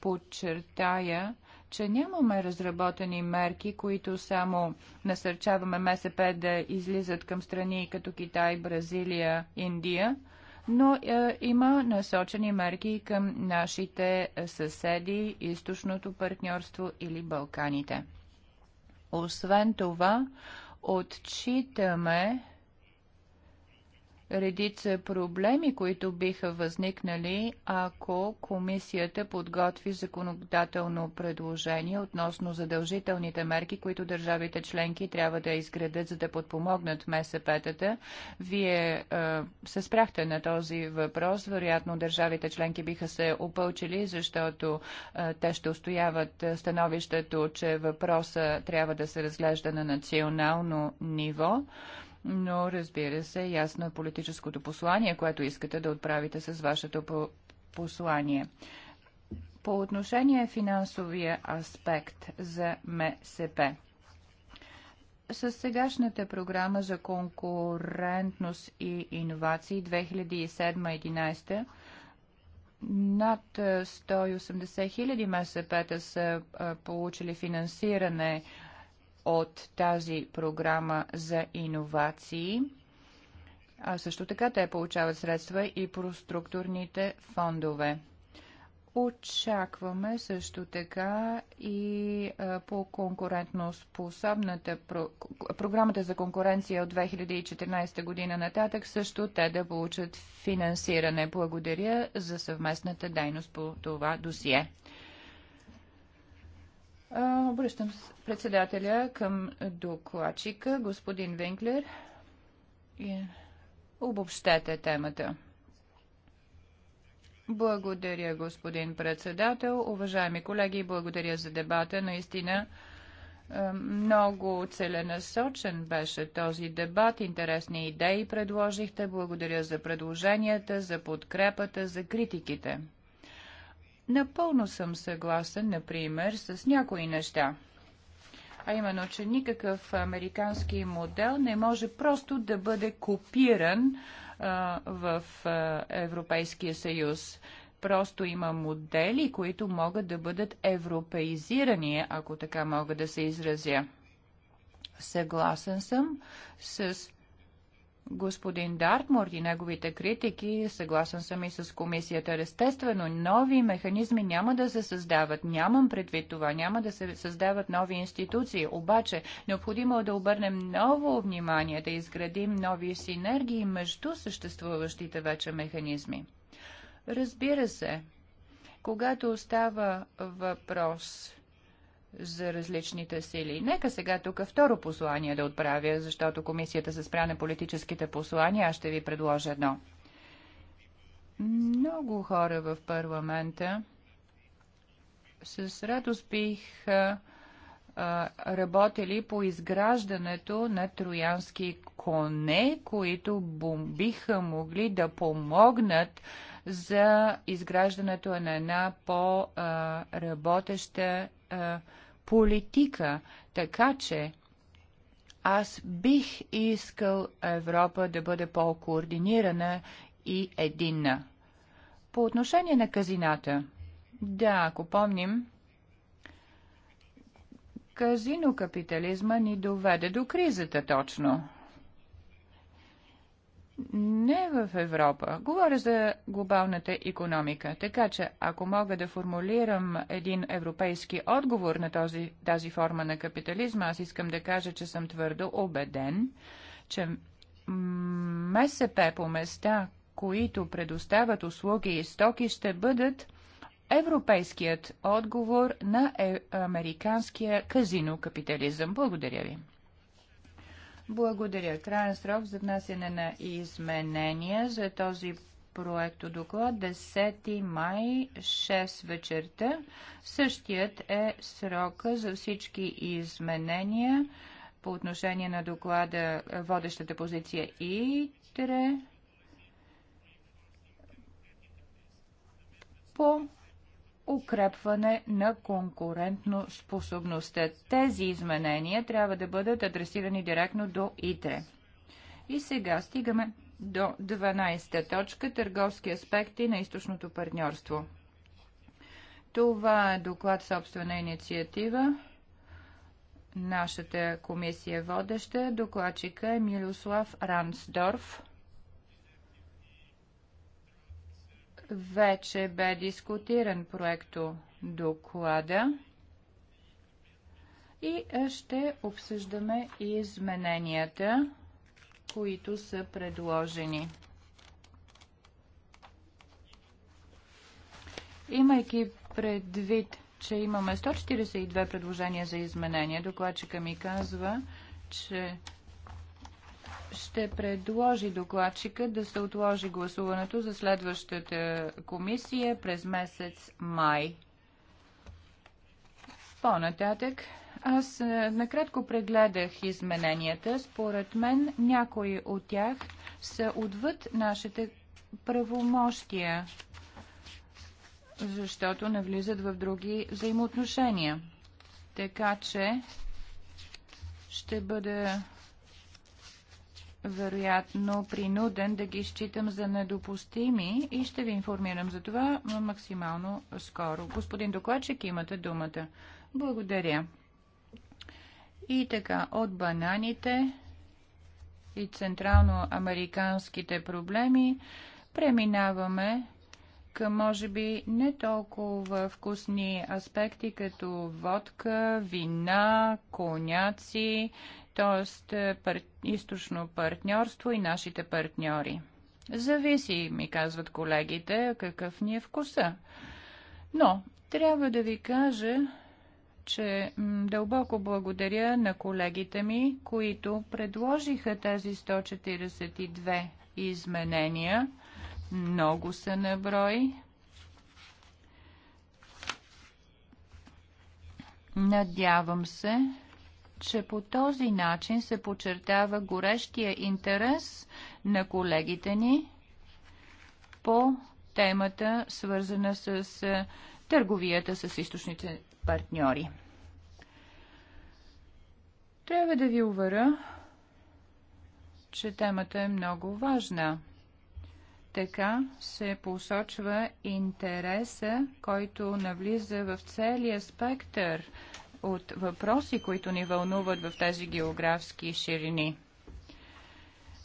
подчертая, че нямаме разработени мерки, които само насърчаваме МСП да излизат към страни като Китай, Бразилия, Индия, но е, има насочени мерки към нашите е, съседи, източното партньорство или Балканите. Освен това, отчитаме редица проблеми, които биха възникнали, ако комисията подготви законодателно предложение относно задължителните мерки, които държавите членки трябва да изградят, за да подпомогнат МСП-тата. Вие е, се спряхте на този въпрос. Вероятно, държавите членки биха се опълчили, защото е, те ще устояват становището, че въпроса трябва да се разглежда на национално ниво но разбира се, ясно е политическото послание, което искате да отправите с вашето послание. По отношение финансовия аспект за МСП. С сегашната програма за конкурентност и иновации 2007-2011 над 180 хиляди МСП-та са получили финансиране от тази програма за иновации. А също така те получават средства и про структурните фондове. Очакваме също така и по конкурентно способната програмата за конкуренция от 2014 година нататък също те да получат финансиране. Благодаря за съвместната дейност по това досие. Обръщам председателя към докладчика, господин Винклер. И обобщете темата. Благодаря, господин председател. Уважаеми колеги, благодаря за дебата. Наистина много целенасочен беше този дебат. Интересни идеи предложихте. Благодаря за предложенията, за подкрепата, за критиките. Напълно съм съгласен, например, с някои неща. А именно, че никакъв американски модел не може просто да бъде копиран а, в а, Европейския съюз. Просто има модели, които могат да бъдат европеизирани, ако така мога да се изразя. Съгласен съм с господин Дартмурт и неговите критики, съгласен съм и с комисията, естествено, нови механизми няма да се създават. Нямам предвид това, няма да се създават нови институции. Обаче, необходимо е да обърнем ново внимание, да изградим нови синергии между съществуващите вече механизми. Разбира се, когато остава въпрос за различните сили. Нека сега тук второ послание да отправя, защото комисията се спря на политическите послания, аз ще ви предложа едно. Много хора в парламента с радост бих а, работили по изграждането на троянски коне, които биха могли да помогнат за изграждането на една по-работеща политика, така че аз бих искал Европа да бъде по-координирана и единна. По отношение на казината, да, ако помним, казино капитализма ни доведе до кризата точно. Не в Европа. Говоря за глобалната економика. Така че, ако мога да формулирам един европейски отговор на този, тази форма на капитализма, аз искам да кажа, че съм твърдо убеден, че МСП по места, които предоставят услуги и стоки, ще бъдат европейският отговор на американския казино капитализъм. Благодаря ви. Благодаря. Крайен срок за внасяне на изменения за този проекто доклад 10 май 6 вечерта. Същият е срока за всички изменения по отношение на доклада водещата позиция ИТРЕ по укрепване на конкурентно способността. Тези изменения трябва да бъдат адресирани директно до ИТРЕ. И сега стигаме до 12-та точка търговски аспекти на източното партньорство. Това е доклад собствена инициатива. Нашата комисия водеща, докладчика е Милослав Рансдорф – Вече бе дискутиран проекто доклада и е, ще обсъждаме измененията, които са предложени. Имайки предвид, че имаме 142 предложения за изменения, докладчика ми казва, че ще предложи докладчика да се отложи гласуването за следващата комисия през месец май. По-нататък, аз е, накратко прегледах измененията. Според мен някои от тях са отвъд нашите правомощия, защото навлизат в други взаимоотношения. Така че ще бъда вероятно принуден да ги считам за недопустими и ще ви информирам за това максимално скоро. Господин докладчик, имате думата. Благодаря. И така, от бананите и централноамериканските проблеми преминаваме към, може би, не толкова вкусни аспекти, като водка, вина, коняци т.е. Пар... източно партньорство и нашите партньори. Зависи, ми казват колегите, какъв ни е вкуса. Но трябва да ви кажа, че дълбоко благодаря на колегите ми, които предложиха тези 142 изменения. Много са на брой. Надявам се, че по този начин се подчертава горещия интерес на колегите ни по темата, свързана с е, търговията с източните партньори. Трябва да ви уверя, че темата е много важна. Така се посочва интереса, който навлиза в целия спектър – от въпроси, които ни вълнуват в тези географски ширини.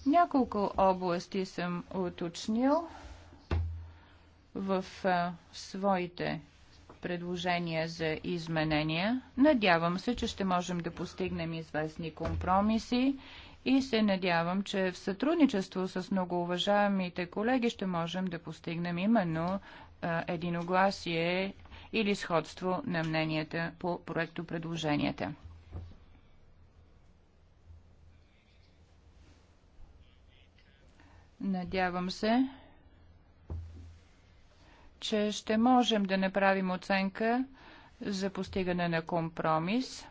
Няколко области съм уточнил в своите предложения за изменения. Надявам се, че ще можем да постигнем известни компромиси и се надявам, че в сътрудничество с многоуважаемите колеги ще можем да постигнем именно единогласие или сходство на мненията по проекто предложенията. Надявам се, че ще можем да направим оценка за постигане на компромис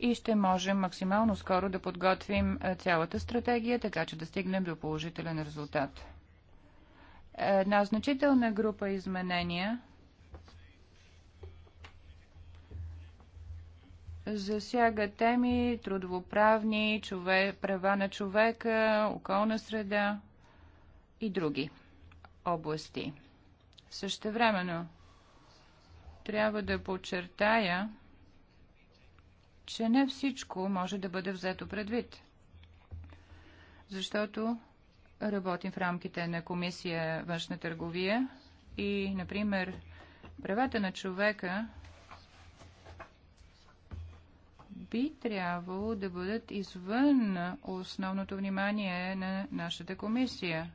и ще можем максимално скоро да подготвим цялата стратегия, така че да стигнем до положителен резултат една значителна група изменения засяга теми трудовоправни, чове, права на човека, околна среда и други области. Същевременно трябва да подчертая, че не всичко може да бъде взето предвид, защото работим в рамките на комисия външна търговия и, например, правата на човека би трябвало да бъдат извън основното внимание на нашата комисия.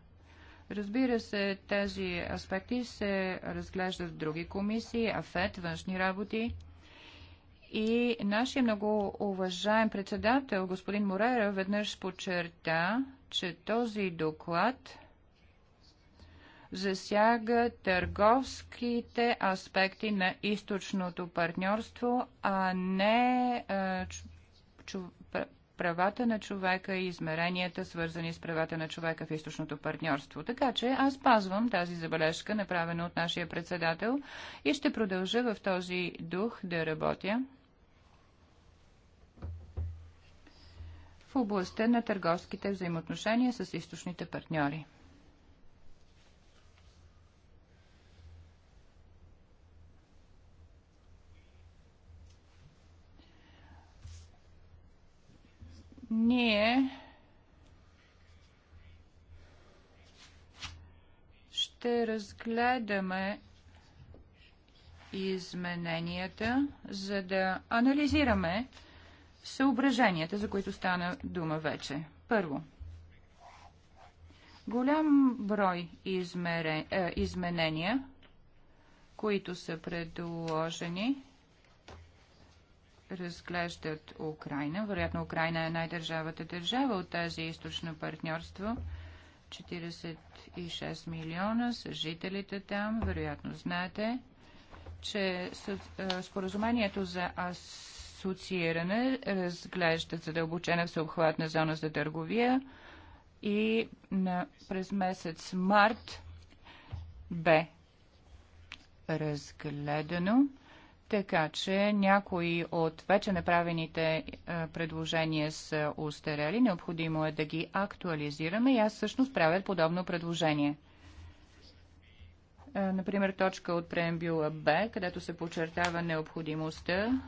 Разбира се, тези аспекти се разглеждат в други комисии, АФЕТ, външни работи. И нашия много уважаем председател, господин Морера, веднъж подчерта, че този доклад засяга търговските аспекти на източното партньорство, а не а, чу, правата на човека и измеренията, свързани с правата на човека в източното партньорство. Така че аз пазвам тази забележка, направена от нашия председател и ще продължа в този дух да работя. в областта на търговските взаимоотношения с източните партньори. Ние ще разгледаме измененията, за да анализираме съображенията, за които стана дума вече. Първо, голям брой измере, е, изменения, които са предложени, разглеждат Украина. Вероятно Украина е най-държавата държава от тази източно партньорство. 46 милиона са жителите там. Вероятно знаете, че е, споразумението за АС асоцииране разглежда е, задълбочена всеобхватна зона за търговия и на, през месец март бе разгледано. Така че някои от вече направените е, предложения са устарели. Необходимо е да ги актуализираме и аз всъщност правя подобно предложение. Е, например, точка от преембюла Б, където се подчертава необходимостта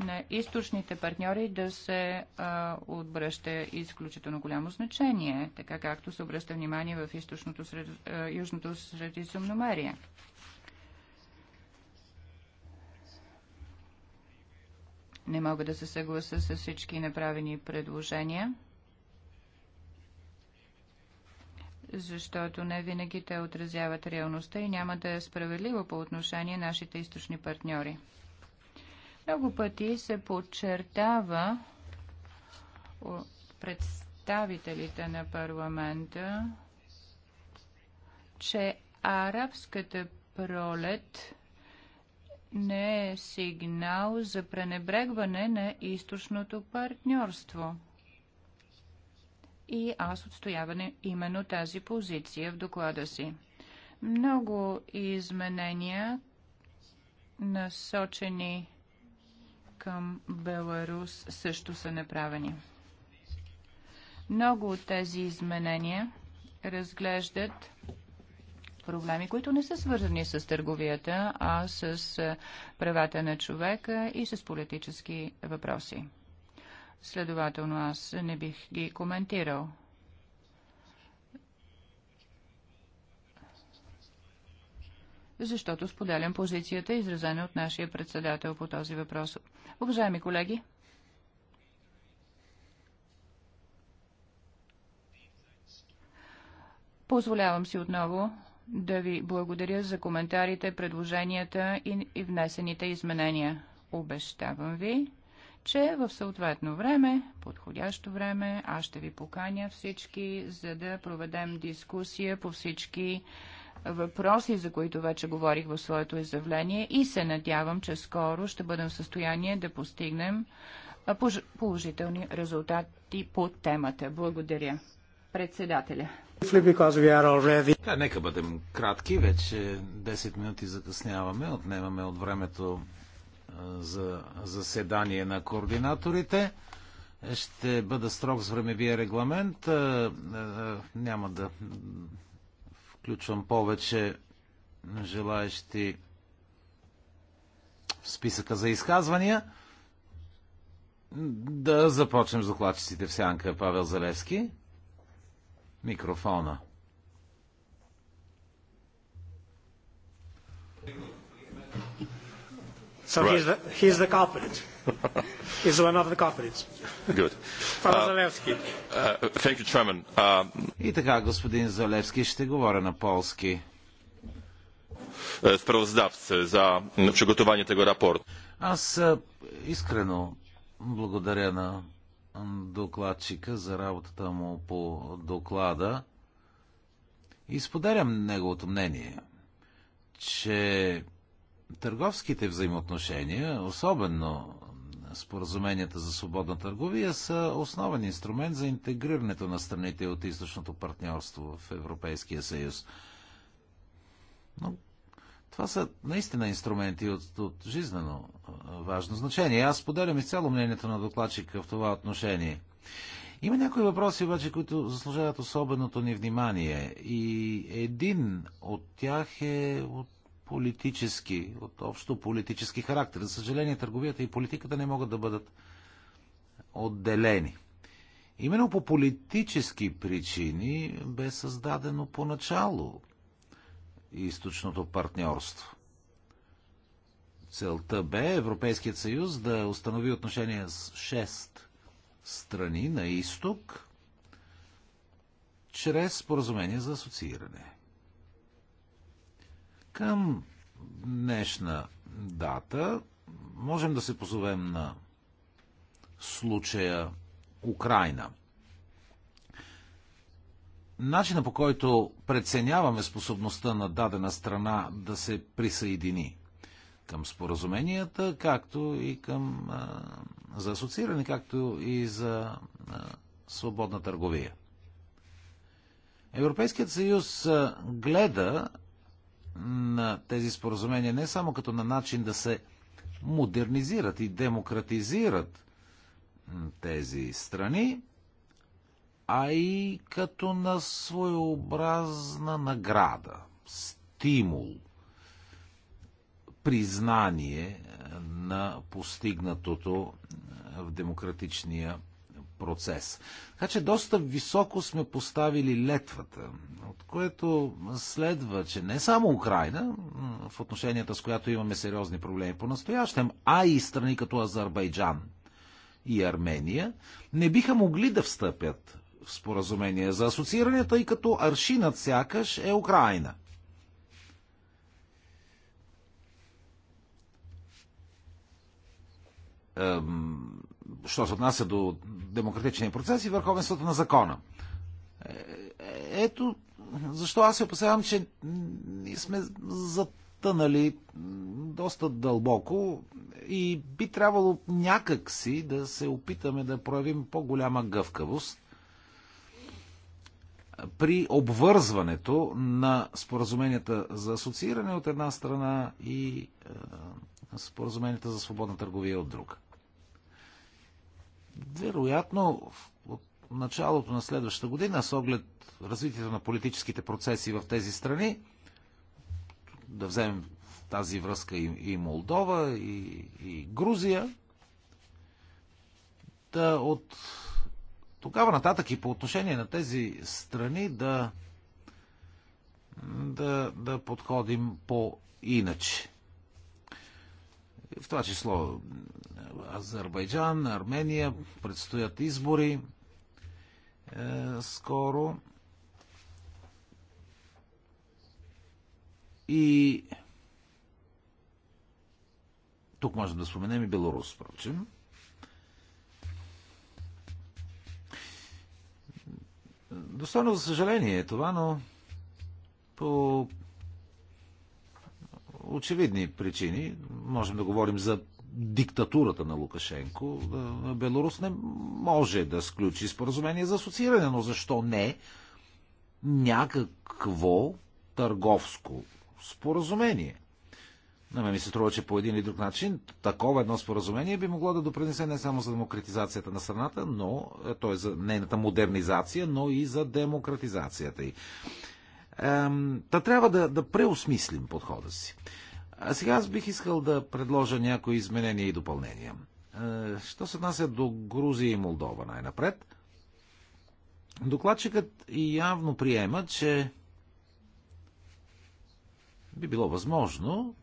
на източните партньори да се а, обръща изключително голямо значение, така както се обръща внимание в източното сред, а, южното средиземноморие. Не мога да се съгласа с всички направени предложения, защото не винаги те отразяват реалността и няма да е справедливо по отношение нашите източни партньори. Много пъти се подчертава представителите на парламента, че арабската пролет не е сигнал за пренебрегване на източното партньорство. И аз отстоявам именно тази позиция в доклада си. Много изменения, насочени към Беларус също са направени. Много от тези изменения разглеждат проблеми, които не са свързани с търговията, а с правата на човека и с политически въпроси. Следователно аз не бих ги коментирал. защото споделям позицията, изразена от нашия председател по този въпрос. Уважаеми колеги, позволявам си отново да ви благодаря за коментарите, предложенията и внесените изменения. Обещавам ви, че в съответно време, подходящо време, аз ще ви поканя всички, за да проведем дискусия по всички въпроси, за които вече говорих в своето изявление и се надявам, че скоро ще бъдем в състояние да постигнем положителни резултати по темата. Благодаря. Председателя. Да, нека бъдем кратки. Вече 10 минути закъсняваме. Отнемаме от времето за заседание на координаторите. Ще бъда строг с времевия регламент. Няма да Включвам повече желаящи в списъка за изказвания. Да започнем с докладчиците в сянка Павел Залевски. Микрофона. So right. he's, the, he's the culprit. he's one of the culprits. Good. Uh, uh, thank you, Chairman. Uh... И така, господин Залевски, ще говоря на полски. Е, Справоздавце за przygotowanie tego raportu. Аз е, искрено благодаря на докладчика за работата му по доклада и споделям неговото мнение, че Търговските взаимоотношения, особено споразуменията за свободна търговия, са основен инструмент за интегрирането на страните от източното партньорство в Европейския съюз. Но това са наистина инструменти от, от жизнено важно значение. Аз поделям изцяло мнението на докладчика в това отношение. Има някои въпроси обаче, които заслужават особеното ни внимание. И един от тях е от политически, от общо политически характер. За съжаление, търговията и политиката не могат да бъдат отделени. Именно по политически причини бе създадено поначало източното партньорство. Целта бе Европейският съюз да установи отношения с шест страни на изток чрез споразумение за асоцииране. Към днешна дата можем да се позовем на случая Украина. Начина по който преценяваме способността на дадена страна да се присъедини към споразуменията, както и към а, за асоцииране, както и за а, свободна търговия. Европейският съюз гледа на тези споразумения не само като на начин да се модернизират и демократизират тези страни, а и като на своеобразна награда, стимул, признание е, на постигнатото е, в демократичния процес. Така че доста високо сме поставили летвата, от което следва, че не само Украина, в отношенията с която имаме сериозни проблеми по-настоящем, а и страни като Азербайджан и Армения, не биха могли да встъпят в споразумение за асоцииране, тъй като аршинът сякаш е Украина. Um що се отнася до демократичния процес и върховенството на закона. Е, е, ето защо аз се опасявам, че ние сме затънали доста дълбоко и би трябвало някакси да се опитаме да проявим по-голяма гъвкавост при обвързването на споразуменията за асоцииране от една страна и е, споразуменията за свободна търговия от друга вероятно от началото на следващата година, с оглед развитието на политическите процеси в тези страни, да вземем в тази връзка и, и Молдова, и, и Грузия, да от тогава нататък и по отношение на тези страни да, да, да подходим по-иначе. В това число Азербайджан, Армения, предстоят избори е, скоро. И тук можем да споменем и Беларус, впрочем. Достойно за съжаление е това, но по очевидни причини. Можем да говорим за диктатурата на Лукашенко. Е, Белорус не може да сключи споразумение за асоцииране, но защо не някакво търговско споразумение? На мен ми се струва, че по един или друг начин такова едно споразумение би могло да допринесе не само за демократизацията на страната, но, т.е. Е за нейната модернизация, но и за демократизацията й. Та трябва да, да преосмислим подхода си. А сега аз бих искал да предложа някои изменения и допълнения. Що се отнася до Грузия и Молдова най-напред? Докладчикът явно приема, че би било възможно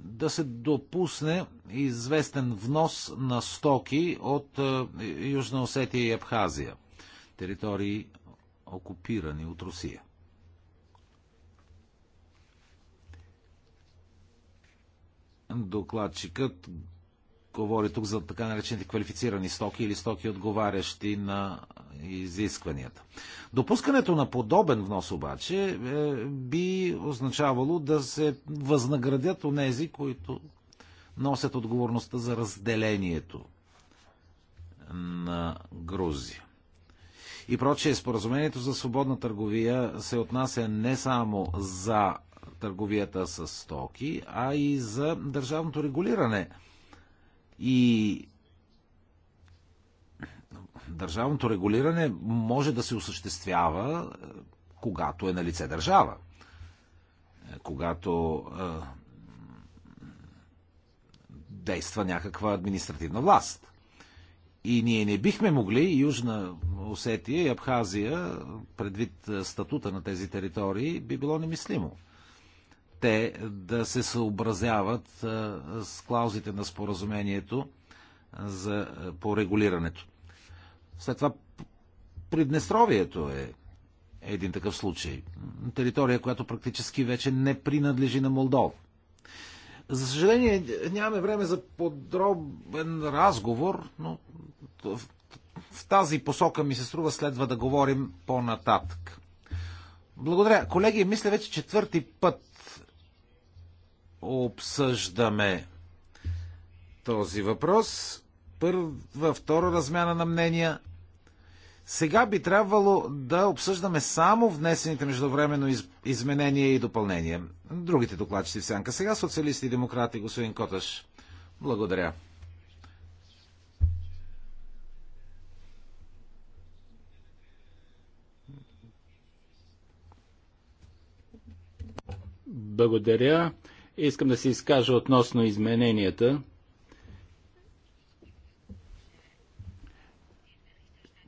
да се допусне известен внос на стоки от Южна Осетия и Абхазия – територии окупирани от Русия. Докладчикът говори тук за така наречените квалифицирани стоки или стоки, отговарящи на изискванията. Допускането на подобен внос обаче е, би означавало да се възнаградят нези, които носят отговорността за разделението на Грузия и прочее. Споразумението за свободна търговия се отнася не само за търговията с стоки, а и за държавното регулиране. И държавното регулиране може да се осъществява, е, когато е на лице държава. Е, когато е, действа някаква административна власт. И ние не бихме могли Южна Осетия и Абхазия, предвид статута на тези територии, би било немислимо те да се съобразяват с клаузите на споразумението за, по регулирането. След това Приднестровието е един такъв случай. Територия, която практически вече не принадлежи на Молдова. За съжаление, нямаме време за подробен разговор, но в тази посока ми се струва следва да говорим по-нататък. Благодаря. Колеги, мисля вече четвърти път обсъждаме този въпрос. Първа, втора размяна на мнения. Сега би трябвало да обсъждаме само внесените междувременно из... изменения и допълнения. Другите докладчици в сянка. Сега социалисти и демократи, господин Коташ. Благодаря. Благодаря. Искам да се изкажа относно измененията.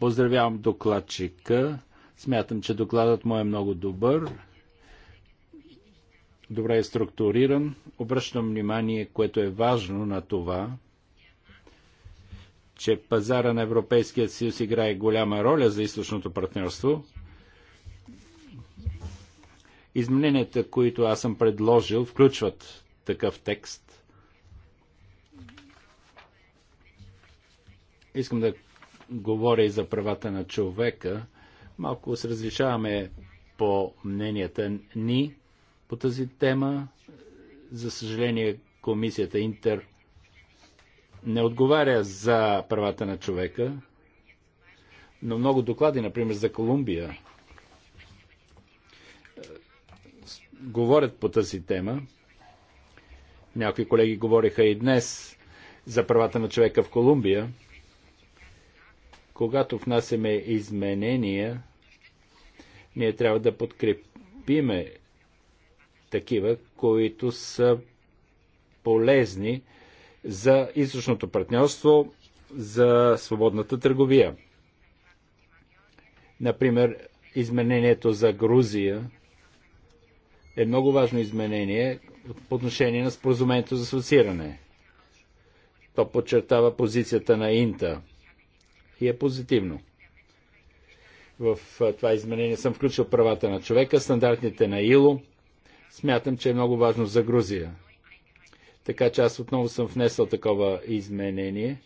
Поздравявам докладчика. Смятам, че докладът му е много добър. Добре е структуриран. Обръщам внимание, което е важно на това, че пазара на Европейския съюз играе голяма роля за източното партньорство. Измененията, които аз съм предложил, включват такъв текст. Искам да говоря и за правата на човека. Малко се различаваме по мненията ни по тази тема. За съжаление, комисията Интер не отговаря за правата на човека, но много доклади, например за Колумбия, говорят по тази тема. Някои колеги говориха и днес за правата на човека в Колумбия – когато внасяме изменения, ние трябва да подкрепиме такива, които са полезни за източното партньорство, за свободната търговия. Например, изменението за Грузия е много важно изменение по отношение на споразумението за асоцииране. То подчертава позицията на Инта и е позитивно. В това изменение съм включил правата на човека, стандартните на ИЛО. Смятам, че е много важно за Грузия. Така че аз отново съм внесъл такова изменение,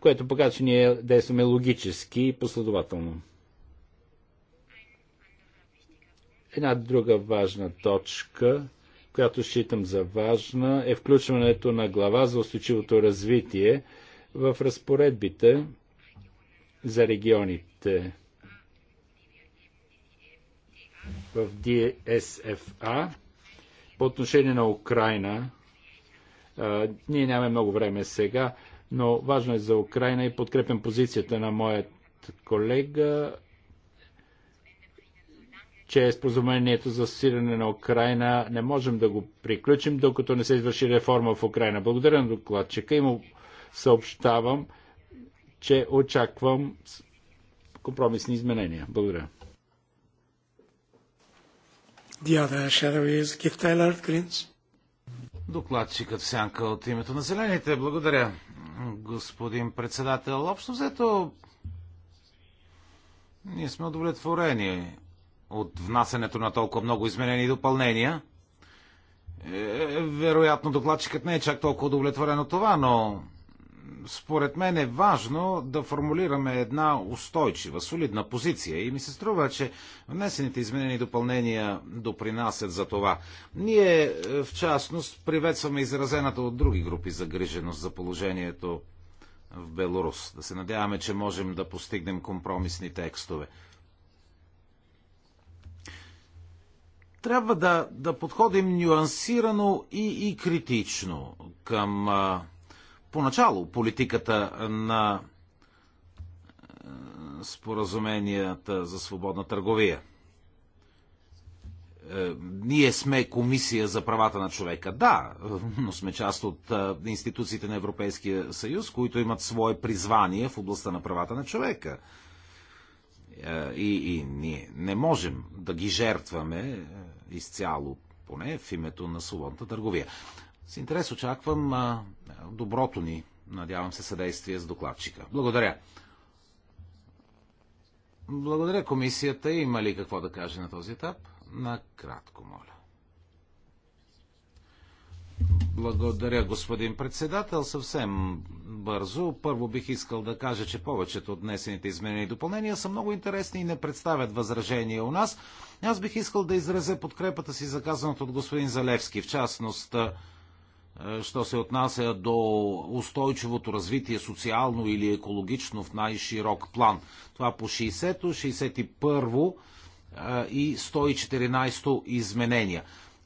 което показва, че ние действаме логически и последователно. Една друга важна точка, която считам за важна, е включването на глава за устойчивото развитие в разпоредбите за регионите в ДСФА. По отношение на Украина, а, ние нямаме много време сега, но важно е за Украина и подкрепям позицията на моят колега, че споразумението за асоцииране на Украина не можем да го приключим, докато не се извърши реформа в Украина. Благодаря на докладчика и му съобщавам, че очаквам компромисни изменения. Благодаря. Докладчикът Сянка от името на Зелените. Благодаря, господин председател. Общо взето, ние сме удовлетворени от внасенето на толкова много изменени и допълнения. Е, вероятно, докладчикът не е чак толкова удовлетворен от това, но според мен е важно да формулираме една устойчива, солидна позиция и ми се струва, че внесените изменени допълнения допринасят за това. Ние, е, в частност, приветстваме изразената от други групи загриженост за положението в Беларус. Да се надяваме, че можем да постигнем компромисни текстове. Трябва да, да подходим нюансирано и, и критично към поначало политиката на е, споразуменията за свободна търговия. Е, ние сме комисия за правата на човека, да, но сме част от е, институциите на Европейския съюз, които имат свое призвание в областта на правата на човека. И, и ние не можем да ги жертваме изцяло, поне в името на свободната търговия. С интерес очаквам доброто ни, надявам се, съдействие с докладчика. Благодаря. Благодаря комисията. Има ли какво да каже на този етап? Накратко, моля. Благодаря, господин председател. Съвсем бързо. Първо бих искал да кажа, че повечето от днесените изменения и допълнения са много интересни и не представят възражения у нас. Аз бих искал да изразя подкрепата си за казаното от господин Залевски. В частност, е, що се отнася до устойчивото развитие социално или екологично в най-широк план. Това по 60-то, 61-во е, и 114-то изменения.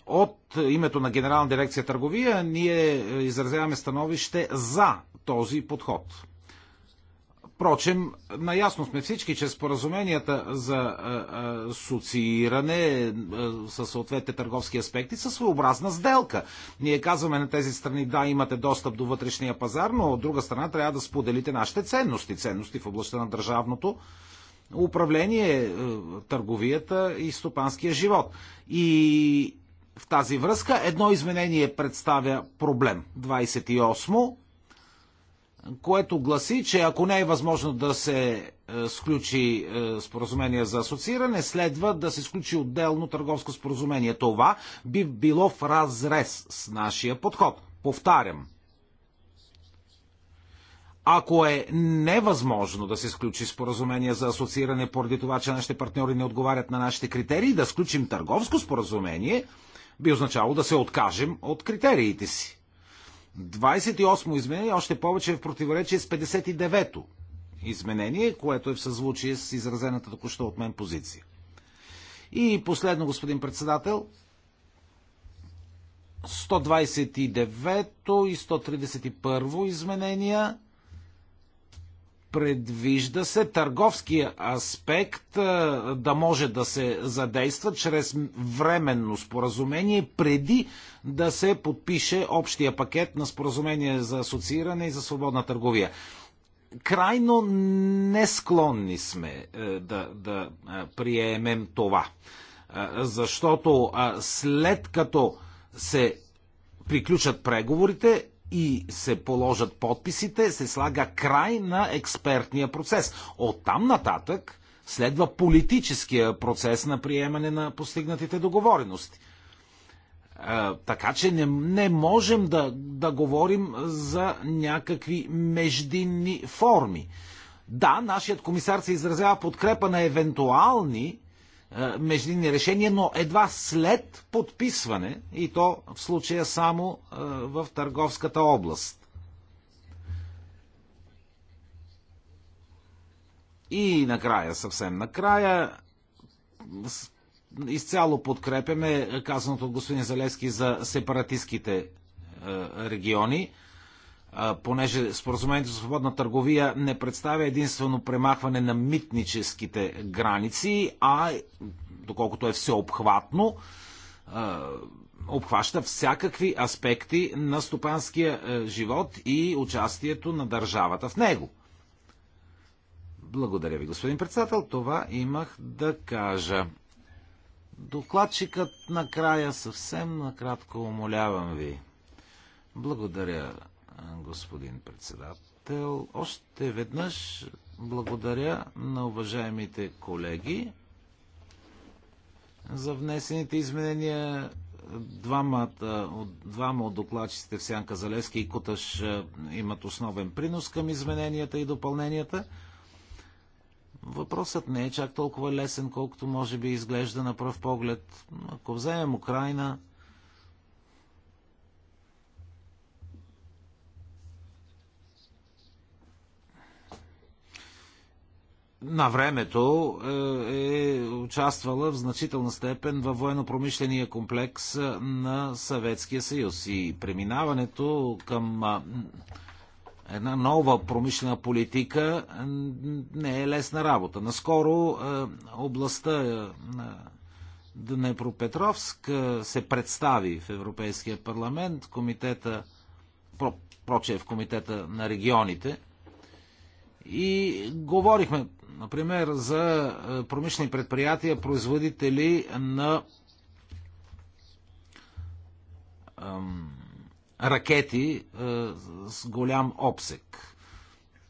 От името на Генерална дирекция търговия ние е, изразяваме становище за този подход. Впрочем, наясно сме всички, че споразуменията за асоцииране със съответните търговски аспекти са своеобразна сделка. Ние казваме на тези страни, да, имате достъп до вътрешния пазар, но от друга страна трябва да споделите нашите ценности. Ценности в областта на държавното управление, е, търговията и стопанския живот. И в тази връзка едно изменение представя проблем. 28 което гласи, че ако не е възможно да се е, сключи е, споразумение за асоцииране, следва да се сключи отделно търговско споразумение. Това би било в разрез с нашия подход. Повтарям. Ако е невъзможно да се сключи споразумение за асоцииране поради това, че нашите партньори не отговарят на нашите критерии, да сключим търговско споразумение, би означало да се откажем от критериите си. 28-о изменение още повече е в противоречие с 59-то изменение, което е в съзвучие с изразената току-що от мен позиция. И последно, господин председател, 129 и 131 изменения – Предвижда се търговския аспект да може да се задейства чрез временно споразумение преди да се подпише общия пакет на споразумение за асоцииране и за свободна търговия. Крайно не склонни сме е, да, да е, приемем това, е, защото след като се приключат преговорите, и се положат подписите, се слага край на експертния процес. От там нататък следва политическия процес на приемане на постигнатите договорености. Е, така че не, не можем да, да говорим за някакви междинни форми. Да, нашият комисар се изразява подкрепа на евентуални е, междинни решения, но едва след подписване, и то в случая само е, в търговската област. И накрая, съвсем накрая, изцяло подкрепяме казаното от господин Залевски за сепаратистските е, региони понеже споразумението за свободна търговия не представя единствено премахване на митническите граници, а доколкото е всеобхватно, обхваща всякакви аспекти на стопанския живот и участието на държавата в него. Благодаря ви, господин председател. Това имах да кажа. Докладчикът накрая съвсем накратко умолявам ви. Благодаря, господин председател. Още веднъж благодаря на уважаемите колеги за внесените изменения. Двамата, двама от докладчиците в Сянка Залески и Куташ е, имат основен принос към измененията и допълненията. Въпросът не е чак толкова лесен, колкото може би изглежда на пръв поглед. Ако вземем Украина, на времето е, е участвала в значителна степен във военно-промишления комплекс е, на Съветския съюз и преминаването към е, една нова промишлена политика не е лесна работа. Наскоро областта на Днепропетровск се представи в Европейския парламент, комитета, прочее в комитета на регионите – и говорихме, например, за е, промишлени предприятия, производители на ракети е, с голям обсек.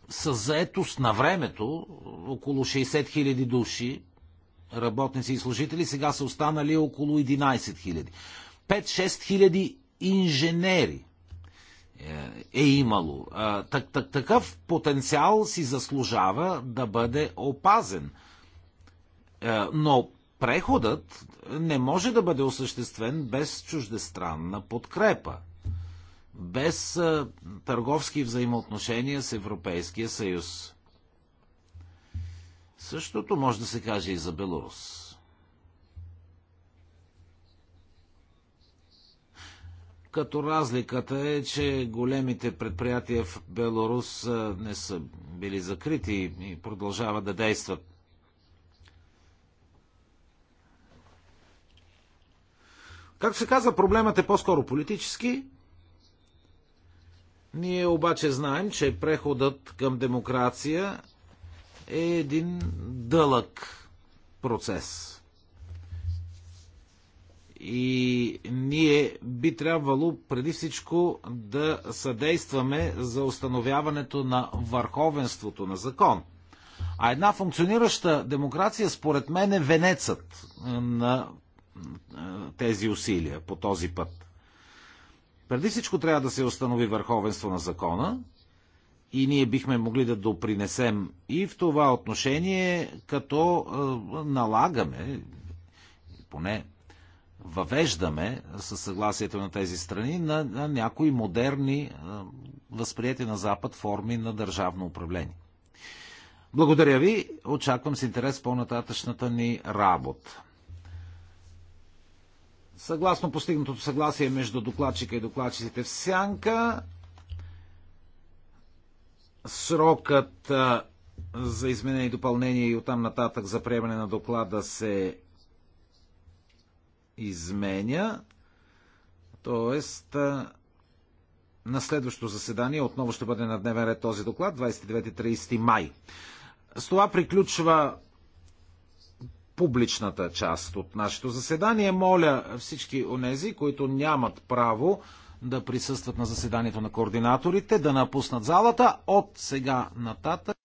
С заетост на времето около 60 000 души, работници и служители, сега са останали около 11 000. 5-6 000 инженери е, е имало. Так, так, такъв потенциал си заслужава да бъде опазен. Но преходът не може да бъде осъществен без чуждестранна подкрепа, без търговски взаимоотношения с Европейския съюз. Същото може да се каже и за Беларус. като разликата е, че големите предприятия в Беларус не са били закрити и продължават да действат. Както се казва, проблемът е по-скоро политически. Ние обаче знаем, че преходът към демокрация е един дълъг процес. И ние би трябвало преди всичко да съдействаме за установяването на върховенството на закон. А една функционираща демокрация, според мен, е венецът е, на е, тези усилия по този път. Преди всичко трябва да се установи върховенство на закона и ние бихме могли да допринесем и в това отношение, като е, налагаме, поне въвеждаме със съгласието на тези страни на, на някои модерни, възприятия на Запад форми на държавно управление. Благодаря ви. Очаквам с интерес по-нататъчната ни работа. Съгласно постигнатото съгласие между докладчика и докладчиците в Сянка, срокът за изменение и допълнение и оттам нататък за приемане на доклада се изменя. Тоест, на следващото заседание отново ще бъде на дневен ред този доклад, 29-30 май. С това приключва публичната част от нашето заседание. Моля всички онези, които нямат право да присъстват на заседанието на координаторите, да напуснат залата от сега нататък.